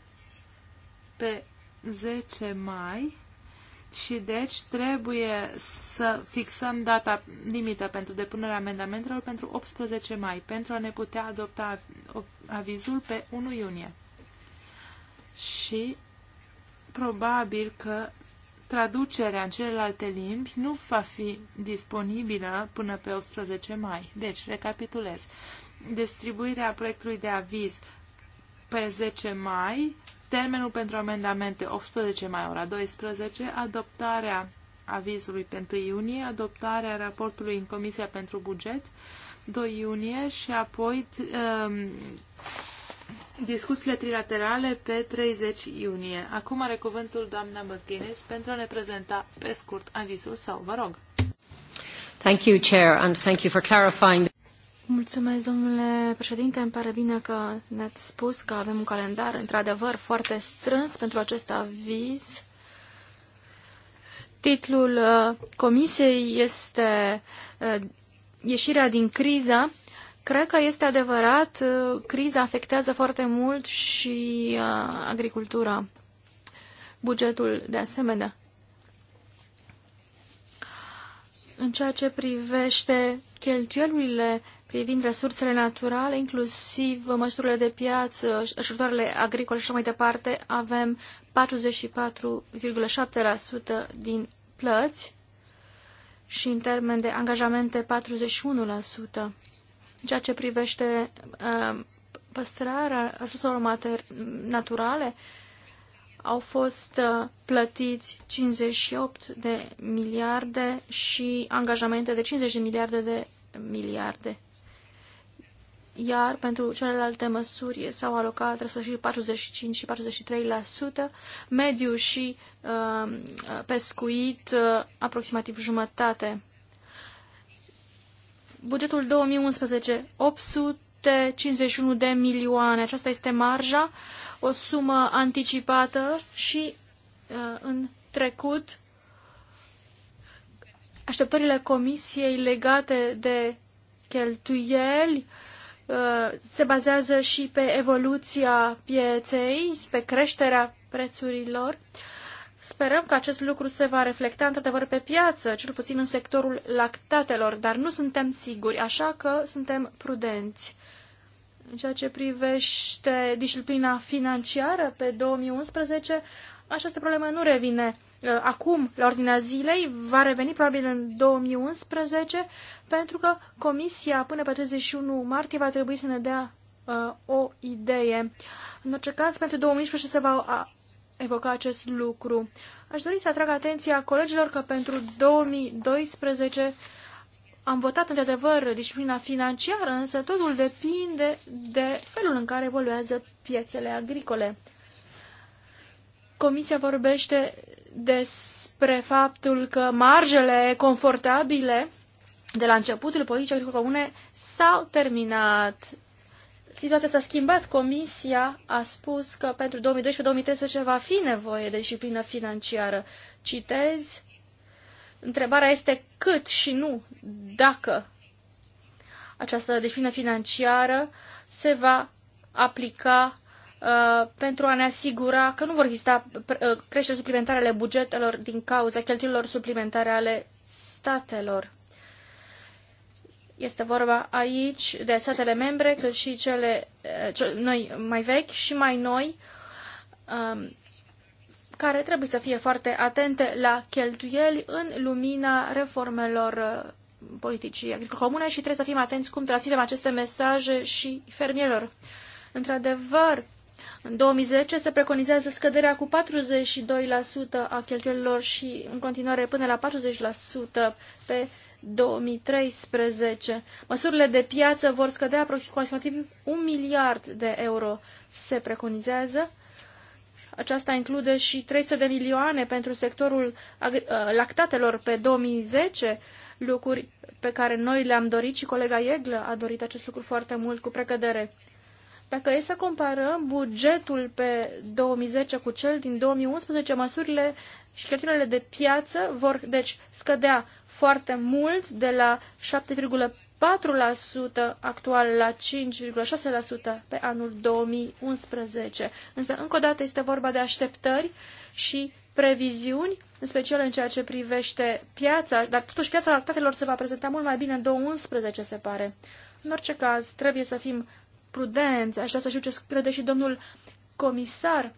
Pe 10 mai și deci trebuie să fixăm data limită pentru depunerea amendamentelor pentru 18 mai, pentru a ne putea adopta avizul pe 1 iunie. Și probabil că traducerea în celelalte limbi nu va fi disponibilă până pe 18 mai. Deci, recapitulez. Distribuirea proiectului de aviz pe 10 mai Termenul pentru amendamente 18 mai ora 12, adoptarea avizului pe 1 iunie, adoptarea raportului în Comisia pentru Buget 2 iunie și apoi um, discuțiile trilaterale pe 30 iunie. Acum are cuvântul doamna McGuinness pentru a ne prezenta pe scurt avizul său. Vă rog. Thank you, Chair, and thank you for clarifying. Mulțumesc, domnule președinte. Îmi pare bine că ne-ați spus că avem un calendar, într-adevăr, foarte strâns pentru acest aviz. Titlul uh, comisiei este uh, Ieșirea din criză. Cred că este adevărat, uh, criza afectează foarte mult și agricultura, bugetul de asemenea. În ceea ce privește cheltuielile privind resursele naturale, inclusiv măsurile de piață, ajutoarele agricole și mai departe, avem 44,7% din plăți și în termen de angajamente 41%. În ceea ce privește uh, păstrarea resurselor naturale, au fost uh, plătiți 58 de miliarde și angajamente de 50 de miliarde de miliarde iar pentru celelalte măsuri s-au alocat răsfășiri 45 și 43%, mediu și uh, pescuit uh, aproximativ jumătate. Bugetul 2011, 851 de milioane, aceasta este marja, o sumă anticipată și uh, în trecut așteptările comisiei legate de cheltuieli uh, Uh, se bazează și pe evoluția pieței, pe creșterea prețurilor. Sperăm că acest lucru se va reflecta într-adevăr pe piață, cel puțin în sectorul lactatelor, dar nu suntem siguri, așa că suntem prudenți. În ceea ce privește disciplina financiară pe 2011, această problemă nu revine Uh, acum la ordinea zilei, va reveni probabil în 2011, pentru că Comisia până pe 31 martie va trebui să ne dea uh, o idee. În orice caz, pentru 2011 se va uh, evoca acest lucru. Aș dori să atrag atenția colegilor că pentru 2012 am votat într-adevăr disciplina financiară, însă totul depinde de felul în care evoluează piețele agricole. Comisia vorbește despre faptul că marjele confortabile de la începutul politicii comune s-au terminat. Situația s-a schimbat. Comisia a spus că pentru 2012-2013 va fi nevoie de disciplină financiară. Citez. Întrebarea este cât și nu dacă această disciplină financiară se va aplica Uh, pentru a ne asigura că nu vor exista uh, creșteri suplimentare ale bugetelor din cauza cheltuielilor suplimentare ale statelor. Este vorba aici de statele membre, cât și cele uh, noi mai vechi și mai noi, um, care trebuie să fie foarte atente la cheltuieli în lumina reformelor politicii agricole comune și trebuie să fim atenți cum transmitem aceste mesaje și fermierilor. Într-adevăr, în 2010 se preconizează scăderea cu 42% a cheltuielilor și în continuare până la 40% pe 2013. Măsurile de piață vor scădea aproximativ un miliard de euro, se preconizează. Aceasta include și 300 de milioane pentru sectorul ă, lactatelor pe 2010, lucruri pe care noi le-am dorit și colega Ieglă a dorit acest lucru foarte mult cu precădere. Dacă e să comparăm bugetul pe 2010 cu cel din 2011, măsurile și cheltuielile de piață vor deci scădea foarte mult de la 7,4% actual la 5,6% pe anul 2011. Însă, încă o dată, este vorba de așteptări și previziuni, în special în ceea ce privește piața, dar totuși piața lactatelor se va prezenta mult mai bine în 2011, se pare. În orice caz, trebuie să fim jurisprudență. așa să știu ce crede și domnul comisar,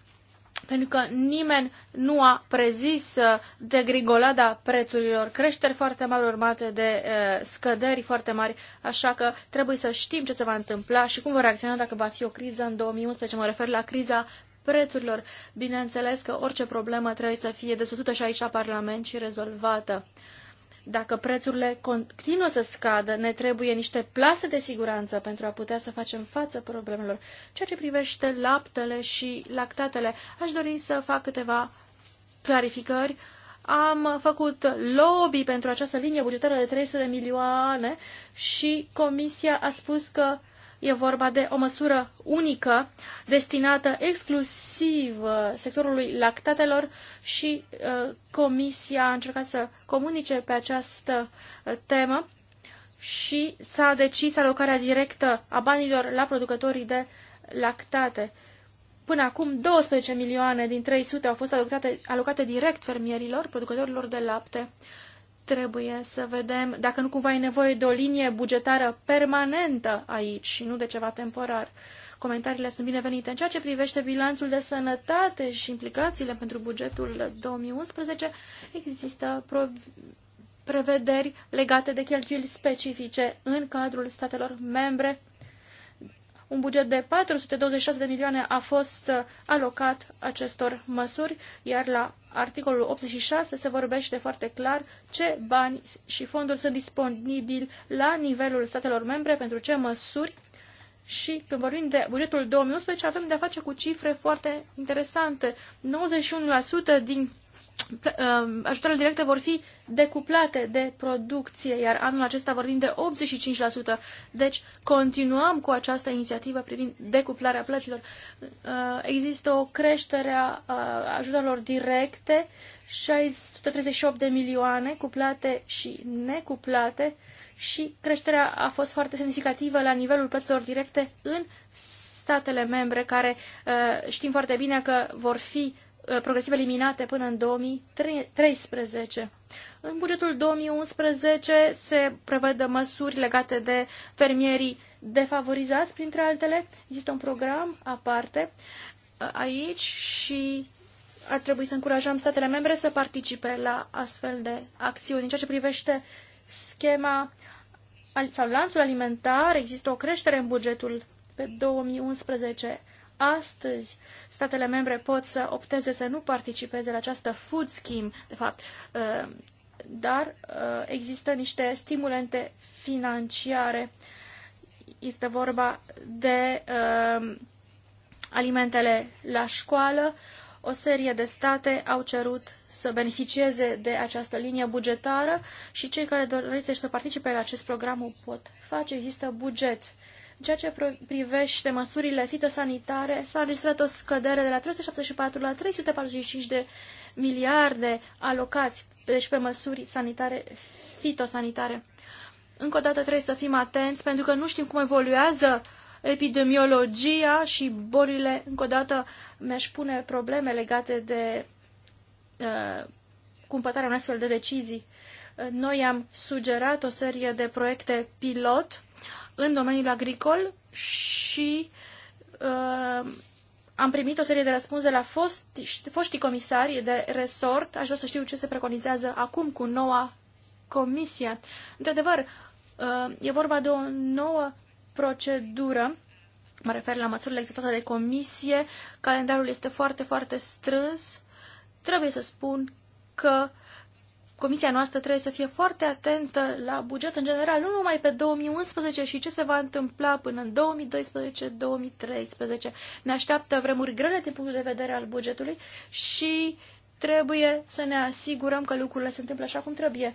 pentru că nimeni nu a prezis uh, de grigolada prețurilor, creșteri foarte mari urmate de uh, scăderi foarte mari, așa că trebuie să știm ce se va întâmpla și cum va reacționa dacă va fi o criză în 2011. Mă refer la criza prețurilor. Bineînțeles că orice problemă trebuie să fie dezbătută și aici la Parlament și rezolvată. Dacă prețurile continuă să scadă, ne trebuie niște plase de siguranță pentru a putea să facem față problemelor. Ceea ce privește laptele și lactatele, aș dori să fac câteva clarificări. Am făcut lobby pentru această linie bugetară de 300 de milioane și Comisia a spus că E vorba de o măsură unică destinată exclusiv uh, sectorului lactatelor și uh, Comisia a încercat să comunice pe această uh, temă și s-a decis alocarea directă a banilor la producătorii de lactate. Până acum, 12 milioane din 300 au fost alocate, alocate direct fermierilor, producătorilor de lapte. Uh, Trebuie să vedem dacă nu cumva e nevoie de o linie bugetară permanentă aici și nu de ceva temporar. Comentariile sunt binevenite. În ceea ce privește bilanțul de sănătate și implicațiile pentru bugetul 2011, există prevederi legate de cheltuieli specifice în cadrul statelor membre un buget de 426 de milioane a fost uh, alocat acestor măsuri, iar la articolul 86 se vorbește foarte clar ce bani și fonduri sunt disponibili la nivelul statelor membre pentru ce măsuri și când vorbim de bugetul 2011 avem de-a face cu cifre foarte interesante. 91% din Um, ajutoarele directe vor fi decuplate de producție, iar anul acesta vorbim de 85%. Deci continuăm cu această inițiativă privind decuplarea plăților. Uh, există o creștere a ajutorilor directe, 638 de milioane cuplate și necuplate și creșterea a fost foarte semnificativă la nivelul plăților directe în statele membre, care uh, știm foarte bine că vor fi Eh, progresiv eliminate până în 2013. În bugetul 2011 se prevăd măsuri legate de fermierii defavorizați, printre altele. Există un program aparte eh, aici și ar trebui să încurajăm statele membre să participe la astfel de acțiuni. În ceea ce privește schema sau lanțul alimentar, există o creștere în bugetul pe 2011 Astăzi, statele membre pot să opteze să nu participeze la această food scheme, de fapt, uh, dar uh, există niște stimulente financiare. Este vorba de uh, alimentele la școală. O serie de state au cerut să beneficieze de această linie bugetară și cei care doresc să participe la acest program o pot face. Există buget în ceea ce privește măsurile fitosanitare, s-a înregistrat o scădere de la 374 la 345 de miliarde alocați, deci pe măsuri sanitare, fitosanitare. Încă o dată trebuie să fim atenți, pentru că nu știm cum evoluează epidemiologia și bolile. Încă o dată mi-aș pune probleme legate de uh, cumpătarea unei astfel de decizii. Noi am sugerat o serie de proiecte pilot în domeniul agricol și uh, am primit o serie de răspunsuri de la foști, foștii comisari de resort. Aș vrea să știu ce se preconizează acum cu noua comisie. Într-adevăr, uh, e vorba de o nouă procedură mă refer la măsurile executate de comisie, calendarul este foarte, foarte strâns. Trebuie să spun că comisia noastră trebuie să fie foarte atentă la buget în general, nu numai pe 2011 și ce se va întâmpla până în 2012-2013. Ne așteaptă vremuri grele din punctul de vedere al bugetului și trebuie să ne asigurăm că lucrurile se întâmplă așa cum trebuie.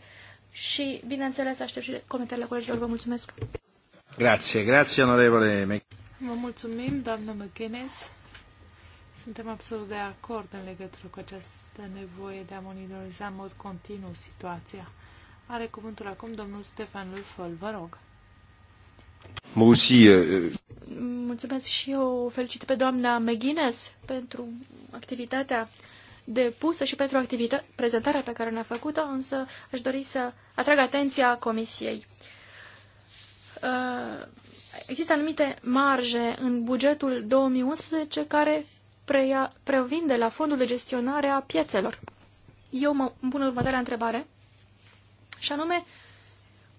Și, bineînțeles, aștept și comentariile colegilor. Vă mulțumesc! Grazie, grazie, onorevole. Vă mulțumim, doamnă McInnes. Suntem absolut de acord în legătură cu această nevoie de a monitoriza în mod continuu situația. Are cuvântul acum domnul Stefan Lufol, vă rog. Uh, Mulțumesc și eu felicit pe doamna Meghines pentru activitatea depusă și pentru prezentarea pe care ne-a făcut-o, însă aș dori să atrag atenția Comisiei. Uh, există anumite marje în bugetul 2011 care preia, provin de la fondul de gestionare a piețelor. Eu mă pun următoarea întrebare, și anume,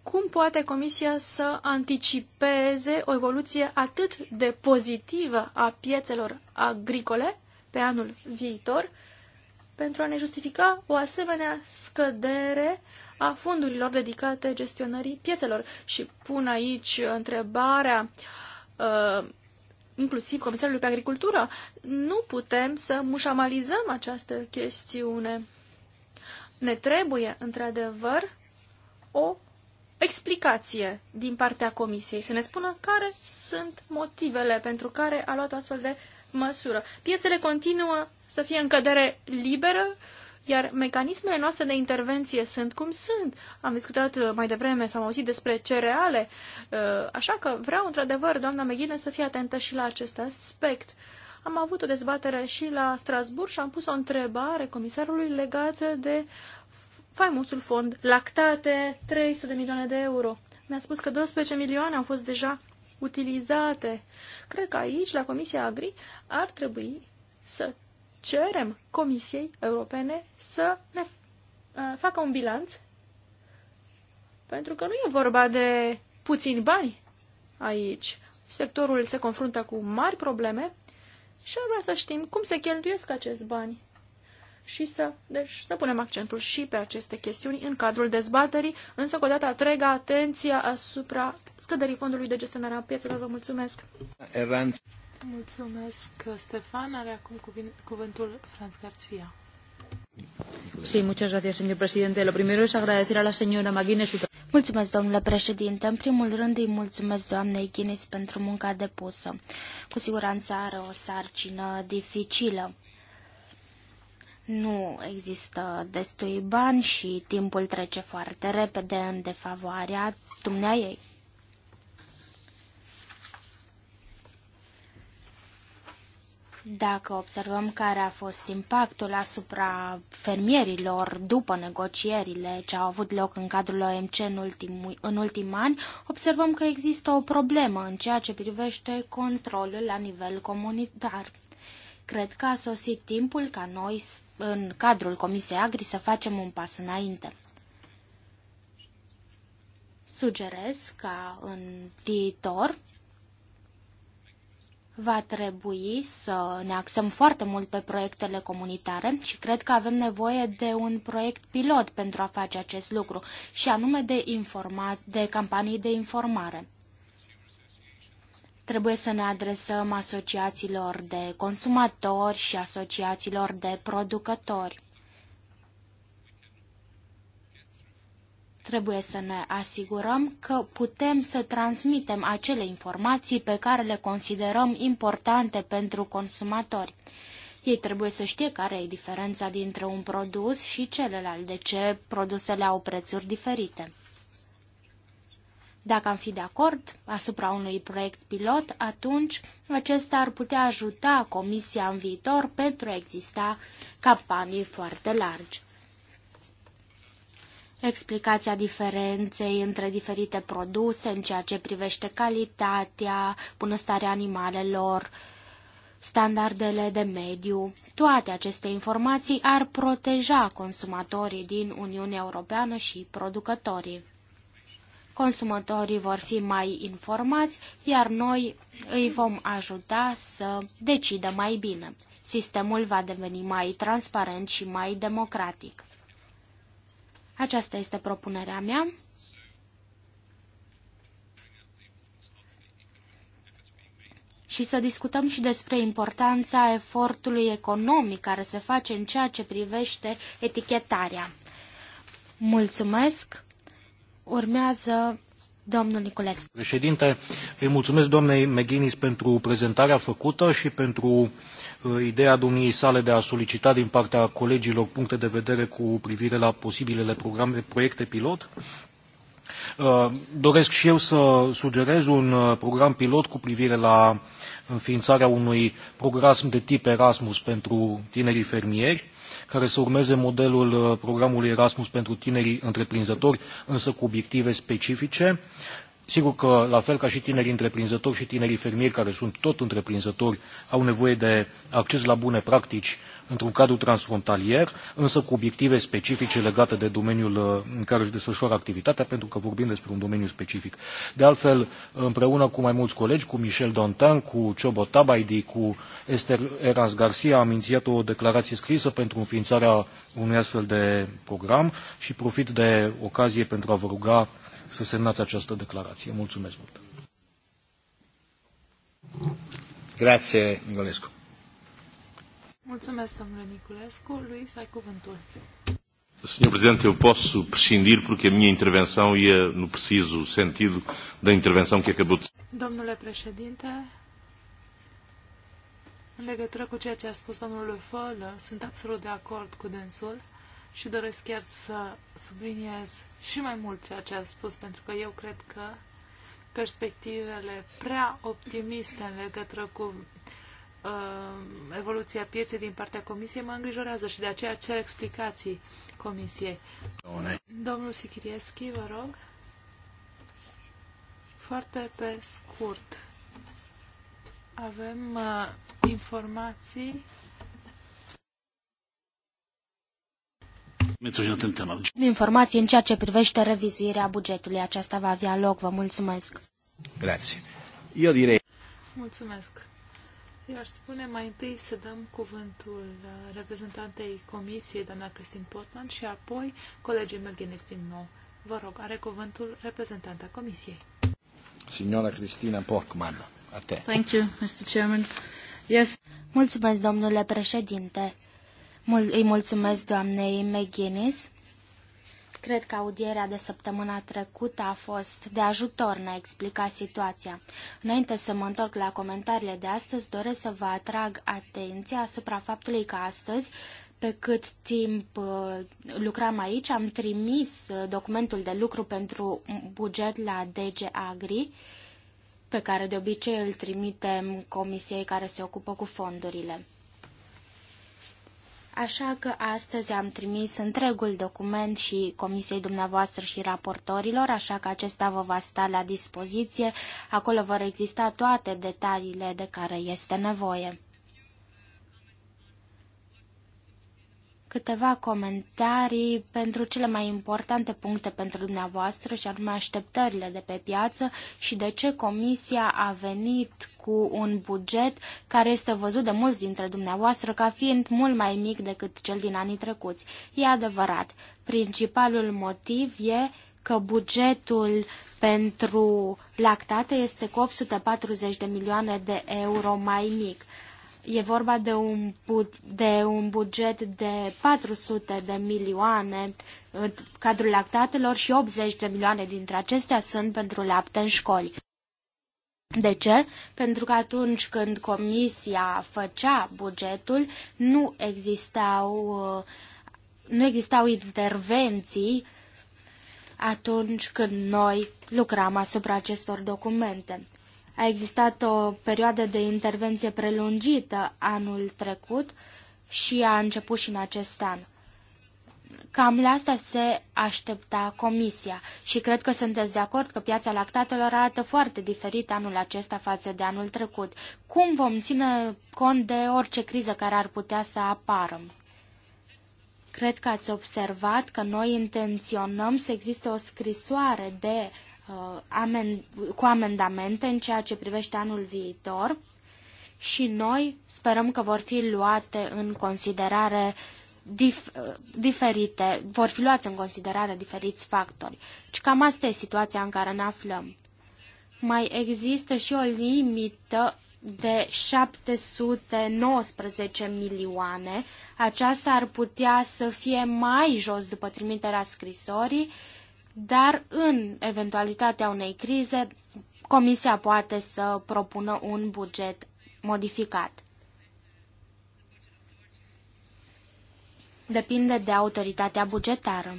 cum poate Comisia să anticipeze o evoluție atât de pozitivă a piețelor agricole pe anul viitor, pentru a ne justifica o asemenea scădere a fondurilor dedicate gestionării piețelor. Și pun aici întrebarea uh, inclusiv Comisarului pe Agricultură, nu putem să mușamalizăm această chestiune. Ne trebuie, într-adevăr, o explicație din partea Comisiei, să ne spună care sunt motivele pentru care a luat o astfel de măsură. Piețele continuă să fie în cădere liberă, iar mecanismele noastre de intervenție sunt cum sunt. Am discutat uh, mai devreme, s-am auzit despre cereale, uh, așa că vreau într-adevăr, doamna Meghine, să fie atentă și la acest aspect. Am avut o dezbatere și la Strasburg și am pus o întrebare comisarului legată de faimosul fond lactate, 300 de milioane de euro. Mi-a spus că 12 milioane au fost deja utilizate. Cred că aici, la Comisia Agri, ar trebui să cerem Comisiei Europene să ne uh, facă un bilanț, pentru că nu e vorba de puțini bani aici. Sectorul se confruntă cu mari probleme și ar vrea să știm cum se cheltuiesc acești bani și să, deci, să punem accentul și pe aceste chestiuni în cadrul dezbaterii, însă cu o dată atregă atenția asupra scăderii fondului de gestionare a piețelor. Vă mulțumesc! Mulțumesc, Stefan. Are acum cuvântul Franz Garcia. Sí, muchas gracias, señor presidente. Lo primero es agradecer a la señora McGuinness su Mulțumesc, domnule președinte. În primul rând îi mulțumesc doamnei Guinness pentru munca depusă. Cu siguranță are o sarcină dificilă. Nu există destui bani și timpul trece foarte repede în defavoarea ei. Dacă observăm care a fost impactul asupra fermierilor după negocierile ce au avut loc în cadrul OMC în, ultimul, în ultimii ani, observăm că există o problemă în ceea ce privește controlul la nivel comunitar. Cred că a sosit timpul ca noi, în cadrul Comisiei Agri, să facem un pas înainte. Sugerez ca în viitor va trebui să ne axăm foarte mult pe proiectele comunitare și cred că avem nevoie de un proiect pilot pentru a face acest lucru, și anume de, informa- de campanii de informare. Trebuie să ne adresăm asociațiilor de consumatori și asociațiilor de producători. Trebuie să ne asigurăm că putem să transmitem acele informații pe care le considerăm importante pentru consumatori. Ei trebuie să știe care e diferența dintre un produs și celălalt, de ce produsele au prețuri diferite. Dacă am fi de acord asupra unui proiect pilot, atunci acesta ar putea ajuta Comisia în viitor pentru a exista campanii foarte largi explicația diferenței între diferite produse în ceea ce privește calitatea, bunăstarea animalelor, standardele de mediu. Toate aceste informații ar proteja consumatorii din Uniunea Europeană și producătorii. Consumatorii vor fi mai informați, iar noi îi vom ajuta să decidă mai bine. Sistemul va deveni mai transparent și mai democratic. Aceasta este propunerea mea. și să discutăm și despre importanța efortului economic care se face în ceea ce privește etichetarea. Mulțumesc. Urmează domnul Niculescu. Președinte, îi mulțumesc doamnei Meghinis pentru prezentarea făcută și pentru uh, Uh, ideea domniei sale de a solicita din partea colegilor puncte de vedere cu privire la posibilele programe, proiecte pilot. Uh, doresc și eu să sugerez un uh, program pilot cu privire la înființarea unui program de tip Erasmus pentru tinerii fermieri, care să urmeze modelul programului Erasmus pentru tinerii întreprinzători, însă cu obiective specifice Sigur că, la fel ca și tinerii întreprinzători și tinerii fermieri, care sunt tot întreprinzători, au nevoie de acces la bune practici într-un cadru transfrontalier, însă cu obiective specifice legate de domeniul uh, în care își desfășoară activitatea, pentru că vorbim despre un domeniu specific. De altfel, împreună cu mai mulți colegi, cu Michel Dantin, cu Ciobo Tabaidi, cu Esther Erans Garcia, am inițiat o declarație scrisă pentru înființarea unui astfel de program și profit de ocazie pentru a vă ruga să semnați această declarație. Mulțumesc mult! Grație, Nicolescu. Mulțumesc, domnule Niculescu. Luis, ai cuvântul. Senhor Presidente, eu posso prescindir porque a minha intervenção ia no preciso sentido da intervenção que acabou de... Domnule președinte, em legătură cu o que a spus domnule Foll, sunt absolut de acord cu dânsul și doresc chiar să subliniez și mai mult ceea ce a spus, pentru că eu cred că perspectivele prea optimiste în legătură cu uh, evoluția pieței din partea Comisiei mă îngrijorează și de aceea cer explicații Comisiei. Domnul Sikirieschi, vă rog. Foarte pe scurt. Avem uh, informații Informații în ceea ce privește revizuirea bugetului. Aceasta va avea loc. Vă mulțumesc. Grazie. Eu direi... Mulțumesc. Eu aș spune mai întâi să dăm cuvântul uh, reprezentantei comisiei, doamna Cristin Potman, și apoi colegii McGuinness din nou. Vă rog, are cuvântul reprezentanta comisiei. Signora Cristina Portman, a te. Thank you, Mr. Chairman. Yes. Mulțumesc, domnule președinte. Mul- îi mulțumesc doamnei McGuinness. Cred că audierea de săptămâna trecută a fost de ajutor, în a explica situația. Înainte să mă întorc la comentariile de astăzi, doresc să vă atrag atenția asupra faptului că astăzi pe cât timp uh, lucram aici, am trimis uh, documentul de lucru pentru buget la DG Agri, pe care de obicei îl trimitem comisiei care se ocupă cu fondurile. Așa că astăzi am trimis întregul document și comisiei dumneavoastră și raportorilor, așa că acesta vă va sta la dispoziție. Acolo vor exista toate detaliile de care este nevoie. câteva comentarii pentru cele mai importante puncte pentru dumneavoastră și anume așteptările de pe piață și de ce Comisia a venit cu un buget care este văzut de mulți dintre dumneavoastră ca fiind mult mai mic decât cel din anii trecuți. E adevărat, principalul motiv e că bugetul pentru lactate este cu 840 de milioane de euro mai mic. E vorba de un, bu- de un buget de 400 de milioane în cadrul lactatelor și 80 de milioane dintre acestea sunt pentru lapte în școli. De ce? Pentru că atunci când comisia făcea bugetul, nu existau, nu existau intervenții atunci când noi lucram asupra acestor documente. A existat o perioadă de intervenție prelungită anul trecut și a început și în acest an. Cam la asta se aștepta comisia și cred că sunteți de acord că piața lactatelor arată foarte diferit anul acesta față de anul trecut. Cum vom ține cont de orice criză care ar putea să apară? Cred că ați observat că noi intenționăm să existe o scrisoare de Uh, cu amendamente în ceea ce privește anul viitor și noi sperăm că vor fi luate în considerare dif- uh, diferite, vor fi luați în considerare diferiți factori. Și cam asta e situația în care ne aflăm. Mai există și o limită de 719 milioane. Aceasta ar putea să fie mai jos după trimiterea scrisorii dar în eventualitatea unei crize, Comisia poate să propună un buget modificat. Depinde de autoritatea bugetară.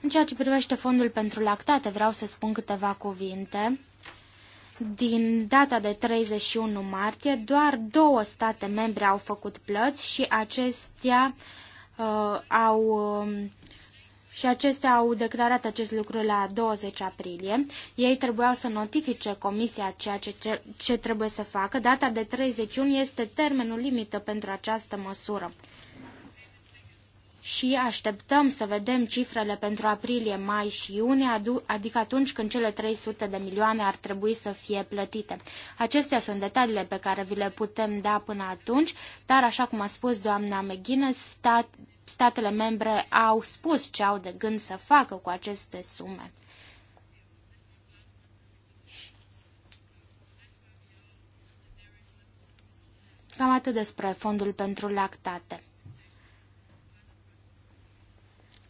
În ceea ce privește fondul pentru lactate, vreau să spun câteva cuvinte. Din data de 31 martie, doar două state membre au făcut plăți și acestea uh, au... Uh, și acestea au declarat acest lucru la 20 aprilie. Ei trebuiau să notifice comisia ceea ce, ce, ce trebuie să facă. Data de 30 iunie este termenul limită pentru această măsură. Și așteptăm să vedem cifrele pentru aprilie, mai și iunie, adică atunci când cele 300 de milioane ar trebui să fie plătite. Acestea sunt detaliile pe care vi le putem da până atunci, dar așa cum a spus doamna McGuinness, stat, statele membre au spus ce au de gând să facă cu aceste sume. Cam atât despre fondul pentru lactate.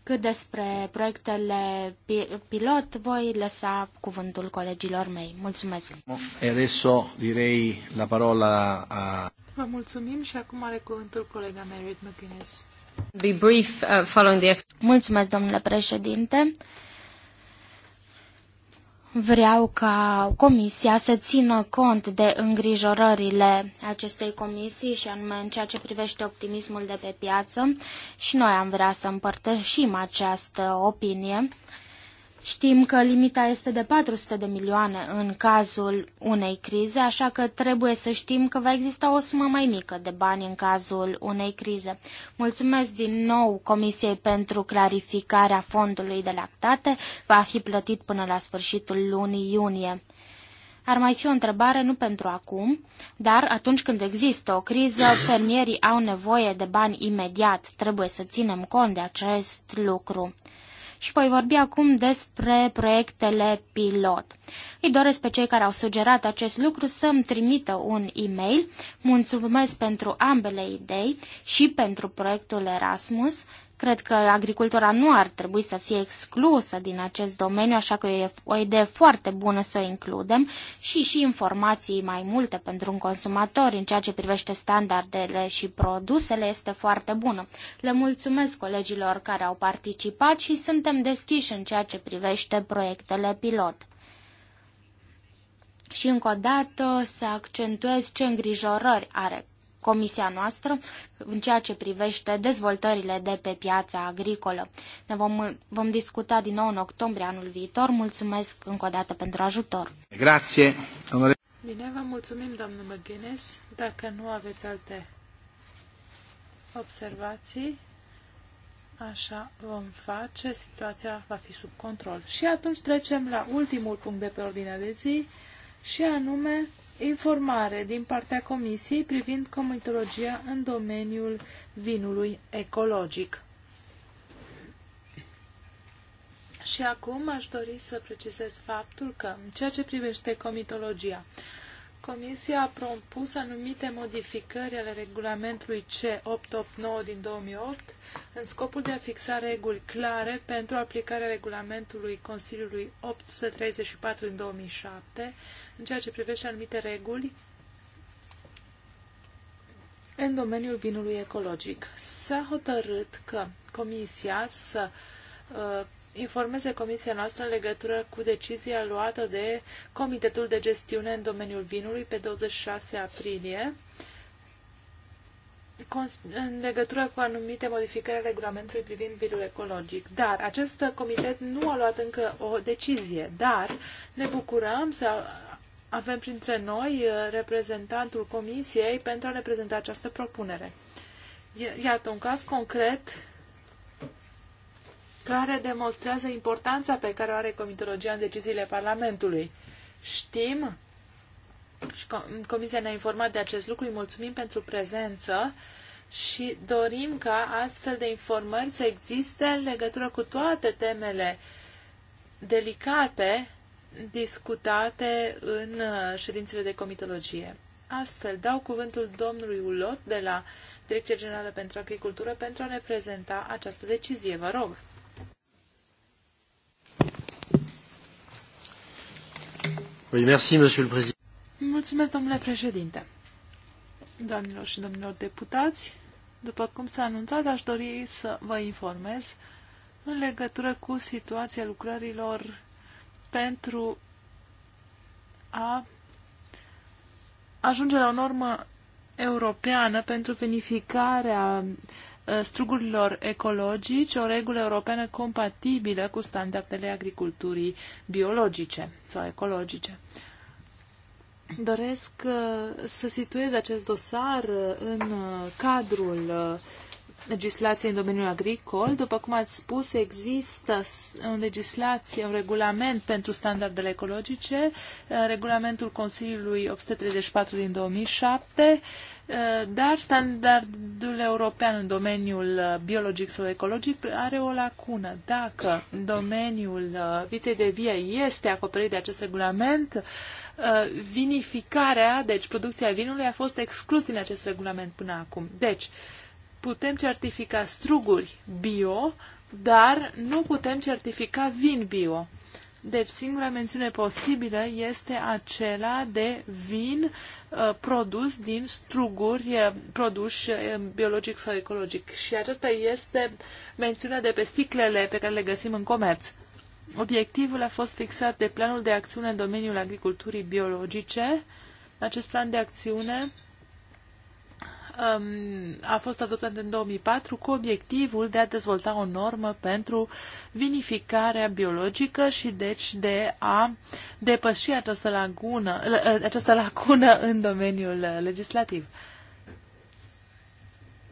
Cât despre proiectele pilot, voi lăsa cuvântul colegilor mei. Mulțumesc. E adesso direi la parola a... Vă mulțumim și acum are cuvântul colega Merit McGuinness. Be brief, uh, following the... Mulțumesc, domnule președinte. Vreau ca comisia să țină cont de îngrijorările acestei comisii și anume în ceea ce privește optimismul de pe piață și noi am vrea să împărtășim această opinie Știm că limita este de 400 de milioane în cazul unei crize, așa că trebuie să știm că va exista o sumă mai mică de bani în cazul unei crize. Mulțumesc din nou Comisiei pentru clarificarea fondului de lactate. Va fi plătit până la sfârșitul lunii iunie. Ar mai fi o întrebare nu pentru acum, dar atunci când există o criză, fermierii au nevoie de bani imediat. Trebuie să ținem cont de acest lucru și voi vorbi acum despre proiectele pilot. Îi doresc pe cei care au sugerat acest lucru să îmi trimită un e-mail. Mulțumesc pentru ambele idei și pentru proiectul Erasmus, Cred că agricultura nu ar trebui să fie exclusă din acest domeniu, așa că e o idee foarte bună să o includem și și informații mai multe pentru un consumator în ceea ce privește standardele și produsele este foarte bună. Le mulțumesc colegilor care au participat și suntem deschiși în ceea ce privește proiectele pilot. Și încă o dată să accentuez ce îngrijorări are comisia noastră în ceea ce privește dezvoltările de pe piața agricolă. Ne vom, vom discuta din nou în octombrie anul viitor. Mulțumesc încă o dată pentru ajutor. Grație. Bine, vă mulțumim, doamnă McGuinness. Dacă nu aveți alte observații, așa vom face, situația va fi sub control. Și atunci trecem la ultimul punct de pe ordinea de zi, și anume informare din partea Comisiei privind comitologia în domeniul vinului ecologic. Și acum aș dori să precizez faptul că, în ceea ce privește comitologia, Comisia a propus anumite modificări ale regulamentului C889 din 2008 în scopul de a fixa reguli clare pentru aplicarea regulamentului Consiliului 834 din 2007 în ceea ce privește anumite reguli în domeniul vinului ecologic. S-a hotărât că Comisia să uh, informeze Comisia noastră în legătură cu decizia luată de Comitetul de Gestiune în domeniul vinului pe 26 aprilie în legătură cu anumite modificări ale regulamentului privind vinul ecologic. Dar acest comitet nu a luat încă o decizie, dar ne bucurăm să avem printre noi uh, reprezentantul Comisiei pentru a reprezenta această propunere. Iată un caz concret care demonstrează importanța pe care o are comitologia în deciziile Parlamentului. Știm și Comisia ne-a informat de acest lucru, îi mulțumim pentru prezență și dorim ca astfel de informări să existe în legătură cu toate temele delicate discutate în uh, ședințele de comitologie. Astfel, dau cuvântul domnului Ulot de la Direcția Generală pentru Agricultură pentru a ne prezenta această decizie. Vă rog! Oui, merci, monsieur le président. Mulțumesc, domnule președinte. Doamnelor și domnilor deputați, după cum s-a anunțat, aș dori să vă informez în legătură cu situația lucrărilor pentru a ajunge la o normă europeană pentru vinificarea uh, strugurilor ecologici, o regulă europeană compatibilă cu standardele agriculturii biologice sau ecologice. Doresc uh, să situez acest dosar uh, în cadrul legislație în domeniul agricol. După cum ați spus, există în legislație un regulament pentru standardele ecologice, uh, regulamentul Consiliului 834 din 2007, uh, dar standardul european în domeniul uh, biologic sau ecologic are o lacună. Dacă domeniul vitei de vie este acoperit de acest regulament, vinificarea, deci producția vinului, a fost exclus din acest regulament până acum. Deci, Putem certifica struguri bio, dar nu putem certifica vin bio. Deci singura mențiune posibilă este acela de vin uh, produs din struguri uh, produși uh, biologic sau ecologic. Și aceasta este mențiunea de pe sticlele pe care le găsim în comerț. Obiectivul a fost fixat de planul de acțiune în domeniul agriculturii biologice. Acest plan de acțiune Um, a fost adoptat în 2004 cu obiectivul de a dezvolta o normă pentru vinificarea biologică și deci de a depăși această lagună, uh, această lacună în domeniul uh, legislativ.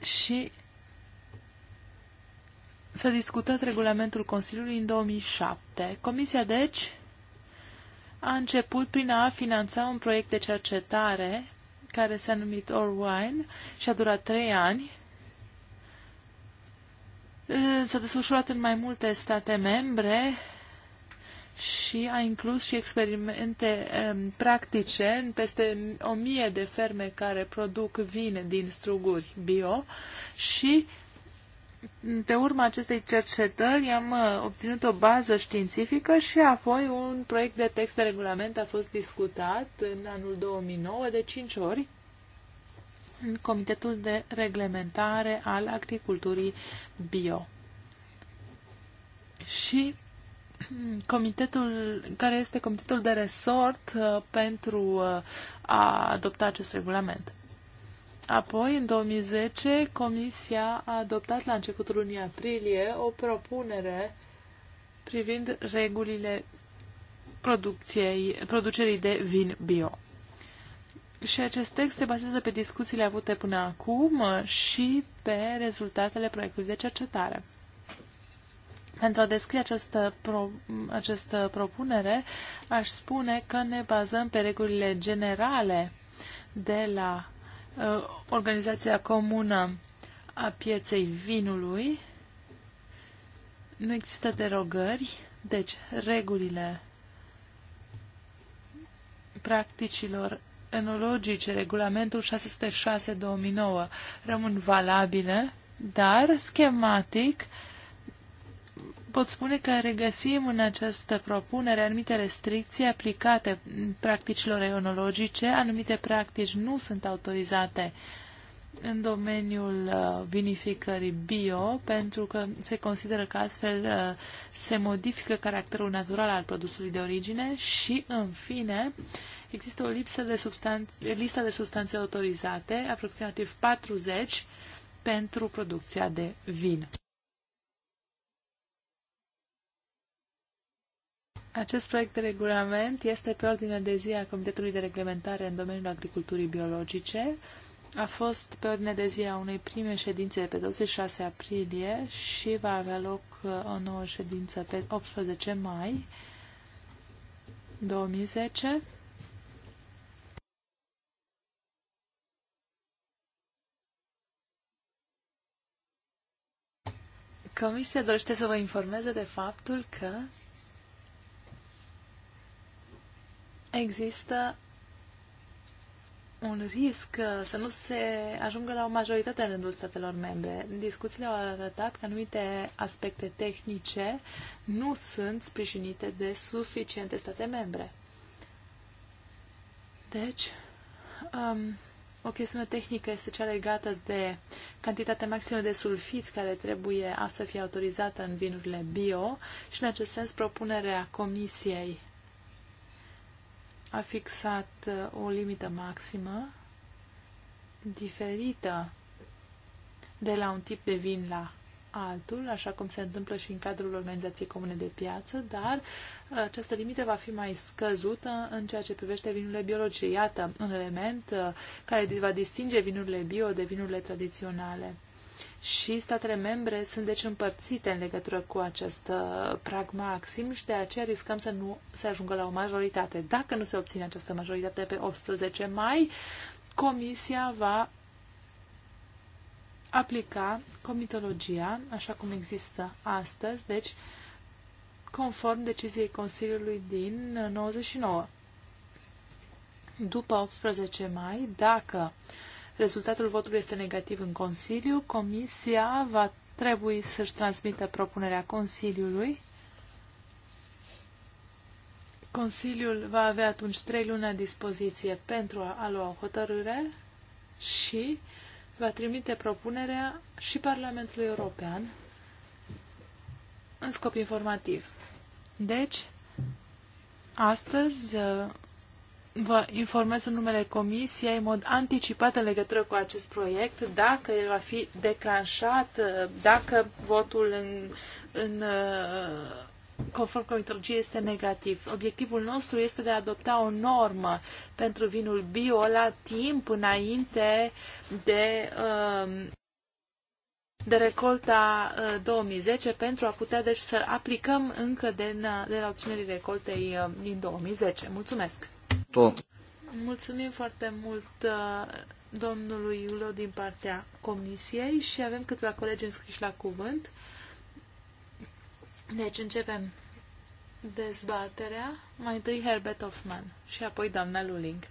Și s-a discutat regulamentul Consiliului în 2007. Comisia, deci, a început prin a finanța un proiect de cercetare care s-a numit All Wine și a durat trei ani. S-a desfășurat în mai multe state membre și a inclus și experimente um, practice în peste o mie de ferme care produc vin din struguri bio și uh, de urma acestei cercetări am uh, obținut o bază științifică și apoi un proiect de text de regulament a fost discutat în anul 2009 de 5 ori în Comitetul de Reglementare al Agriculturii Bio. Și comitetul, care este comitetul de resort uh, pentru uh, a adopta acest regulament. Apoi, în 2010, Comisia a adoptat la începutul lunii aprilie o propunere privind regulile producției, producerii de vin bio. Și acest text se bazează pe discuțiile avute până acum și pe rezultatele proiectului de cercetare. Pentru a descrie această, pro, această propunere, aș spune că ne bazăm pe regulile generale de la Uh, Organizația Comună a Pieței Vinului. Nu există derogări, deci regulile practicilor enologice, regulamentul 606-2009, rămân valabile, dar schematic pot spune că regăsim în această propunere anumite restricții aplicate practicilor eonologice. Anumite practici nu sunt autorizate în domeniul uh, vinificării bio, pentru că se consideră că astfel uh, se modifică caracterul natural al produsului de origine și, în fine, există o lipsă de substanțe, lista de substanțe autorizate, aproximativ 40, pentru producția de vin. Acest proiect de regulament este pe ordinea de zi a Comitetului de Reglementare în domeniul agriculturii biologice. A fost pe ordinea de zi a unei prime ședințe pe 26 aprilie și va avea loc uh, o nouă ședință pe 18 mai 2010. Comisia dorește să vă informeze de faptul că există un risc să nu se ajungă la o majoritate în rândul statelor membre. Discuțiile au arătat că anumite aspecte tehnice nu sunt sprijinite de suficiente state membre. Deci, um, o chestiune tehnică este cea legată de cantitatea maximă de sulfiți care trebuie a să fie autorizată în vinurile bio și, în acest sens, propunerea Comisiei a fixat uh, o limită maximă diferită de la un tip de vin la altul, așa cum se întâmplă și în cadrul Organizației Comune de Piață, dar uh, această limită va fi mai scăzută în ceea ce privește vinurile biologice. Iată un element uh, care va distinge vinurile bio de vinurile tradiționale și statele membre sunt deci împărțite în legătură cu acest uh, prag maxim și de aceea riscăm să nu se ajungă la o majoritate. Dacă nu se obține această majoritate pe 18 mai, Comisia va aplica comitologia, așa cum există astăzi, deci conform deciziei Consiliului din 99. Uh, După 18 mai, dacă uh, Rezultatul votului este negativ în Consiliu. Comisia va trebui să-și transmită propunerea Consiliului. Consiliul va avea atunci trei luni la dispoziție pentru a lua o hotărâre și va trimite propunerea și Parlamentului European în scop informativ. Deci, astăzi vă informez în numele Comisiei în mod anticipat în legătură cu acest proiect, dacă el va fi declanșat, dacă votul în, în conform comitologiei este negativ. Obiectivul nostru este de a adopta o normă pentru vinul bio la timp înainte de, um, de recolta 2010 uh, pentru a putea deci să aplicăm încă de, de la obținerii recoltei uh, din 2010. Mulțumesc! Mulțumim foarte mult uh, domnului Iulo din partea comisiei și avem câțiva colegi înscriși la cuvânt. Deci începem dezbaterea. Mai întâi Herbert Hoffman și apoi doamna Luling.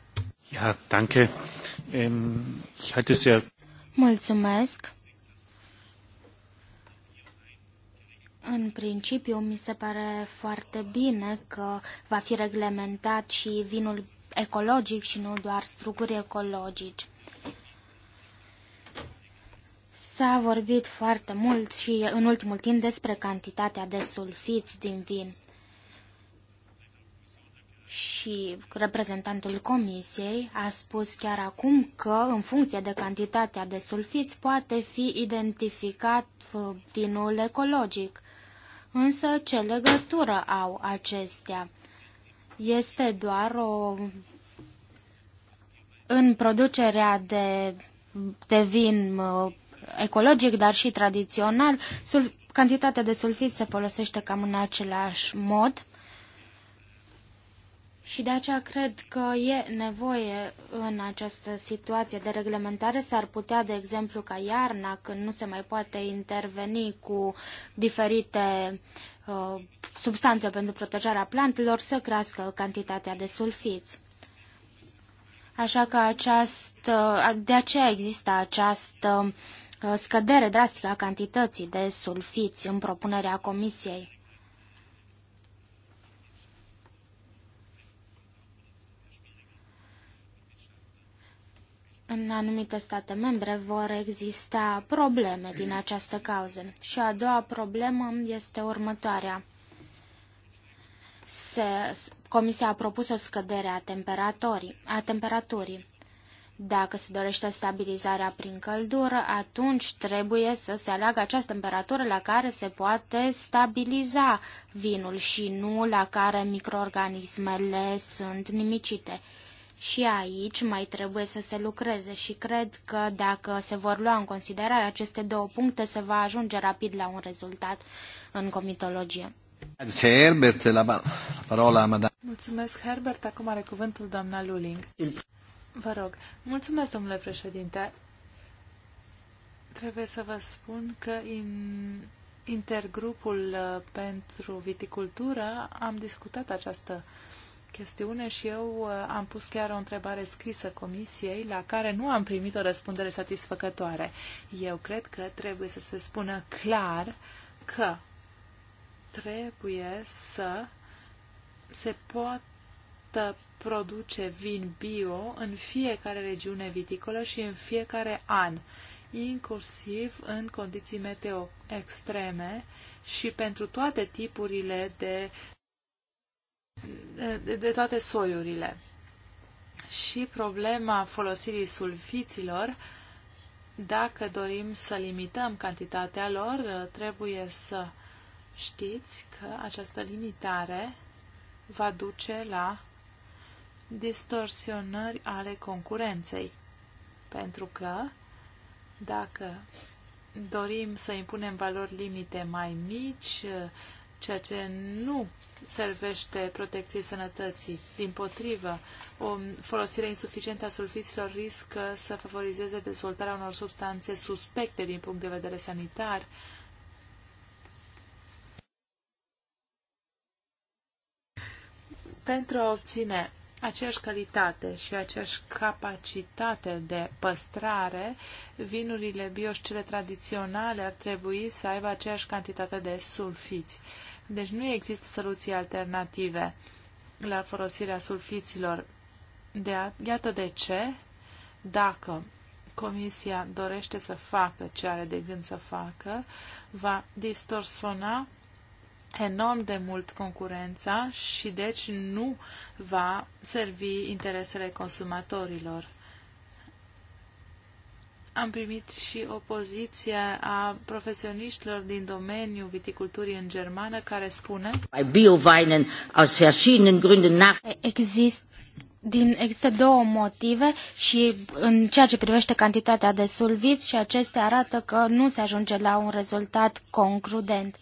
Ja, danke. Ähm, ich hatte sehr... Mulțumesc. În principiu, mi se pare foarte bine că va fi reglementat și vinul ecologic și nu doar struguri ecologici. S-a vorbit foarte mult și în ultimul timp despre cantitatea de sulfiți din vin. Și reprezentantul comisiei a spus chiar acum că, în funcție de cantitatea de sulfiți, poate fi identificat uh, vinul ecologic. Însă ce legătură au acestea? Este doar o... în producerea de, de vin ecologic, dar și tradițional, sul... cantitatea de sulfit se folosește cam în același mod. Și de aceea cred că e nevoie în această situație de reglementare. S-ar putea, de exemplu, ca iarna, când nu se mai poate interveni cu diferite uh, substanțe pentru protejarea plantelor, să crească cantitatea de sulfiți. Așa că această, de aceea există această uh, scădere drastică a cantității de sulfiți în propunerea Comisiei. în anumite state membre vor exista probleme din această cauză. Și a doua problemă este următoarea. Se, comisia a propus o scădere a, a temperaturii. Dacă se dorește stabilizarea prin căldură, atunci trebuie să se aleagă această temperatură la care se poate stabiliza vinul și nu la care microorganismele sunt nimicite. Și aici mai trebuie să se lucreze și cred că dacă se vor lua în considerare aceste două puncte, se va ajunge rapid la un rezultat în comitologie. la parola, Mulțumesc, Herbert. Acum are cuvântul doamna Luling. Vă rog. Mulțumesc, domnule președinte. Trebuie să vă spun că în intergrupul uh, pentru viticultură am discutat această uh, chestiune și eu uh, am pus chiar o întrebare scrisă comisiei la care nu am primit o răspundere satisfăcătoare. Eu cred că trebuie să se spună clar că trebuie să se poată produce vin bio în fiecare regiune viticolă și în fiecare an, inclusiv în condiții meteo extreme și pentru toate tipurile de de, de toate soiurile. Și problema folosirii sulfiților, dacă dorim să limităm cantitatea lor, trebuie să știți că această limitare va duce la distorsionări ale concurenței. Pentru că dacă dorim să impunem valori limite mai mici, ceea ce nu servește protecției sănătății. Din potrivă, o folosire insuficientă a sulfiților riscă să favorizeze dezvoltarea unor substanțe suspecte din punct de vedere sanitar, pentru a obține aceeași calitate și aceeași capacitate de păstrare, vinurile bio cele tradiționale ar trebui să aibă aceeași cantitate de sulfiți. Deci nu există soluții alternative la folosirea sulfiților. De a, iată de ce, dacă Comisia dorește să facă ce are de gând să facă, va distorsiona enorm de mult concurența și deci nu va servi interesele consumatorilor. Am primit și o poziție a profesioniștilor din domeniul viticulturii în germană care spune Bioweinen Exist din, există două motive și în ceea ce privește cantitatea de sulviți și acestea arată că nu se ajunge la un rezultat concludent.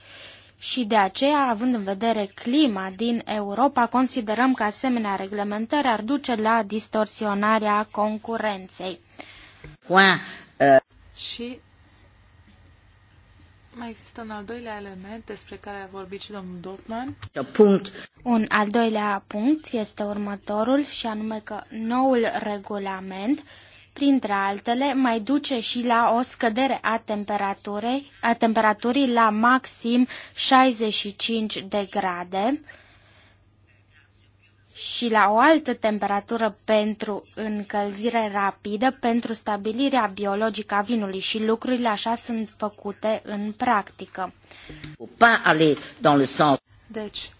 Și de aceea, având în vedere clima din Europa, considerăm că asemenea reglementări ar duce la distorsionarea concurenței. Point și mai există un al doilea element despre care a vorbit și domnul Dortman. Da, punct. Un al doilea punct este următorul și anume că noul regulament printre altele, mai duce și la o scădere a temperaturii, a temperaturii la maxim 65 de grade și la o altă temperatură pentru încălzire rapidă, pentru stabilirea biologică a vinului și lucrurile așa sunt făcute în practică. Deci,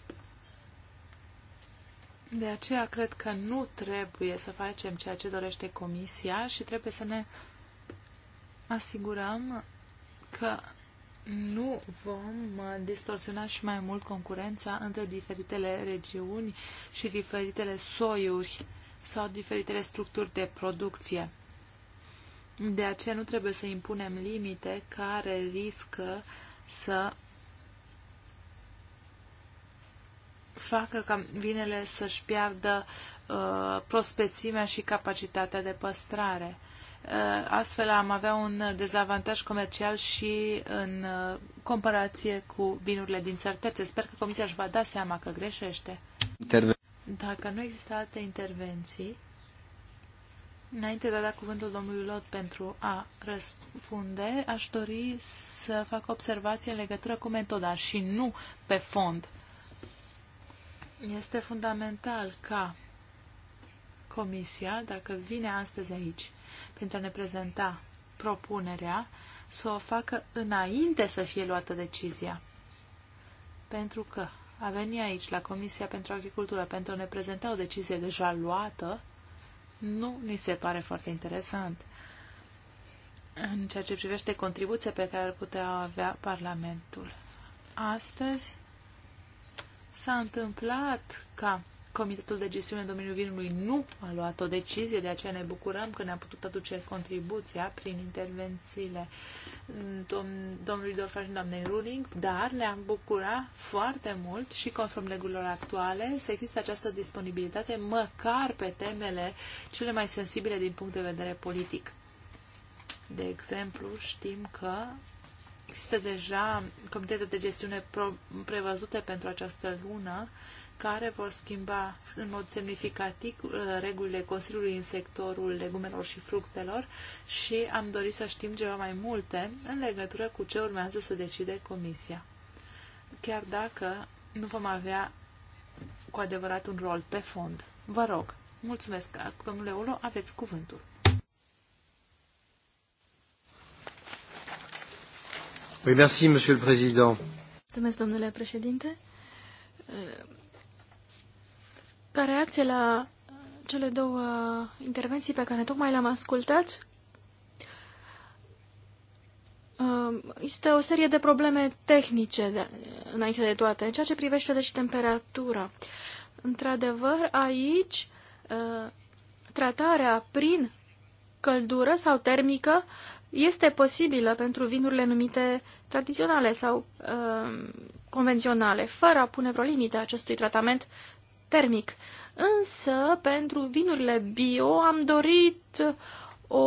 de aceea cred că nu trebuie să facem ceea ce dorește Comisia și trebuie să ne asigurăm că nu vom uh, distorsiona și mai mult concurența între diferitele regiuni și diferitele soiuri sau diferitele structuri de producție. De aceea nu trebuie să impunem limite care riscă să facă ca vinele să-și piardă uh, prospețimea și capacitatea de păstrare. Uh, astfel am avea un dezavantaj comercial și în uh, comparație cu vinurile din țări terțe. Sper că Comisia își va da seama că greșește. Interven- Dacă nu există alte intervenții, Înainte de a da cuvântul domnului Lot pentru a răspunde, aș dori să fac observație în legătură cu metoda și nu pe fond. Este fundamental ca Comisia, dacă vine astăzi aici pentru a ne prezenta propunerea, să o facă înainte să fie luată decizia. Pentru că a venit aici, la Comisia pentru Agricultură, pentru a ne prezenta o decizie deja luată, nu ni se pare foarte interesant. În ceea ce privește contribuția pe care ar putea avea Parlamentul. Astăzi s-a întâmplat ca Comitetul de gestiune în domeniul vinului nu a luat o decizie, de aceea ne bucurăm că ne-a putut aduce contribuția prin intervențiile mm, dom- domnului Dorfa și doamnei Ruling, dar ne-am bucurat foarte mult și conform regulilor actuale să există această disponibilitate măcar pe temele cele mai sensibile din punct de vedere politic. De exemplu, știm că există deja comitete de gestiune prevăzute pentru această lună care vor schimba în mod semnificativ uh, regulile Consiliului în sectorul legumelor și fructelor și am dorit să știm ceva mai multe în legătură cu ce urmează să decide Comisia. Chiar dacă nu vom avea cu adevărat un rol pe fond. Vă rog, mulțumesc, domnule Ulo, aveți cuvântul. Mulțumesc, domnule președinte. Ca reacție la cele două intervenții pe care tocmai le-am ascultat, um, este o serie de probleme tehnice de, înainte de toate, în ceea ce privește deci temperatura. Într-adevăr, aici uh, tratarea prin căldură sau termică este posibilă pentru vinurile numite tradiționale sau uh, convenționale, fără a pune vreo limită acestui tratament termic. Însă, pentru vinurile bio am dorit o,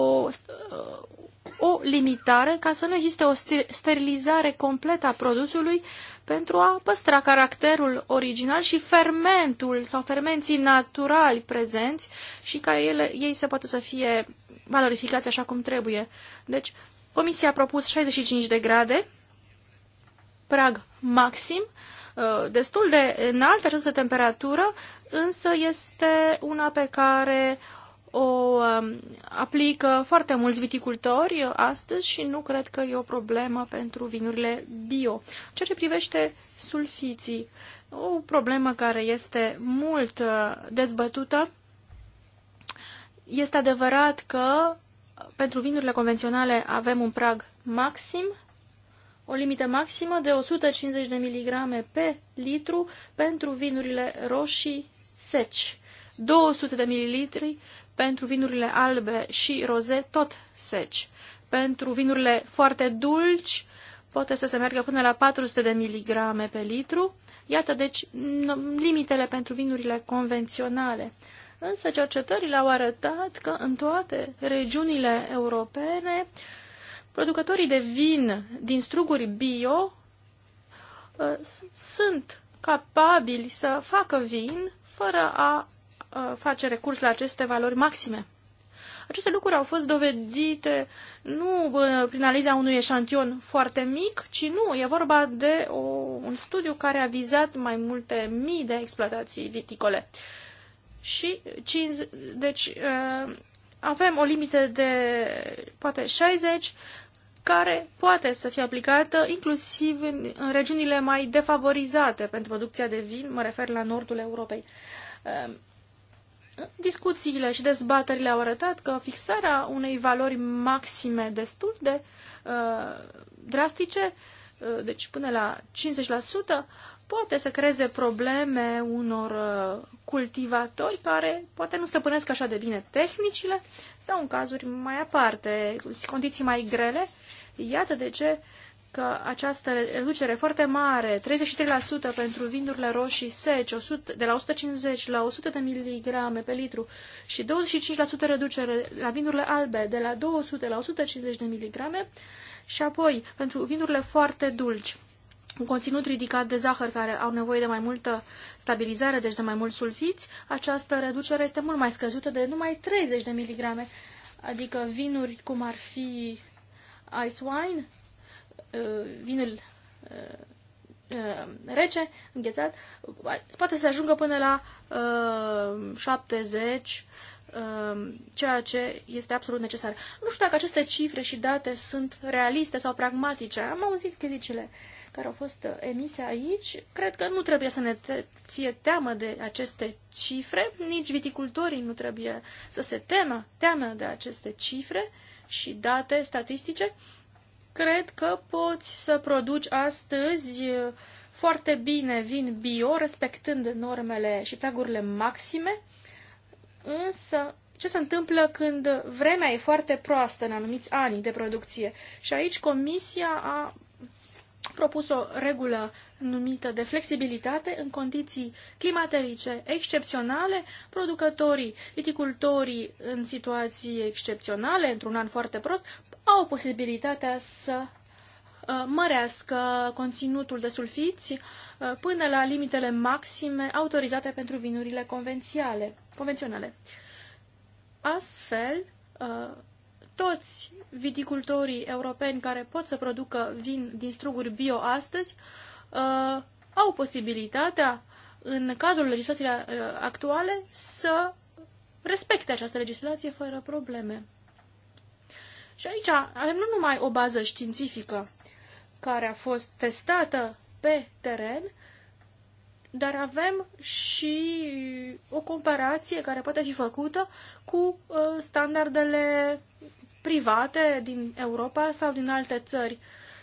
o limitare ca să nu existe o sterilizare completă a produsului pentru a păstra caracterul original și fermentul sau fermenții naturali prezenți și ca ele, ei se poată să fie valorificați așa cum trebuie. Deci, comisia a propus 65 de grade, prag maxim, uh, Uh, destul de înaltă această temperatură, însă este una pe care o um, aplică foarte mulți viticultori astăzi și nu cred că e o problemă pentru vinurile bio. Ceea ce privește sulfiții, o problemă care este mult uh, dezbătută, este adevărat că pentru vinurile convenționale avem un prag maxim o limită maximă de 150 de miligrame pe litru pentru vinurile roșii seci, 200 de mililitri pentru vinurile albe și roze tot seci. Pentru vinurile foarte dulci poate să se meargă până la 400 de miligrame pe litru. Iată, deci, limitele pentru vinurile convenționale. Însă cercetările au arătat că în toate regiunile europene uh, producătorii de vin din struguri bio uh, sunt capabili să facă vin fără a uh, face recurs la aceste valori maxime. Aceste lucruri au fost dovedite nu uh, prin analiza unui eșantion foarte mic, ci nu, e vorba de o, un studiu care a vizat mai multe mii de exploatații viticole. Și deci avem o limită de poate 60 care poate să fie aplicată inclusiv în, în regiunile mai defavorizate pentru producția de vin, mă refer la nordul Europei. Ehm, discuțiile și dezbaterile au arătat că fixarea unei valori maxime destul de uh, drastice, uh, deci până la 50%, poate să creeze probleme unor uh, cultivatori care poate nu stăpânesc așa de bine tehnicile sau în cazuri mai aparte, condiții mai grele. Iată de ce că această reducere foarte mare, 33% pentru vinurile roșii seci, 100, de la 150 la 100 de miligrame pe litru și 25% reducere la vinurile albe, de la 200 la 150 de miligrame și apoi pentru vinurile foarte dulci, un conținut ridicat de zahăr care au nevoie de mai multă stabilizare, deci de mai mulți sulfiți, această reducere este mult mai scăzută de numai 30 de miligrame, adică vinuri cum ar fi ice wine, uh, vinul uh, uh, rece, înghețat, poate să ajungă până la 70 ceea ce este absolut necesar. Nu știu dacă aceste cifre și date sunt realiste sau pragmatice. Am auzit criticile care au fost uh, emise aici, cred că nu trebuie să ne te fie teamă de aceste cifre, nici viticultorii nu trebuie să se temă, teamă de aceste cifre și date statistice. Cred că poți să produci astăzi uh, foarte bine vin bio, respectând normele și pragurile maxime, însă ce se întâmplă când vremea e foarte proastă în anumiți ani de producție. Și aici Comisia a propus o regulă numită de flexibilitate în condiții climaterice excepționale, producătorii, viticultorii în situații excepționale, într-un an foarte prost, au posibilitatea să uh, mărească conținutul de sulfiți uh, până la limitele maxime autorizate pentru vinurile convenționale. Astfel, uh, toți viticultorii europeni care pot să producă vin din struguri bio astăzi uh, au posibilitatea, în cadrul legislației uh, actuale, să respecte această legislație fără probleme. Și aici avem nu numai o bază științifică care a fost testată pe teren, dar avem și o comparație care poate fi făcută cu uh, standardele private din Europa sau din alte țări.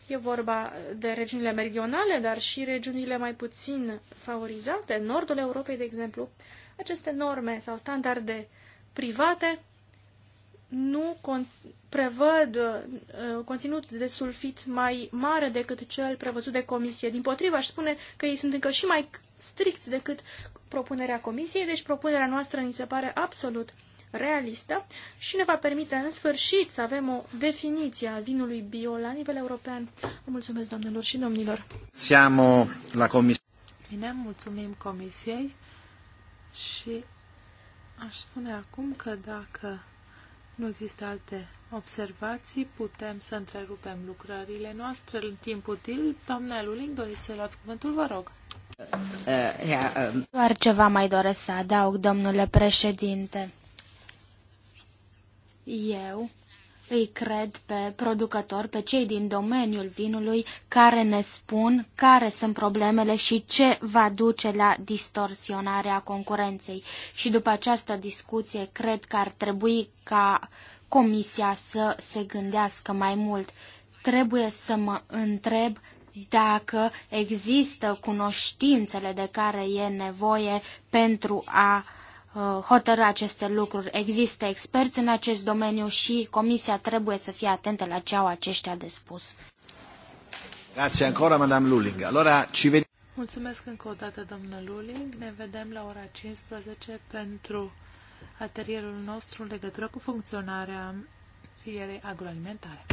E vorba de regiunile meridionale, dar și regiunile mai puțin favorizate, nordul Europei, de exemplu. Aceste norme sau standarde private nu con- prevăd uh, uh conținut de sulfit mai mare decât cel prevăzut de comisie. Din potriva, aș spune că ei sunt încă și mai stricți decât propunerea comisiei, deci propunerea noastră ni se pare absolut realistă și ne va permite în sfârșit să avem o definiție a vinului bio la nivel european. Vă mulțumesc, doamnelor și domnilor! Siamo la comis Bine, mulțumim comisiei și aș spune acum că dacă nu există alte observații, putem să întrerupem lucrările noastre în timp util. Doamna Luling, doriți să luați cuvântul, vă rog. Uh, uh, um, Doar ceva mai doresc să adaug, domnule președinte. Eu îi cred pe producători, pe cei din domeniul vinului, care ne spun care sunt problemele și ce va duce la distorsionarea concurenței. Și după această discuție, cred că ar trebui ca Comisia să se gândească mai mult. Trebuie să mă întreb dacă există cunoștințele de care e nevoie pentru a uh, Uh, hotărâ aceste lucruri. Există experți în acest domeniu și Comisia trebuie să fie atentă la ce au aceștia de spus. Grazie ancora, Madame Luling. Allora, ci ved- Mulțumesc încă o dată, doamnă Luling. Ne vedem la ora 15 pentru atelierul nostru în legătură cu funcționarea fierei agroalimentare.